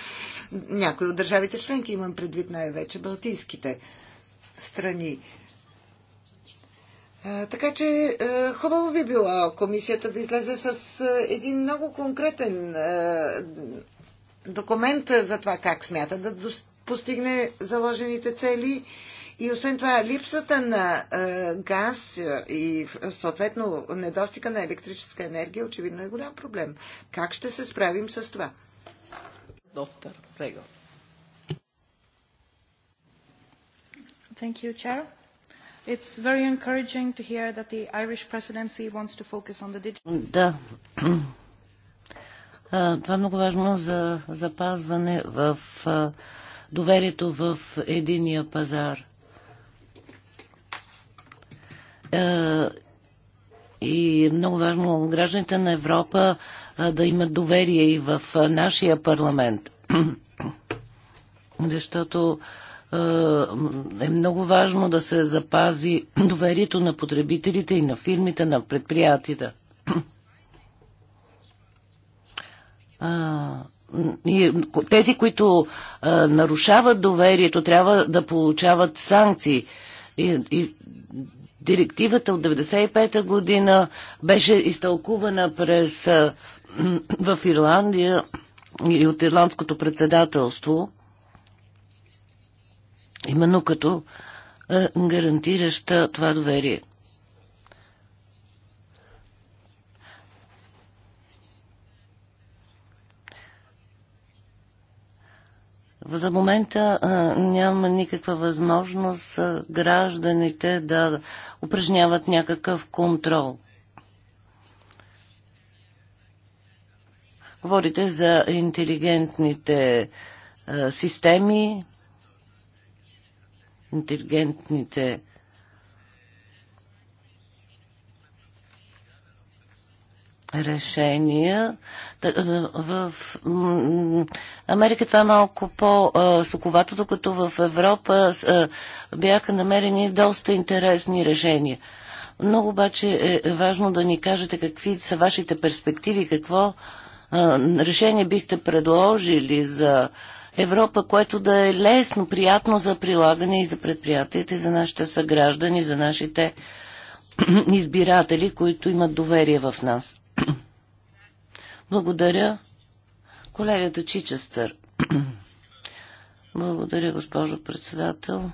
някои от държавите членки, имам предвид най-вече балтийските страни. Така че хубаво би било комисията да излезе с един много конкретен документ за това как смята да постигне заложените цели и освен това, липсата на е, газ е, и съответно недостига на електрическа енергия очевидно е голям проблем. Как ще се справим с това? Доктор, Рего. Thank you, Chair. It's very encouraging to hear that the Irish presidency wants to focus on the digital. Да. Това е много важно за запазване в доверието в единия пазар. Е, и е много важно гражданите на Европа е, да имат доверие и в е, нашия парламент. Защото е много важно да се запази доверието на потребителите и на фирмите, на предприятията. Тези, които нарушават доверието, трябва да получават санкции. И, и Директивата от 95-та година беше изтълкувана през, в Ирландия и от ирландското председателство, именно като гарантираща това доверие. За момента а, няма никаква възможност а, гражданите да упражняват някакъв контрол. Говорите за интелигентните а, системи, интелигентните решения. Е, в Америка това е малко по суковато докато в Европа е, бяха намерени доста интересни решения. Много обаче е важно да ни кажете какви са вашите перспективи, какво е, решение бихте предложили за Европа, което да е лесно, приятно за прилагане и за предприятията, и за нашите съграждани, за нашите избиратели, които имат доверие в нас. Благодаря. Колегата Чичестър. Благодаря, госпожо председател.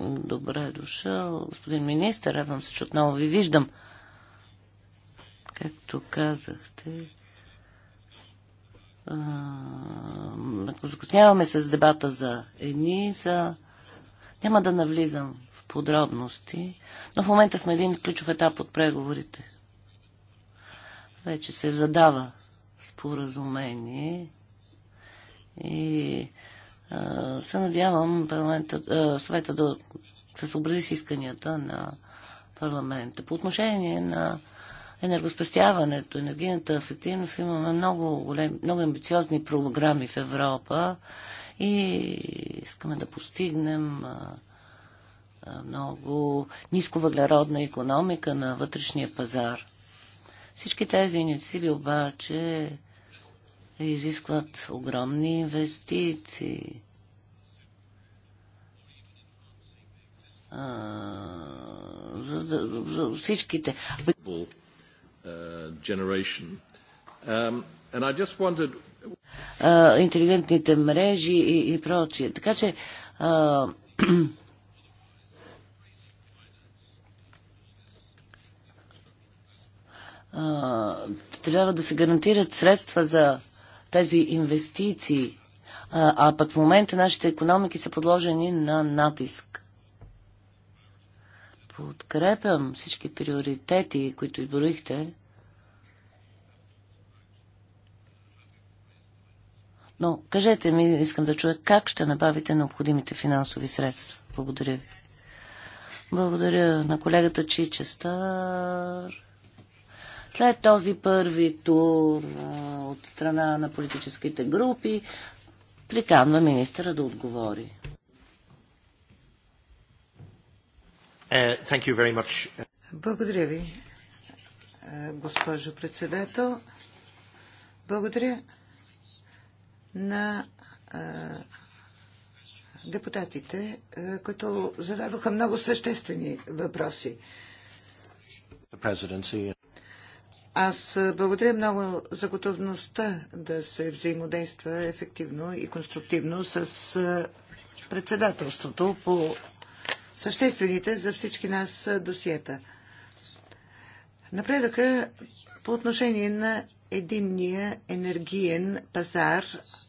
Добре дошъл, господин министър. Радвам се, че отново ви виждам. Както казахте, закъсняваме с дебата за едни, за... Няма да навлизам в подробности, но в момента сме един ключов етап от преговорите. Вече се задава споразумение и а, се надявам а, съвета да се съобрази с исканията на парламента. По отношение на енергоспестяването, енергийната ефективност, имаме много, голем, много амбициозни програми в Европа и искаме да постигнем много нисковъглеродна економика на вътрешния пазар. Всички тези инициативи обаче изискват огромни инвестиции. за, за, за всичките. Um, интелигентните мрежи и, и прочие. Така че а, а, трябва да се гарантират средства за тези инвестиции, а, а пък в момента нашите економики са подложени на натиск. Подкрепям всички приоритети, които изборихте. Но кажете ми, искам да чуя как ще набавите необходимите финансови средства. Благодаря ви. Благодаря на колегата Чичестър. След този първи тур от страна на политическите групи, приканва министъра да отговори. Uh, Благодаря ви, е, госпожо председател. Благодаря на а, е, депутатите, а, които зададоха много съществени въпроси. Аз благодаря много за готовността да се взаимодейства ефективно и конструктивно с председателството по съществените за всички нас досиета. Напредъка по отношение на единния енергиен пазар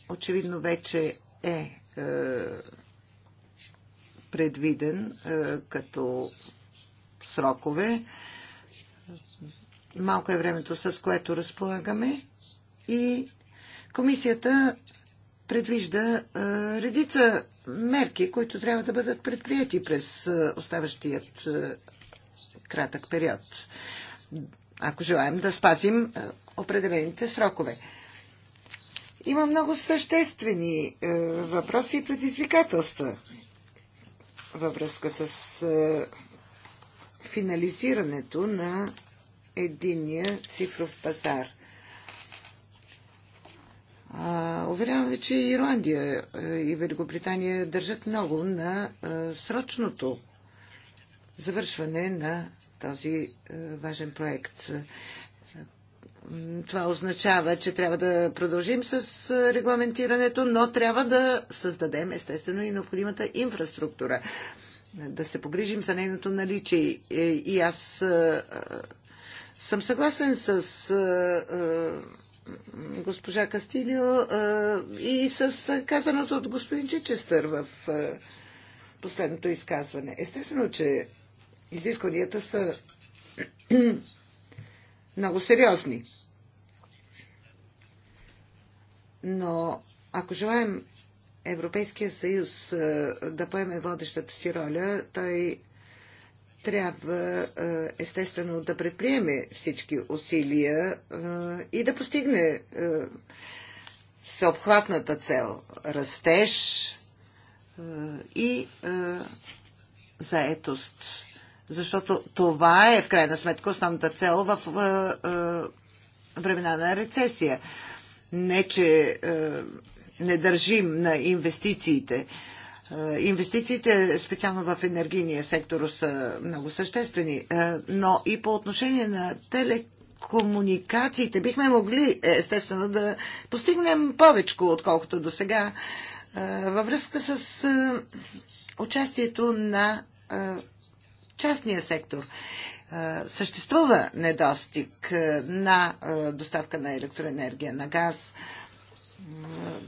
очевидно вече е, е предвиден е, като срокове. Малко е времето, с което разполагаме. И комисията предвижда редица мерки, които трябва да бъдат предприяти през оставащият кратък период. Ако желаем да спазим определените срокове. Има много съществени въпроси и предизвикателства във връзка с финализирането на единния цифров пазар. уверявам ви, че Ирландия е, и Великобритания държат много на а, е, срочното завършване на този а, е, важен проект. Това означава, че трябва да продължим с регламентирането, но трябва да създадем естествено и необходимата инфраструктура да се погрижим за нейното наличие. И аз съм съгласен с госпожа Кастилио и с казаното от господин Чичестър в последното изказване. Естествено, че изискванията са много сериозни. Но ако желаем Европейския съюз да поеме водещата си роля, той трябва е, естествено да предприеме всички усилия е, и да постигне е, всеобхватната цел растеж и заетост. Защото това е в крайна сметка основната цел в времена на рецесия. Не, че не държим на инвестициите. Е, инвестициите, специално в енергийния сектор, са много съществени, е, но и по отношение на телекомуникациите бихме могли, е, естествено, да постигнем повече, отколкото до сега, във връзка с участието на частния сектор съществува недостиг на доставка на електроенергия, на газ.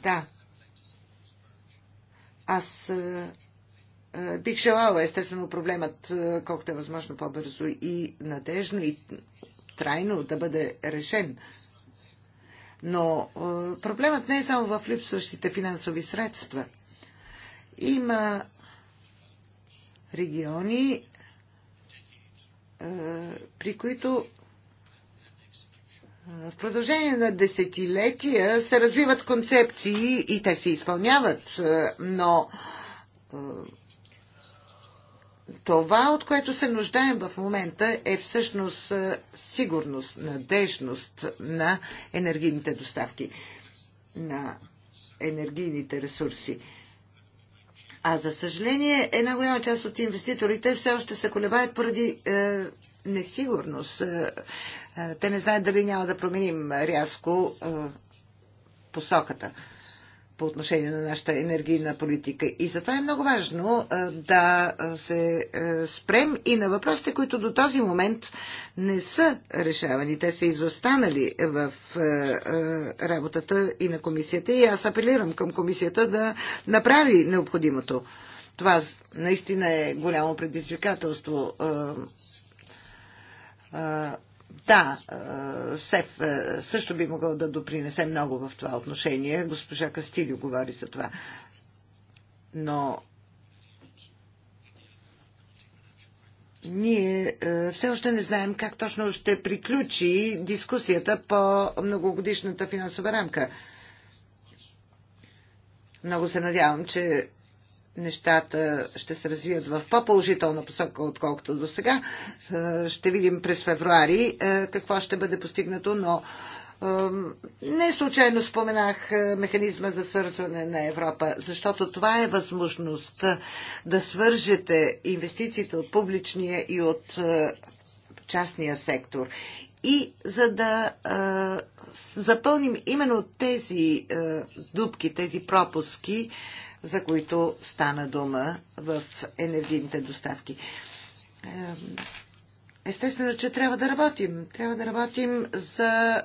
Да, аз е, е, бих желала, естествено, проблемът е, колкото е възможно по-бързо и надежно и трайно да бъде решен. Но проблемът не е само в липсващите финансови средства. Има региони, при които в продължение на десетилетия се развиват концепции и те се изпълняват, е, но е, това, от което се нуждаем в момента, е всъщност е, сигурност, надежност на енергийните доставки, на енергийните ресурси. А за съжаление, една голяма част от инвеститорите все още се колебаят поради е, несигурност. Е, те не знаят дали няма да променим рязко посоката по отношение на нашата енергийна политика. И затова е много важно да се спрем и на въпросите, които до този момент не са решавани. Те са изостанали в работата и на комисията. И аз апелирам към комисията да направи необходимото. Това наистина е голямо предизвикателство да, СЕФ също би могъл да допринесе много в това отношение. Госпожа Кастилио говори за това. Но Ние все още не знаем как точно ще приключи дискусията по многогодишната финансова рамка. Много се надявам, че нещата ще се развият в по-положителна посока, отколкото до сега. Е, ще видим през февруари е, какво ще бъде постигнато, но е, не случайно споменах механизма за свързване на Европа, защото това е възможност да свържете инвестициите от публичния и от частния сектор. И за да запълним именно тези дупки, тези пропуски, за които стана дума в енергийните доставки. Естествено, че трябва да работим. Трябва да работим за е,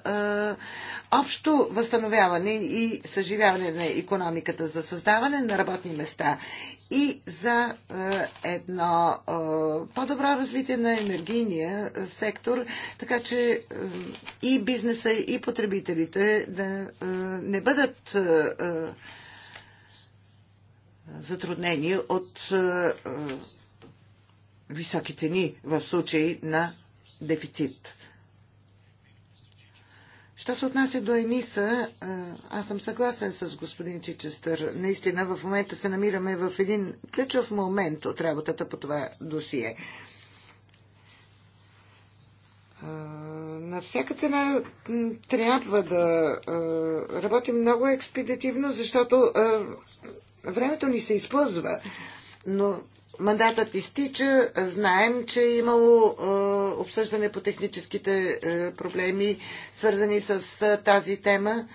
общо възстановяване и съживяване на економиката, за създаване на работни места и за е, едно е, по-добро развитие на енергийния сектор, така че е, и бизнеса, и потребителите да е, не бъдат. Е, е затруднени от е, е, високи цени в случай на дефицит. Що се отнася до ЕНИСА, е, аз съм съгласен с господин Чичестър. Наистина в момента се намираме в един ключов момент от работата по това досие. На всяка цена трябва да работим много експедитивно, защото времето ни се изплъзва, но мандатът изтича. Знаем, че е имало е, обсъждане по техническите е, проблеми, свързани с е, тази тема.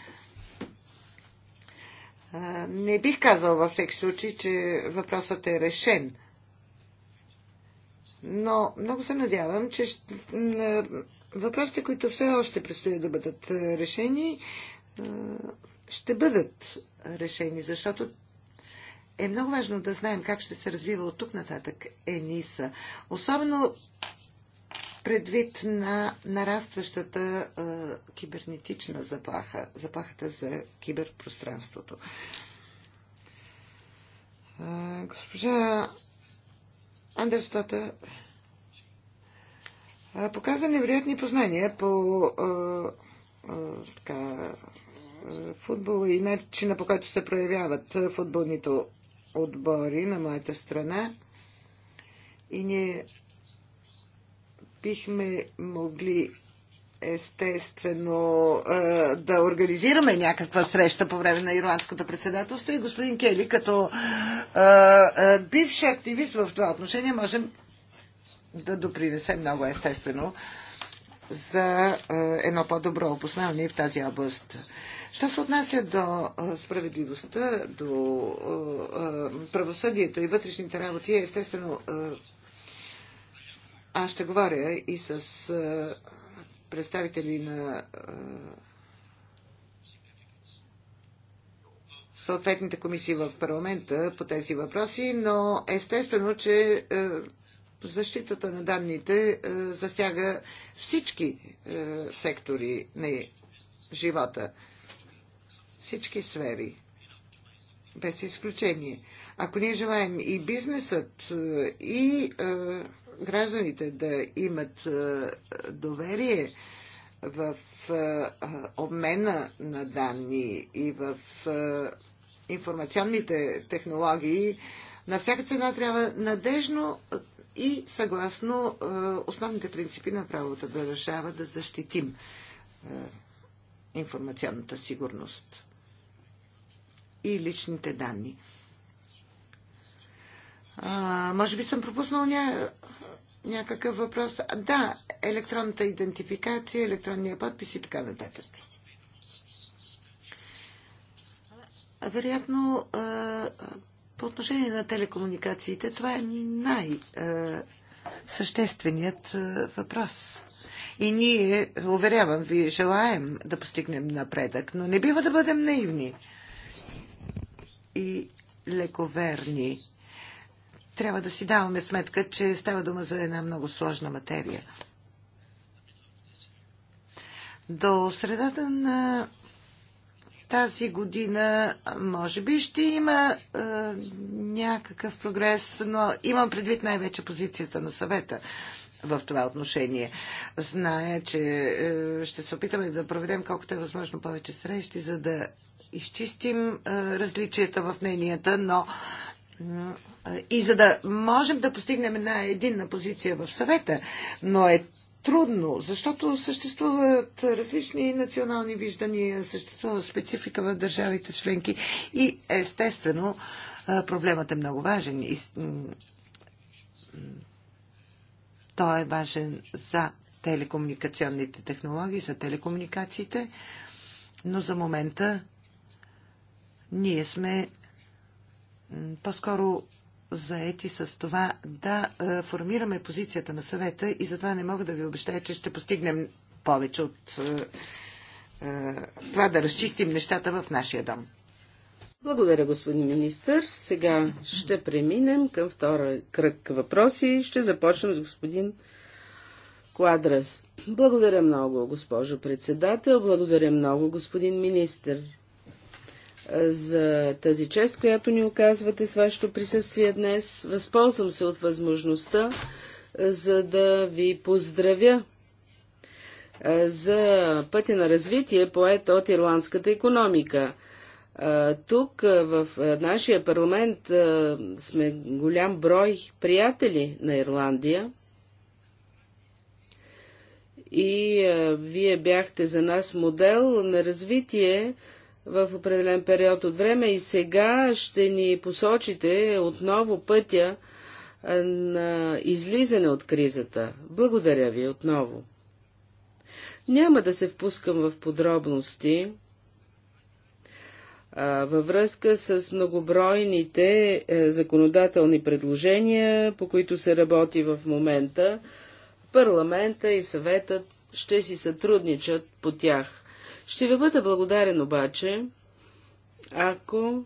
Е, не бих казал във всеки случай, че въпросът е решен. Но много се надявам, че ще, е, въпросите, които все още предстоят да бъдат е, решени, е, ще бъдат решени, защото е много важно да знаем как ще се развива от тук нататък ЕНИСА. Особено предвид на нарастващата е, кибернетична заплаха, заплахата за киберпространството. Е, госпожа Андерстата е, показа невероятни познания по е, е, така, футбол и начина по който се проявяват футболните отбори на моята страна и ние бихме могли естествено да организираме някаква среща по време на ирландското председателство и господин Кели като бивши активист в това отношение можем да допринесе много естествено за едно по-добро опознаване в тази област. Що се отнася до справедливостта, до правосъдието и вътрешните работи, естествено, аз ще говоря и с представители на съответните комисии в парламента по тези въпроси, но естествено, че защитата на данните засяга всички сектори на живота всички сфери. Без изключение. Ако ние желаем и бизнесът, е, и е, гражданите да имат е, доверие в е, обмена на данни и в е, информационните технологии, на всяка цена трябва надежно и съгласно е, основните принципи на правото да държава да защитим е, информационната сигурност и личните данни. А, може би съм пропуснал ня... някакъв въпрос. Да, електронната идентификация, електронния подпис и така нататък. Вероятно, по отношение на телекомуникациите, това е най-същественият въпрос. И ние, уверявам ви, желаем да постигнем напредък, но не бива да бъдем наивни и лековерни. Трябва да си даваме сметка, че става дума за една много сложна материя. До средата на тази година може би ще има е, някакъв прогрес, но имам предвид най-вече позицията на съвета в това отношение. Зная, че е, ще се опитаме да проведем колкото е възможно повече срещи, за да изчистим различията в мненията, но и за да можем да постигнем една единна позиция в съвета, но е трудно, защото съществуват различни национални виждания, съществува специфика в държавите членки и естествено проблемът е много важен и той е важен за телекомуникационните технологии, за телекомуникациите, но за момента ние сме по-скоро заети с това да е, формираме позицията на съвета и затова не мога да ви обещая, че ще постигнем повече от е, е, това да разчистим нещата в нашия дом. Благодаря, господин министър. Сега ще преминем към втора кръг въпроси. Ще започнем с господин Квадрас. Благодаря много, госпожо председател. Благодаря много, господин министър за тази чест, която ни оказвате с вашето присъствие днес. Възползвам се от възможността, за да ви поздравя за пътя на развитие, поет от ирландската економика. Тук в нашия парламент сме голям брой приятели на Ирландия и вие бяхте за нас модел на развитие, в определен период от време и сега ще ни посочите отново пътя на излизане от кризата. Благодаря ви отново. Няма да се впускам в подробности във връзка с многобройните е, законодателни предложения, по които се работи в момента. Парламента и съветът ще си сътрудничат по тях. Ще ви бъда благодарен обаче, ако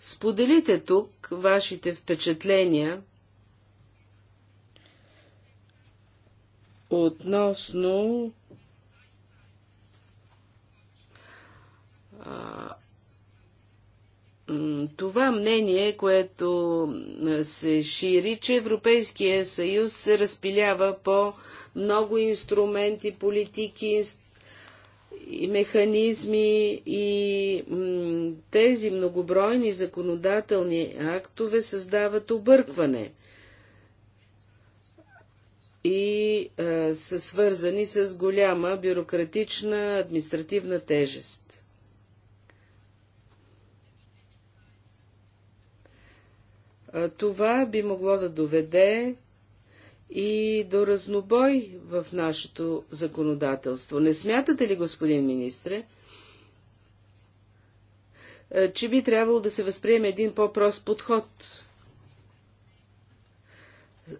споделите тук вашите впечатления относно това мнение, което се шири, че Европейския съюз се разпилява по много инструменти, политики, и механизми и тези многобройни законодателни актове създават объркване и а, са свързани с голяма бюрократична административна тежест. Това би могло да доведе и до разнобой в нашето законодателство. Не смятате ли, господин министре, че би трябвало да се възприеме един по-прост подход?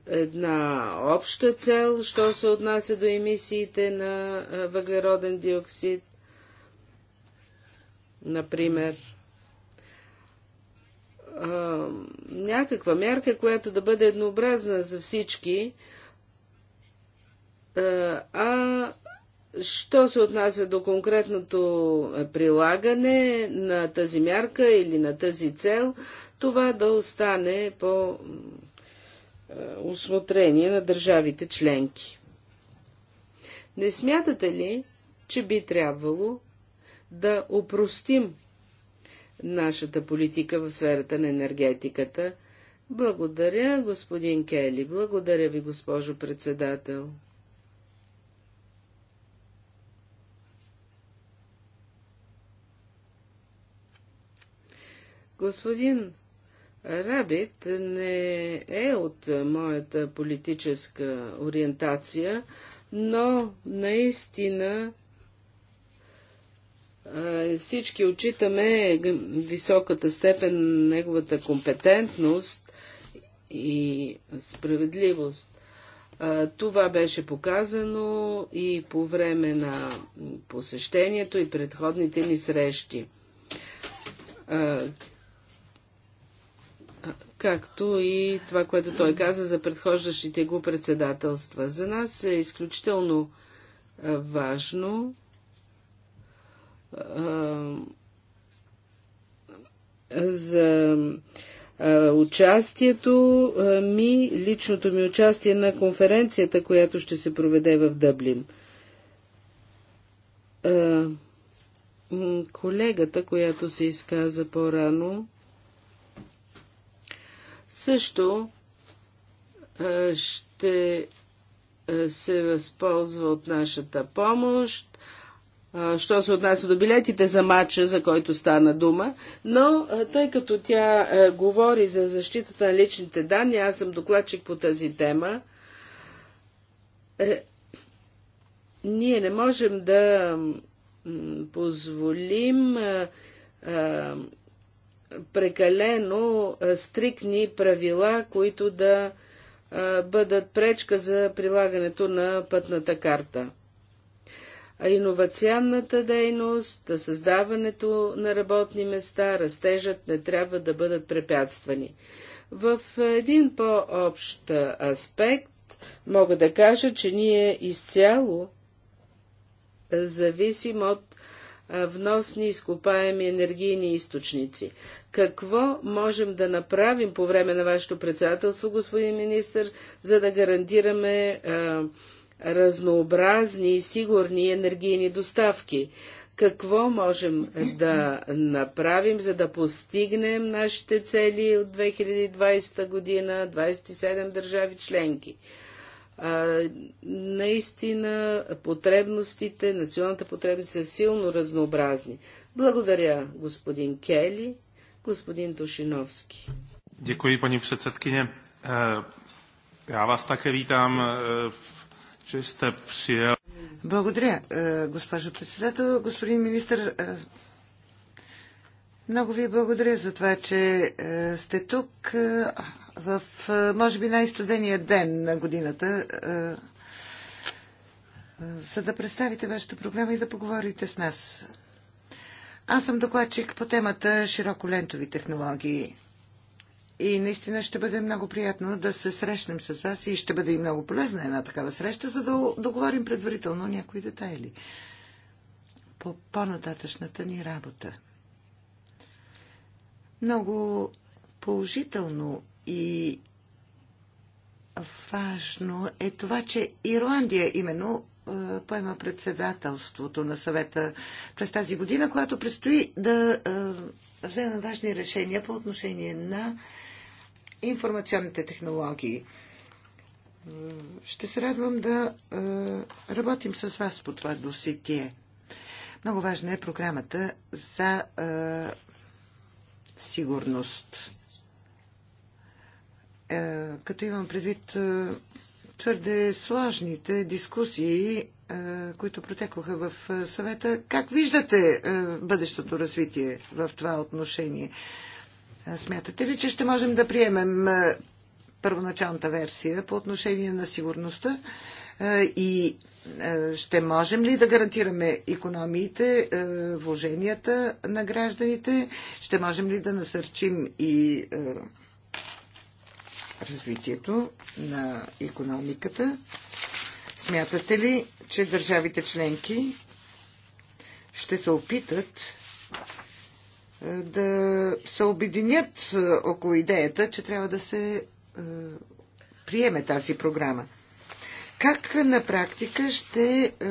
Една обща цел, що се отнася до емисиите на въглероден диоксид, например а, някаква мярка, която да бъде еднообразна за всички, а що се отнася до конкретното прилагане на тази мярка или на тази цел, това да остане по усмотрение на държавите членки. Не смятате ли, че би трябвало да опростим нашата политика в сферата на енергетиката. Благодаря, господин Кели. Благодаря ви, госпожо председател. Господин Рабит не е от моята политическа ориентация, но наистина всички отчитаме високата степен на неговата компетентност и справедливост. Това беше показано и по време на посещението и предходните ни срещи. Както и това, което той каза за предхождащите го председателства. За нас е изключително важно е, за е, участието е, ми, личното ми участие на конференцията, която ще се проведе в Дъблин. Колегата, която се изказа по-рано, също ще се възползва от нашата помощ що се отнася до билетите за матча, за който стана дума, но тъй като тя говори за защитата на личните данни, аз съм докладчик по тази тема, е, ние не можем да позволим прекалено стрикни правила, които да бъдат пречка за прилагането на пътната карта иновационната дейност, създаването на работни места, растежът не трябва да бъдат препятствани. В един по-общ аспект мога да кажа, че ние изцяло зависим от вносни изкопаеми енергийни източници. Какво можем да направим по време на вашето председателство, господин министр, за да гарантираме разнообразни и сигурни енергийни доставки. Какво можем да направим, за да постигнем нашите цели от 2020 година, 27 държави членки? А, наистина потребностите, националната потребности са силно разнообразни. Благодаря, господин Кели, господин Тушиновски. Дякую, пани předsedkyně. Я е, вас така vítám в е, благодаря, е, госпожо председател. Господин министр, е, много ви благодаря за това, че е, сте тук в, може би, най-студения ден на годината, за да представите вашата програма и да поговорите с нас. Аз съм докладчик по темата широколентови технологии. И наистина ще бъде много приятно да се срещнем с вас и ще бъде и много полезна една такава среща, за да договорим предварително някои детайли по по-нататъчната ни работа. Много положително и важно е това, че Ирландия именно е, поема председателството на съвета през тази година, която предстои да е, вземе важни решения по отношение на информационните технологии. Ще се радвам да е, работим с вас по това досетие. Много важна е програмата за е, сигурност. Е, като имам предвид твърде сложните дискусии, които протекоха в съвета, как виждате бъдещото развитие в това отношение? Смятате ли, че ще можем да приемем първоначалната версия по отношение на сигурността и ще можем ли да гарантираме економиите, вложенията на гражданите? Ще можем ли да насърчим и развитието на економиката? Смятате ли, че държавите членки ще се опитат да се обединят е, около идеята, че трябва да се е, приеме тази програма. Как на практика ще е,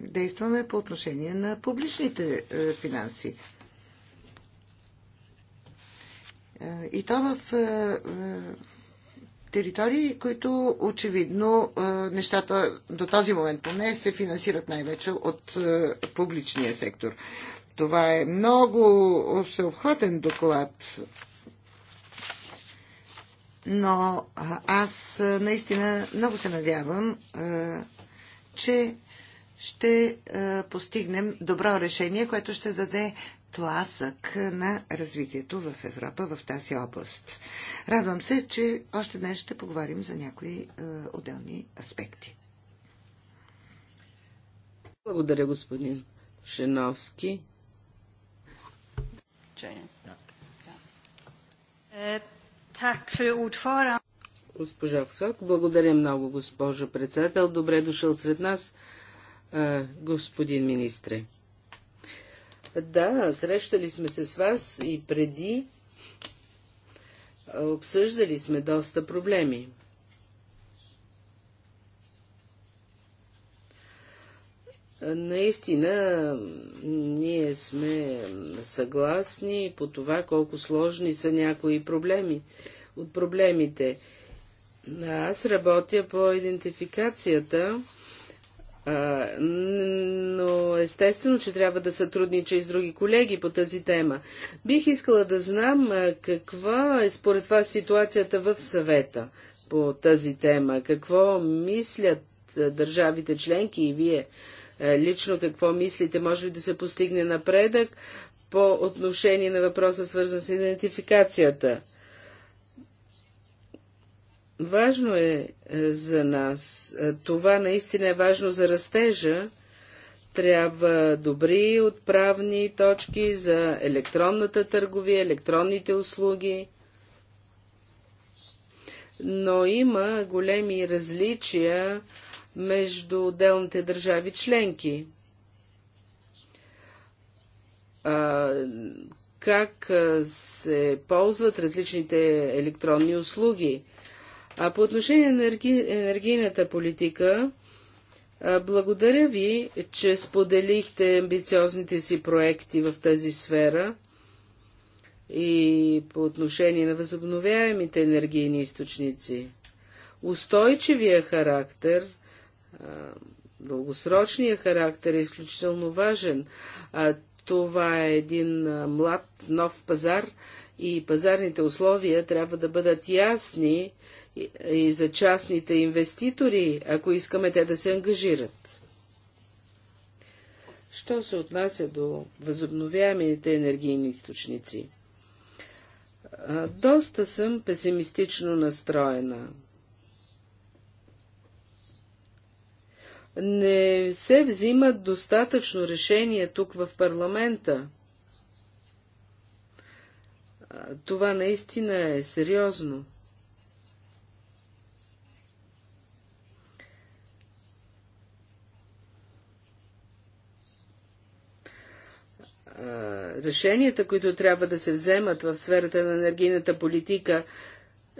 действаме по отношение на публичните финанси? И то в територии, които очевидно нещата до този момент поне се финансират най-вече от публичния сектор. Това е много всеобхватен доклад. Но аз наистина много се надявам, че ще постигнем добро решение, което ще даде тласък на развитието в Европа в тази област. Радвам се, че още днес ще поговорим за някои отделни аспекти. Благодаря, господин Шеновски. Е, Госпожа Ксок, благодаря много, госпожо председател. Добре дошъл сред нас, е, господин министре. Да, срещали сме се с вас и преди. Обсъждали сме доста проблеми. Наистина, ние сме съгласни по това колко сложни са някои проблеми от проблемите. Аз работя по идентификацията, но естествено, че трябва да сътруднича и с други колеги по тази тема. Бих искала да знам каква е според вас ситуацията в съвета по тази тема. Какво мислят държавите членки и вие е, лично какво мислите, може ли да се постигне напредък по отношение на въпроса, свързан с идентификацията. Важно е, е за нас. Е, това наистина е важно за растежа. Трябва добри отправни точки за електронната търговия, електронните услуги. Но има големи различия между отделните държави членки. А, как се ползват различните електронни услуги. А по отношение на енерги... енергийната политика, благодаря ви, че споделихте амбициозните си проекти в тази сфера и по отношение на възобновяемите енергийни източници. Устойчивия характер – дългосрочния характер е изключително важен. Това е един млад, нов пазар и пазарните условия трябва да бъдат ясни и за частните инвеститори, ако искаме те да се ангажират. Що се отнася до възобновяемите енергийни източници? Доста съм песимистично настроена. не се взимат достатъчно решения тук в парламента. Това наистина е сериозно. решенията, които трябва да се вземат в сферата на енергийната политика,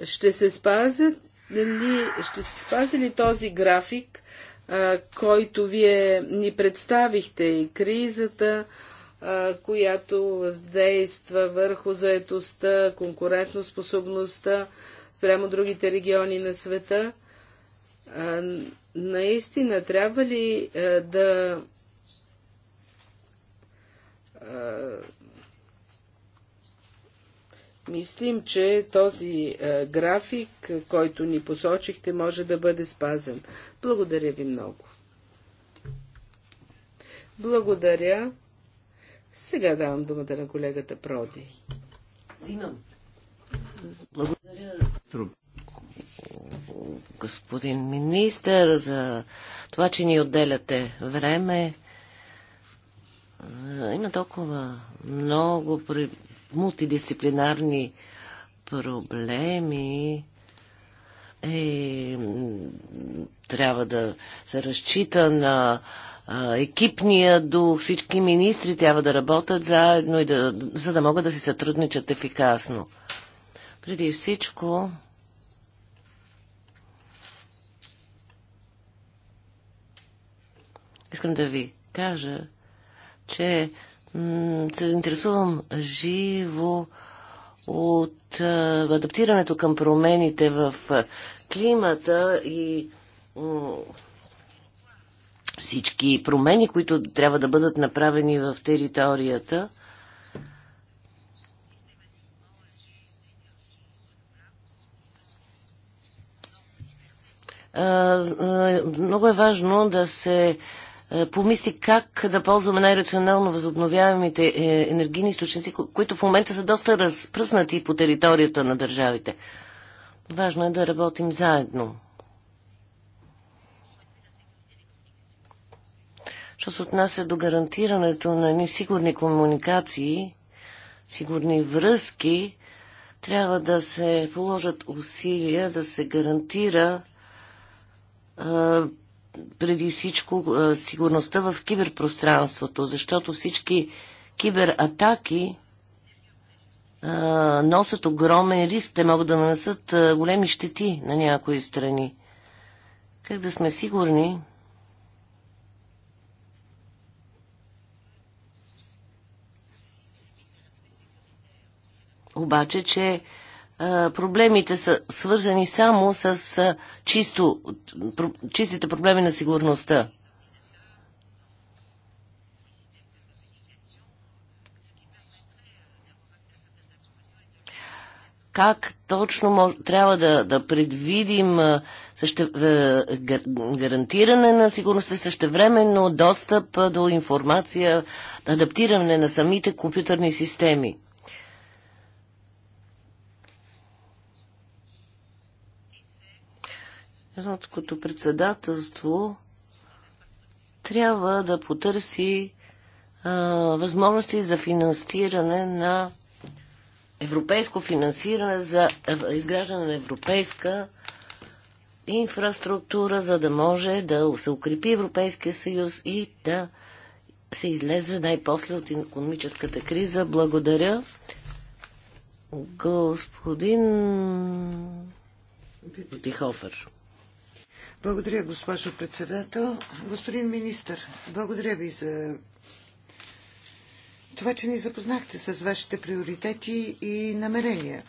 ще се спазят ли, ще се спази ли този график който вие ни представихте и кризата, която въздейства върху заетостта, конкурентоспособността прямо другите региони на света. Наистина, трябва ли да мислим, че този график, който ни посочихте, може да бъде спазен. Благодаря ви много. Благодаря. Сега давам думата на колегата Проди. Взимам. Благодаря. Господин министър, за това, че ни отделяте време. Има толкова много мултидисциплинарни проблеми е, трябва да се разчита на екипния дух, всички министри трябва да работят заедно, и да, за да могат да си сътрудничат ефикасно. Преди всичко, искам да ви кажа, че се заинтересувам живо от адаптирането към промените в климата и всички промени, които трябва да бъдат направени в територията. Много е важно да се е, помисли как да ползваме най-рационално възобновяемите е, енергийни източници, които в момента са доста разпръснати по територията на държавите. Важно е да работим заедно. Що се отнася до гарантирането на едни сигурни комуникации, сигурни връзки, трябва да се положат усилия да се гарантира е, преди всичко сигурността в киберпространството, защото всички кибератаки носят огромен риск. Те могат да нанесат големи щети на някои страни. Как да сме сигурни, обаче, че проблемите са свързани само с чисто, чистите проблеми на сигурността. Как точно може, трябва да, да предвидим също, гарантиране на сигурността, същевременно достъп до информация, адаптиране на самите компютърни системи? Женското председателство трябва да потърси а, възможности за финансиране на европейско финансиране за изграждане на европейска инфраструктура, за да може да се укрепи Европейския съюз и да се излезе най-после от економическата криза. Благодаря. Господин Бихофер. Благодаря, госпожо председател. Господин министър, благодаря ви за това, че ни запознахте с вашите приоритети и намерения.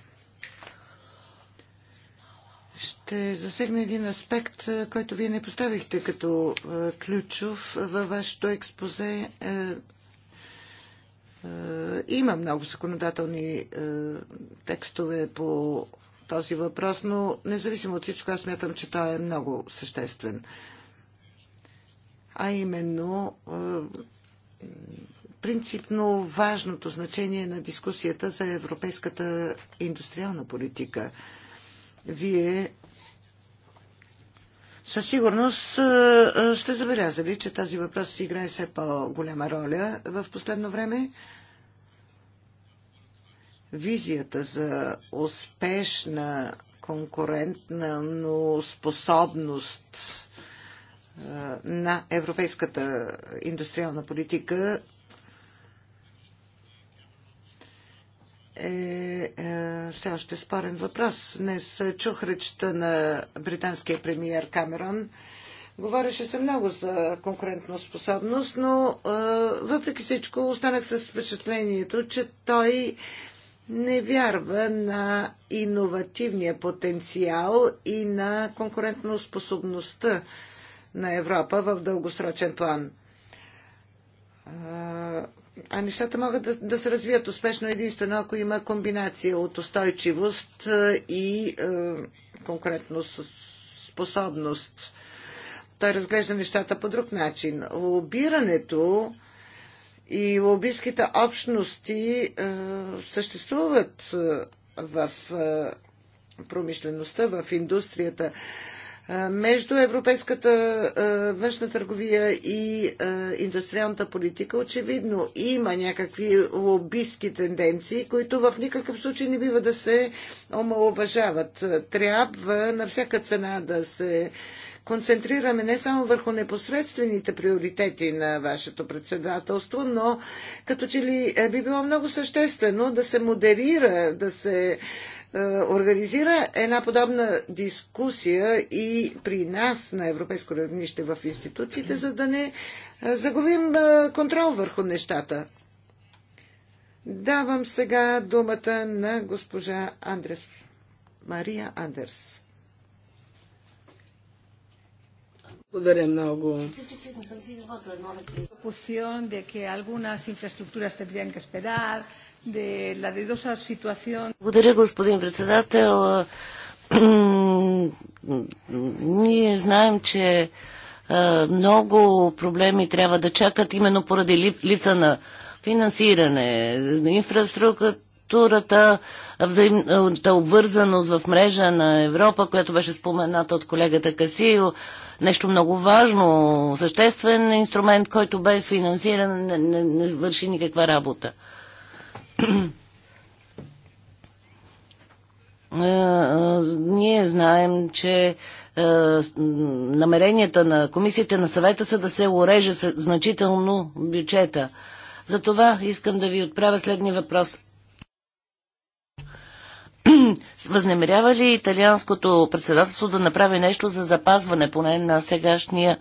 Ще засегна един аспект, е, който вие не поставихте като е, ключов във вашето експозе. Е, има много законодателни текстове по този въпрос, но независимо от всичко, аз смятам, че той е много съществен. А именно е, принципно важното значение на дискусията за европейската индустриална политика. Вие със сигурност е, е, сте забелязали, че този въпрос играе все по-голяма роля в последно време визията за успешна конкурентна, но способност на европейската индустриална политика е, е, все още спорен въпрос. Днес чух речта на британския премиер Камерон. Говореше се много за способност, но въпреки всичко останах с впечатлението, че той не вярва на иновативния потенциал и на конкурентноспособността на Европа в дългосрочен план. А нещата могат да, да се развият успешно единствено, ако има комбинация от устойчивост и е, конкретно способност. Той разглежда нещата по друг начин. Лобирането и лобистските общности е, съществуват е, в е, промишлеността, в индустрията между европейската външна търговия и индустриалната политика очевидно има някакви лобистки тенденции, които в никакъв случай не бива да се омалуважават. Трябва на всяка цена да се концентрираме не само върху непосредствените приоритети на вашето председателство, но като че ли е, би било много съществено да се модерира, да се е, организира една подобна дискусия и при нас на европейско равнище в институциите, за да не е, загубим контрол върху нещата. Давам сега думата на госпожа Андрес. Мария Андерс. Благодаря много. Благодаря, господин председател. Ние знаем, че много проблеми трябва да чакат именно поради липса на финансиране, инфраструктура, структурата, взаимната обвързаност в мрежа на Европа, която беше спомената от колегата Касио, нещо много важно, съществен инструмент, който без финансиране не, не, не върши никаква работа. Ние знаем, че намеренията на комисията на съвета са да се уреже значително бюджета. Затова искам да ви отправя следния въпрос възнамерява ли италианското председателство да направи нещо за запазване поне на сегашния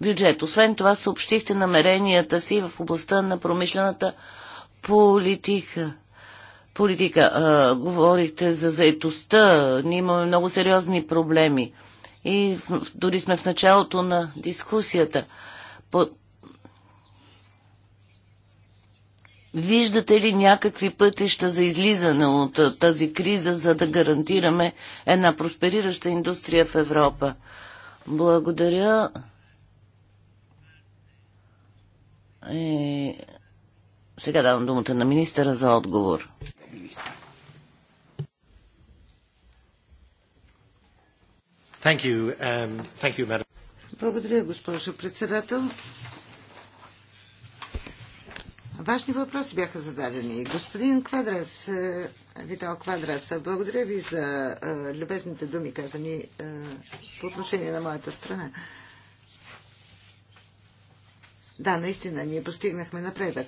бюджет? Освен това съобщихте намеренията си в областта на промишлената политика. Политика. А, говорихте за заетостта. Ние имаме много сериозни проблеми. И дори сме в началото на дискусията. По Виждате ли някакви пътища за излизане от тази криза, за да гарантираме една просперираща индустрия в Европа? Благодаря. Е... Сега давам думата на министъра за отговор. Um, Благодаря, госпожо председател. Важни въпроси бяха зададени. Господин Квадрас, е, Витал Квадрас, благодаря ви за е, любезните думи, казани е, по отношение на моята страна. Да, наистина, ние постигнахме напредък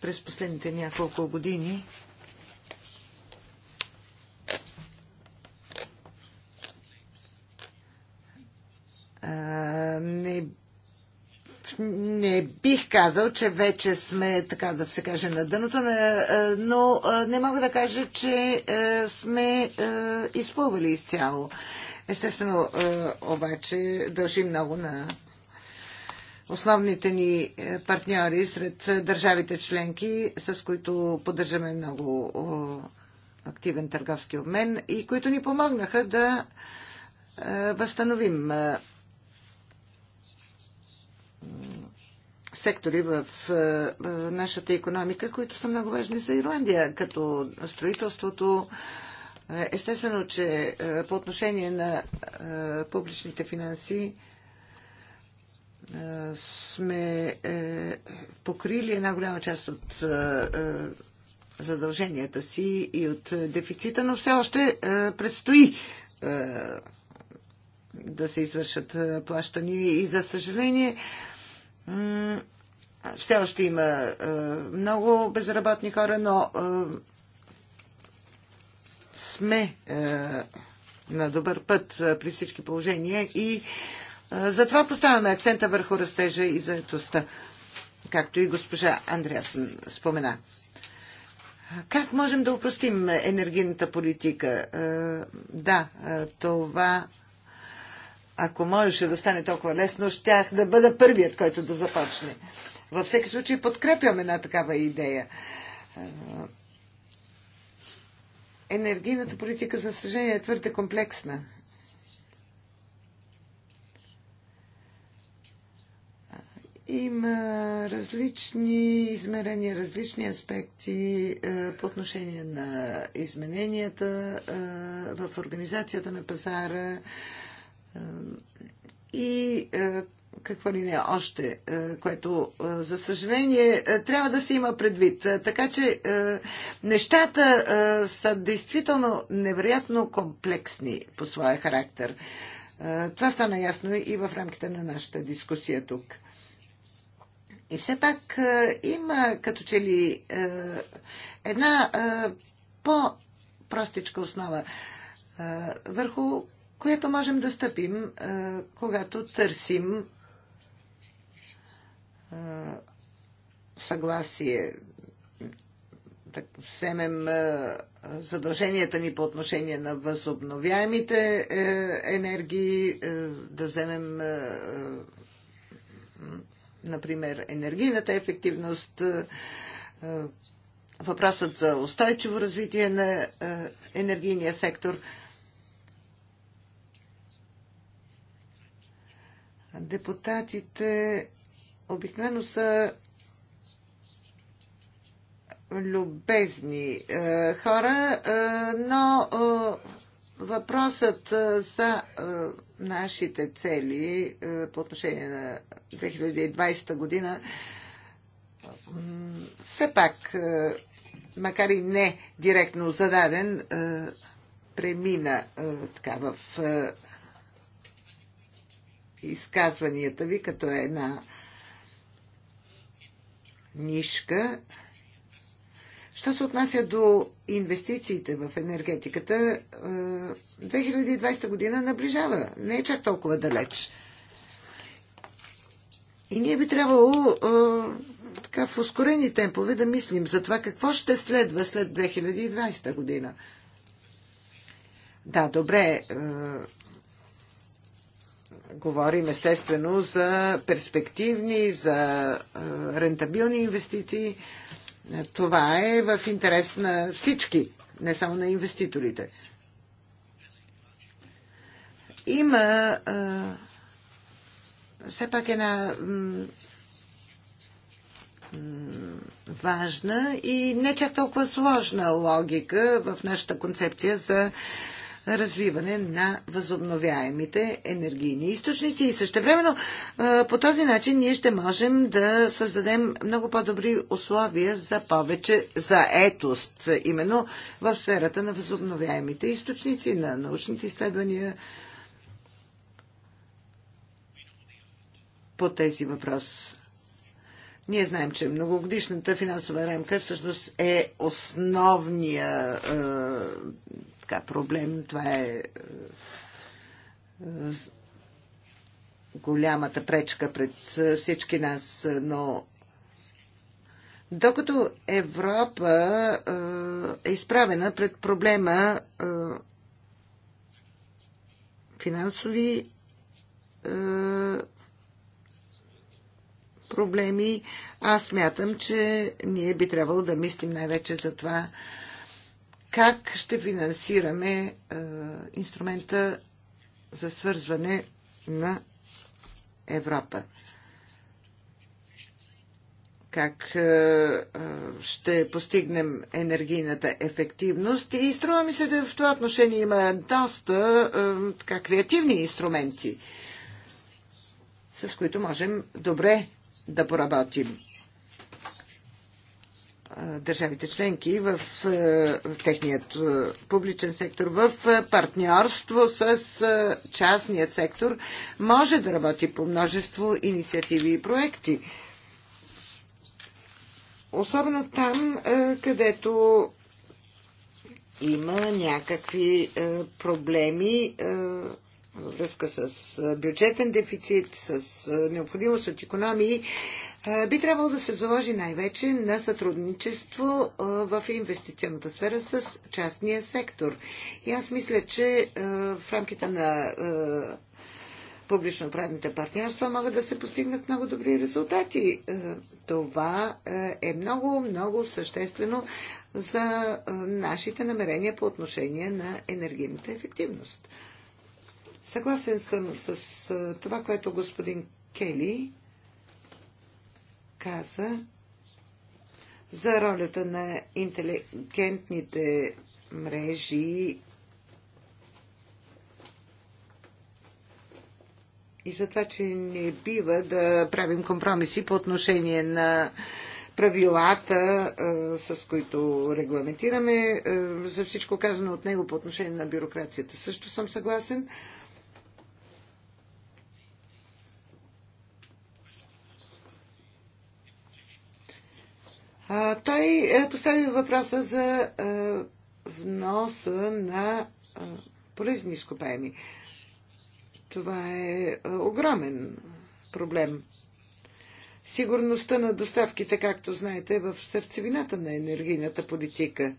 през последните няколко години. не не бих казал, че вече сме, така да се каже, на дъното, е, но е, не мога да кажа, че е, сме изплували изцяло. Естествено, обаче, дължи много на основните ни партньори сред държавите членки, с които поддържаме много активен търговски обмен и които ни помогнаха да възстановим сектори в е, е, нашата економика, които са много важни за Ирландия, като строителството. Естествено, че е, по отношение на публичните финанси сме покрили една голяма част от задълженията си и от дефицита, но все още предстои да се извършат плащания и за съжаление все още има много безработни хора, но сме на добър път при всички положения и затова поставяме акцента върху растежа и заедостта, както и госпожа Андреасен спомена. Как можем да упростим енергийната политика? Да, това, ако можеше да стане толкова лесно, щях да бъда първият, който да започне. Във всеки случай подкрепям една такава идея. Е, енергийната политика, за съжаление, е твърде комплексна. Има различни измерения, различни аспекти е, по отношение на измененията е, в организацията на пазара и какво ли не още, е, което е, за съжаление е, трябва да се има предвид. Така че нещата са действително невероятно комплексни по своя характер. Това стана ясно и в рамките на нашата дискусия тук. И все пак има като че ли една по-простичка основа, върху която можем да стъпим, когато търсим съгласие да вземем задълженията ни по отношение на възобновяемите е, енергии, е, да вземем е, например енергийната ефективност, въпросът за устойчиво развитие на енергийния сектор. Депутатите обикновено са любезни е, хора, е, но е, въпросът е, за е, нашите цели е, по отношение на 2020 година е, все пак, е, макар и не директно зададен, е, премина е, така в е, изказванията ви като е една е, нишка. Що се отнася до инвестициите в енергетиката, 2020 е, година наближава. Не е чак толкова далеч. И ние би трябвало е, така, в ускорени темпове да мислим за това какво ще следва след 2020 година. Да, добре, е, Говорим естествено за перспективни, за рентабилни инвестиции. Това е в интерес на всички, не само на инвеститорите. Има все пак една важна и не чак толкова сложна логика в нашата концепция за развиване на възобновяемите енергийни източници и същевременно по този начин ние ще можем да създадем много по-добри условия за повече заетост, именно в сферата на възобновяемите източници, на научните изследвания по тези въпроси. Ние знаем, че многогодишната финансова рамка всъщност е основния е, така, проблем. Това е, е голямата пречка пред е, всички нас, е, но докато Европа е изправена пред проблема финансови проблеми, аз мятам, че ние би трябвало да мислим най-вече за това как ще финансираме е, инструмента за свързване на Европа. Как е, е, ще постигнем енергийната ефективност. И струва ми се, да в това отношение има доста така, креативни инструменти, с които можем добре да поработим държавите членки в е, техният е, публичен сектор, в е, партньорство с частният сектор, може да работи по множество инициативи и проекти. Особено там, където има някакви проблеми във връзка с бюджетен дефицит, с необходимост от економии, би трябвало да се заложи най-вече на сътрудничество в инвестиционната сфера с частния сектор. И аз мисля, че в рамките на публично-правните партньорства могат да се постигнат много добри резултати. Това е много, много съществено за нашите намерения по отношение на енергийната ефективност. Съгласен съм с това, което господин Кели каза за ролята на интелигентните мрежи и за това, че не бива да правим компромиси по отношение на правилата, с които регламентираме. За всичко казано от него по отношение на бюрокрацията също съм съгласен. Той е, постави въпроса за е, вноса на е, полезни изкопаеми. Това е огромен проблем. Сигурността на доставките, както знаете, е в сърцевината на енергийната политика.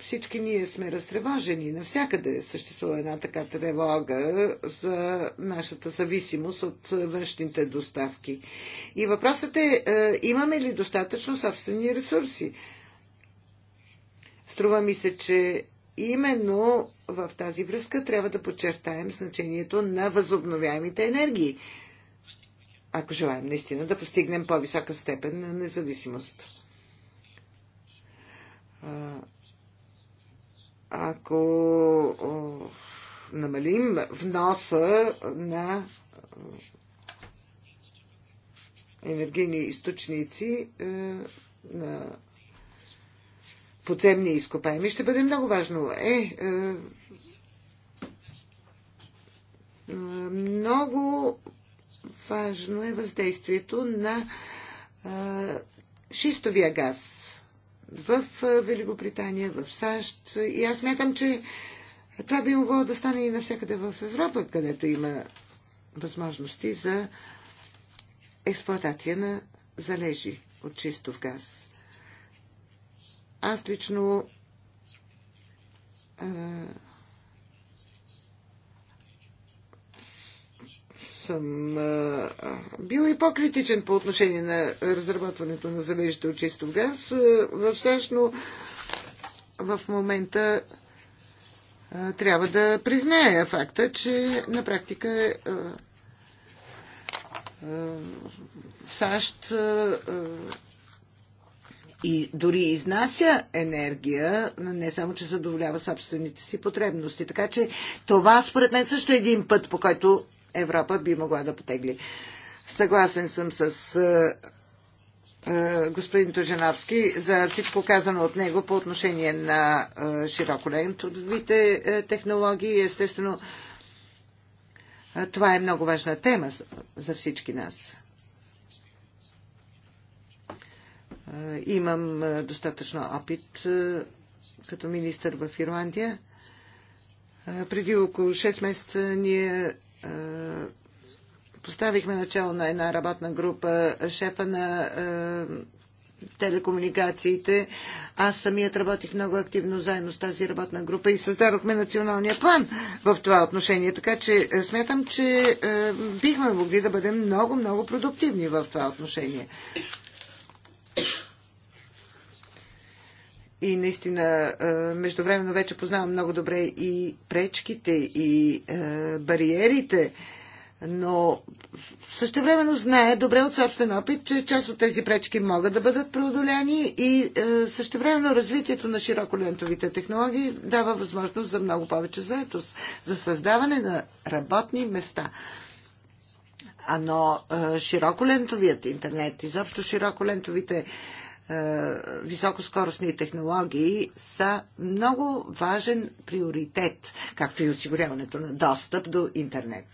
Всички ние сме разтревожени. Навсякъде съществува една така тревога за нашата зависимост от външните доставки. И въпросът е, е, имаме ли достатъчно собствени ресурси? Струва ми се, че именно в тази връзка трябва да подчертаем значението на възобновяемите енергии, ако желаем наистина да постигнем по-висока степен на независимост ако намалим вноса на енергийни източници е, на подземни изкопаеми, ще бъде много важно. Е, е много важно е въздействието на е, шистовия газ в Великобритания, в САЩ. И аз мятам, че това би могло да стане и навсякъде в Европа, където има възможности за експлоатация на залежи от чистов газ. Аз лично съм бил и по-критичен по отношение на разработването на залежите от чистов газ в САЩ, но в момента трябва да призная факта, че на практика САЩ и дори изнася енергия, не само, че задоволява собствените си потребности. Така че това, според мен, също е един път, по който Европа би могла да потегли. Съгласен съм с е, е, господин Тожановски за всичко казано от него по отношение на е, широколентовите технологии. Естествено, това е много важна тема за всички нас. Имам достатъчно опит като министър в Ирландия. Преди около 6 месеца ние е, поставихме начало на една работна група, шефа на е, телекомуникациите. Аз самият работих много активно заедно с тази работна група и създадохме националния план в това отношение. Така че е, смятам, че бихме могли да бъдем много, много продуктивни в това отношение. И наистина, междувременно вече познавам много добре и пречките, и бариерите, но същевременно знае добре от собствен опит, че част от тези пречки могат да бъдат преодоляни и същевременно развитието на широколентовите технологии дава възможност за много повече заетост, за създаване на работни места. А но широколентовият интернет, изобщо широколентовите лентовите е, високоскоростни технологии са много важен приоритет, както и осигуряването на достъп до интернет,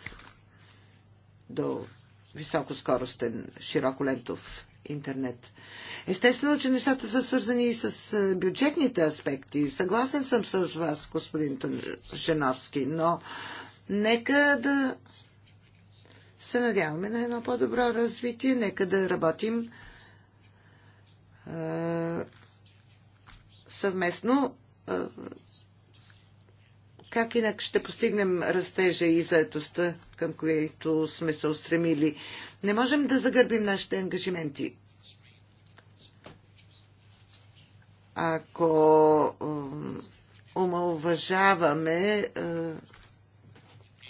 до високоскоростен широколентов интернет. Естествено, че нещата са свързани и с е, бюджетните аспекти. Съгласен съм с вас, господин Женовски, но нека да се надяваме на едно по-добро развитие, нека да работим е, съвместно е, как инак ще постигнем растежа и заетостта, към които сме се устремили? Не можем да загърбим нашите ангажименти. Ако уважаваме, е,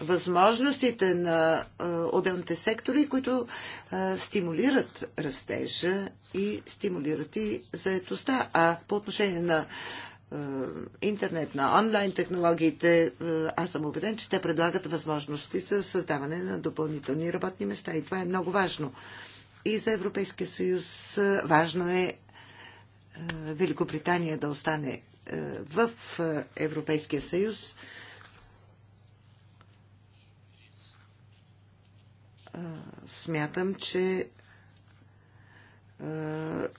възможностите на отделните сектори, които стимулират растежа и стимулират и заетостта. А по отношение на интернет, на онлайн технологиите, аз съм убеден, че те предлагат възможности за създаване на допълнителни работни места. И това е много важно. И за Европейския съюз важно е Великобритания да остане в Европейския съюз смятам, че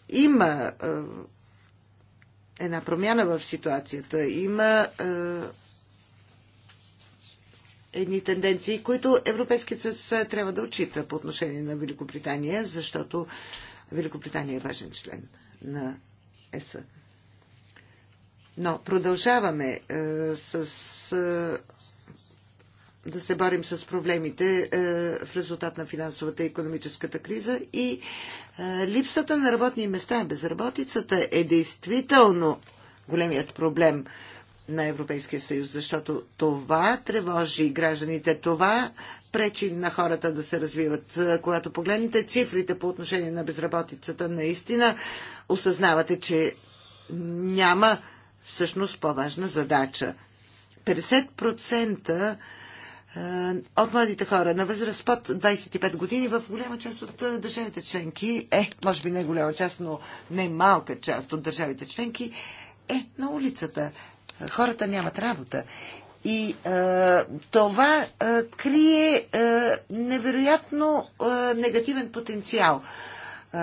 има една промяна в ситуацията. Има едни тенденции, които Европейският съюз трябва да отчита по отношение на Великобритания, защото Великобритания е важен член на ЕС. Но продължаваме е, с е, да се борим с проблемите е, в резултат на финансовата и економическата криза. И е, липсата на работни места, безработицата е действително големият проблем на Европейския съюз, защото това тревожи гражданите, това пречи на хората да се развиват. Е, когато погледнете цифрите по отношение на безработицата, наистина осъзнавате, че няма всъщност по-важна задача. 50% от младите хора на възраст под 25 години в голяма част от държавите членки, е, може би не е голяма част, но не малка част от държавите членки, е на улицата. Хората нямат работа. И е, това е, крие е, невероятно е, негативен потенциал. Е,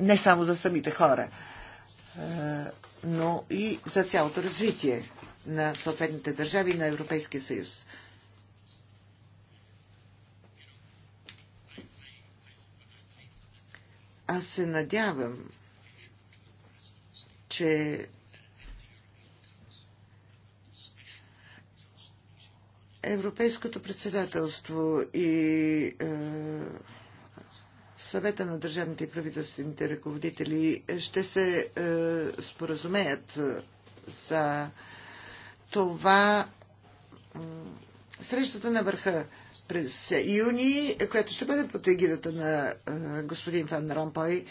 не само за самите хора, е, но и за цялото развитие на съответните държави и на Европейския съюз. Аз се надявам, че Европейското председателство и е, съвета на държавните и правителствените ръководители ще се е, споразумеят е, за това срещата на върха през юни, която ще бъде под егидата на господин Фан Ромпой,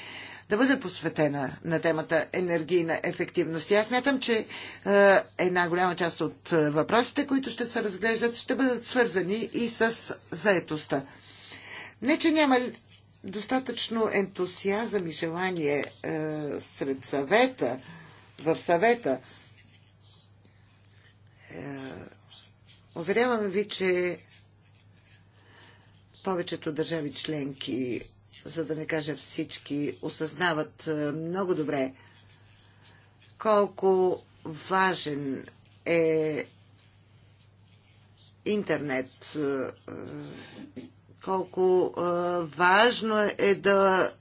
да бъде посветена на темата енергийна ефективност. И аз мятам, че една голяма част от въпросите, които ще се разглеждат, ще бъдат свързани и с заетостта. Не, че няма достатъчно ентусиазъм и желание е, сред съвета, в съвета. Е, Уверявам ви, че повечето държави членки, за да не кажа всички, осъзнават е, много добре колко важен е интернет, е, колко е, важно е да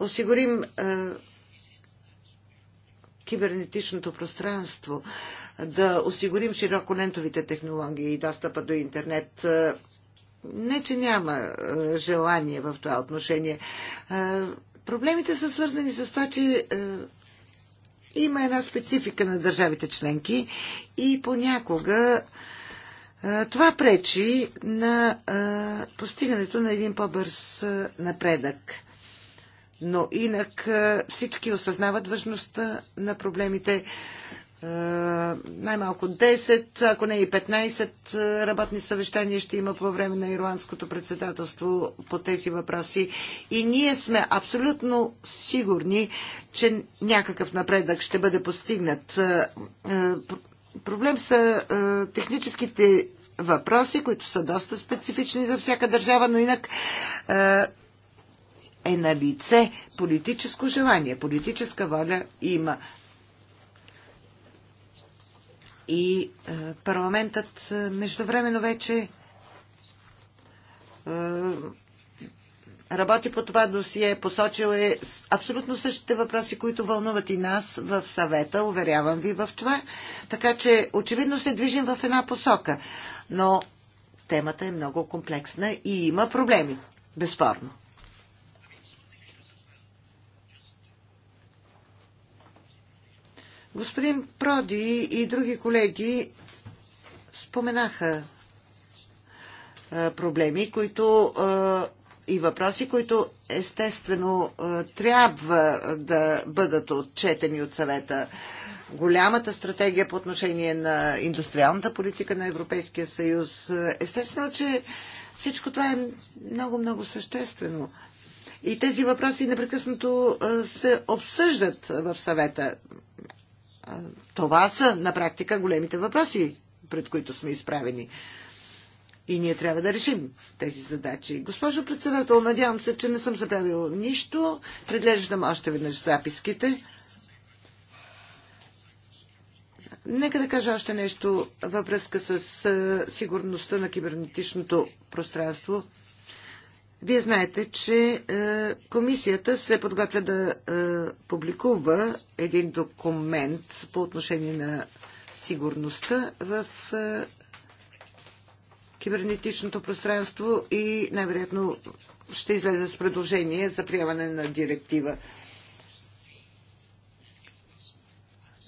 осигурим кибернетичното пространство да осигурим широколентовите технологии и достъпа до интернет. Е, не, че няма е, желание в това отношение. Е, проблемите са свързани с това, че има една специфика на държавите членки и понякога това пречи на постигането на един по-бърз напредък. Но инак всички осъзнават важността на проблемите. Е, най-малко 10, ако не и 15 е, работни съвещания ще има по време на ирландското председателство по тези въпроси. И ние сме абсолютно сигурни, че някакъв напредък ще бъде постигнат. Е, проблем са техническите въпроси, които са доста специфични за всяка държава, но инак е на лице политическо желание, политическа воля има и е, парламентът е, междувременно вече е, работи по това досие, посочил е абсолютно същите въпроси, които вълнуват и нас в съвета, уверявам ви в това. Така че очевидно се движим в една посока. Но темата е много комплексна и има проблеми, безспорно. Господин Проди и други колеги споменаха проблеми, които и въпроси, които естествено трябва да бъдат отчетени от съвета. Голямата стратегия по отношение на индустриалната политика на Европейския съюз. Естествено, че всичко това е много-много съществено. И тези въпроси непрекъснато се обсъждат в съвета. Това са на практика големите въпроси, пред които сме изправени. И ние трябва да решим тези задачи. Госпожо председател, надявам се, че не съм забравил нищо. Преглеждам още веднъж записките. Нека да кажа още нещо във връзка с сигурността на кибернетичното пространство. Вие знаете, че е, комисията се подготвя да е, публикува един документ по отношение на сигурността в е, кибернетичното пространство и най-вероятно ще излезе с предложение за приемане на директива.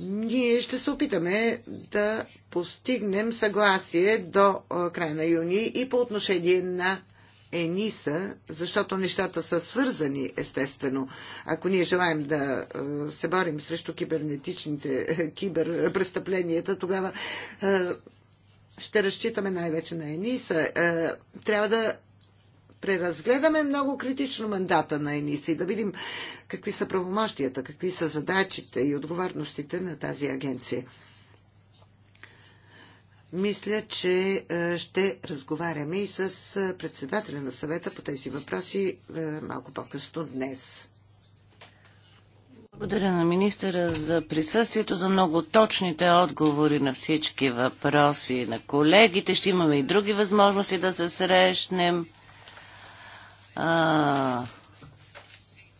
Ние ще се опитаме да постигнем съгласие до края на юни и по отношение на ЕНИСА, защото нещата са свързани, естествено. Ако ние желаем да е, се борим срещу кибернетичните е, киберпрестъпленията, тогава е, ще разчитаме най-вече на ЕНИСА. Трябва да преразгледаме много критично мандата на ЕНИСА и да видим какви са правомощията, какви са задачите и отговорностите на тази агенция. Мисля, че е, ще разговаряме и с е, председателя на съвета по тези въпроси е, малко по-късно днес. Благодаря на министъра за присъствието, за много точните отговори на всички въпроси на колегите. Ще имаме и други възможности да се срещнем. А,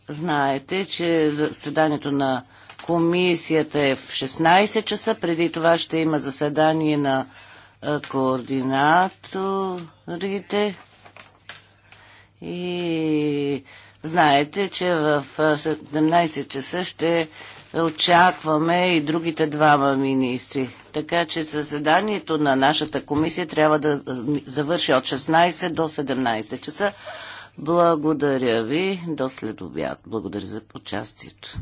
знаете, че заседанието на Комисията е в 16 часа. Преди това ще има заседание на координаторите. И знаете, че в 17 часа ще очакваме и другите двама министри. Така че съседанието на нашата комисия трябва да завърши от 16 до 17 часа. Благодаря ви. До след обяд. Благодаря за участието.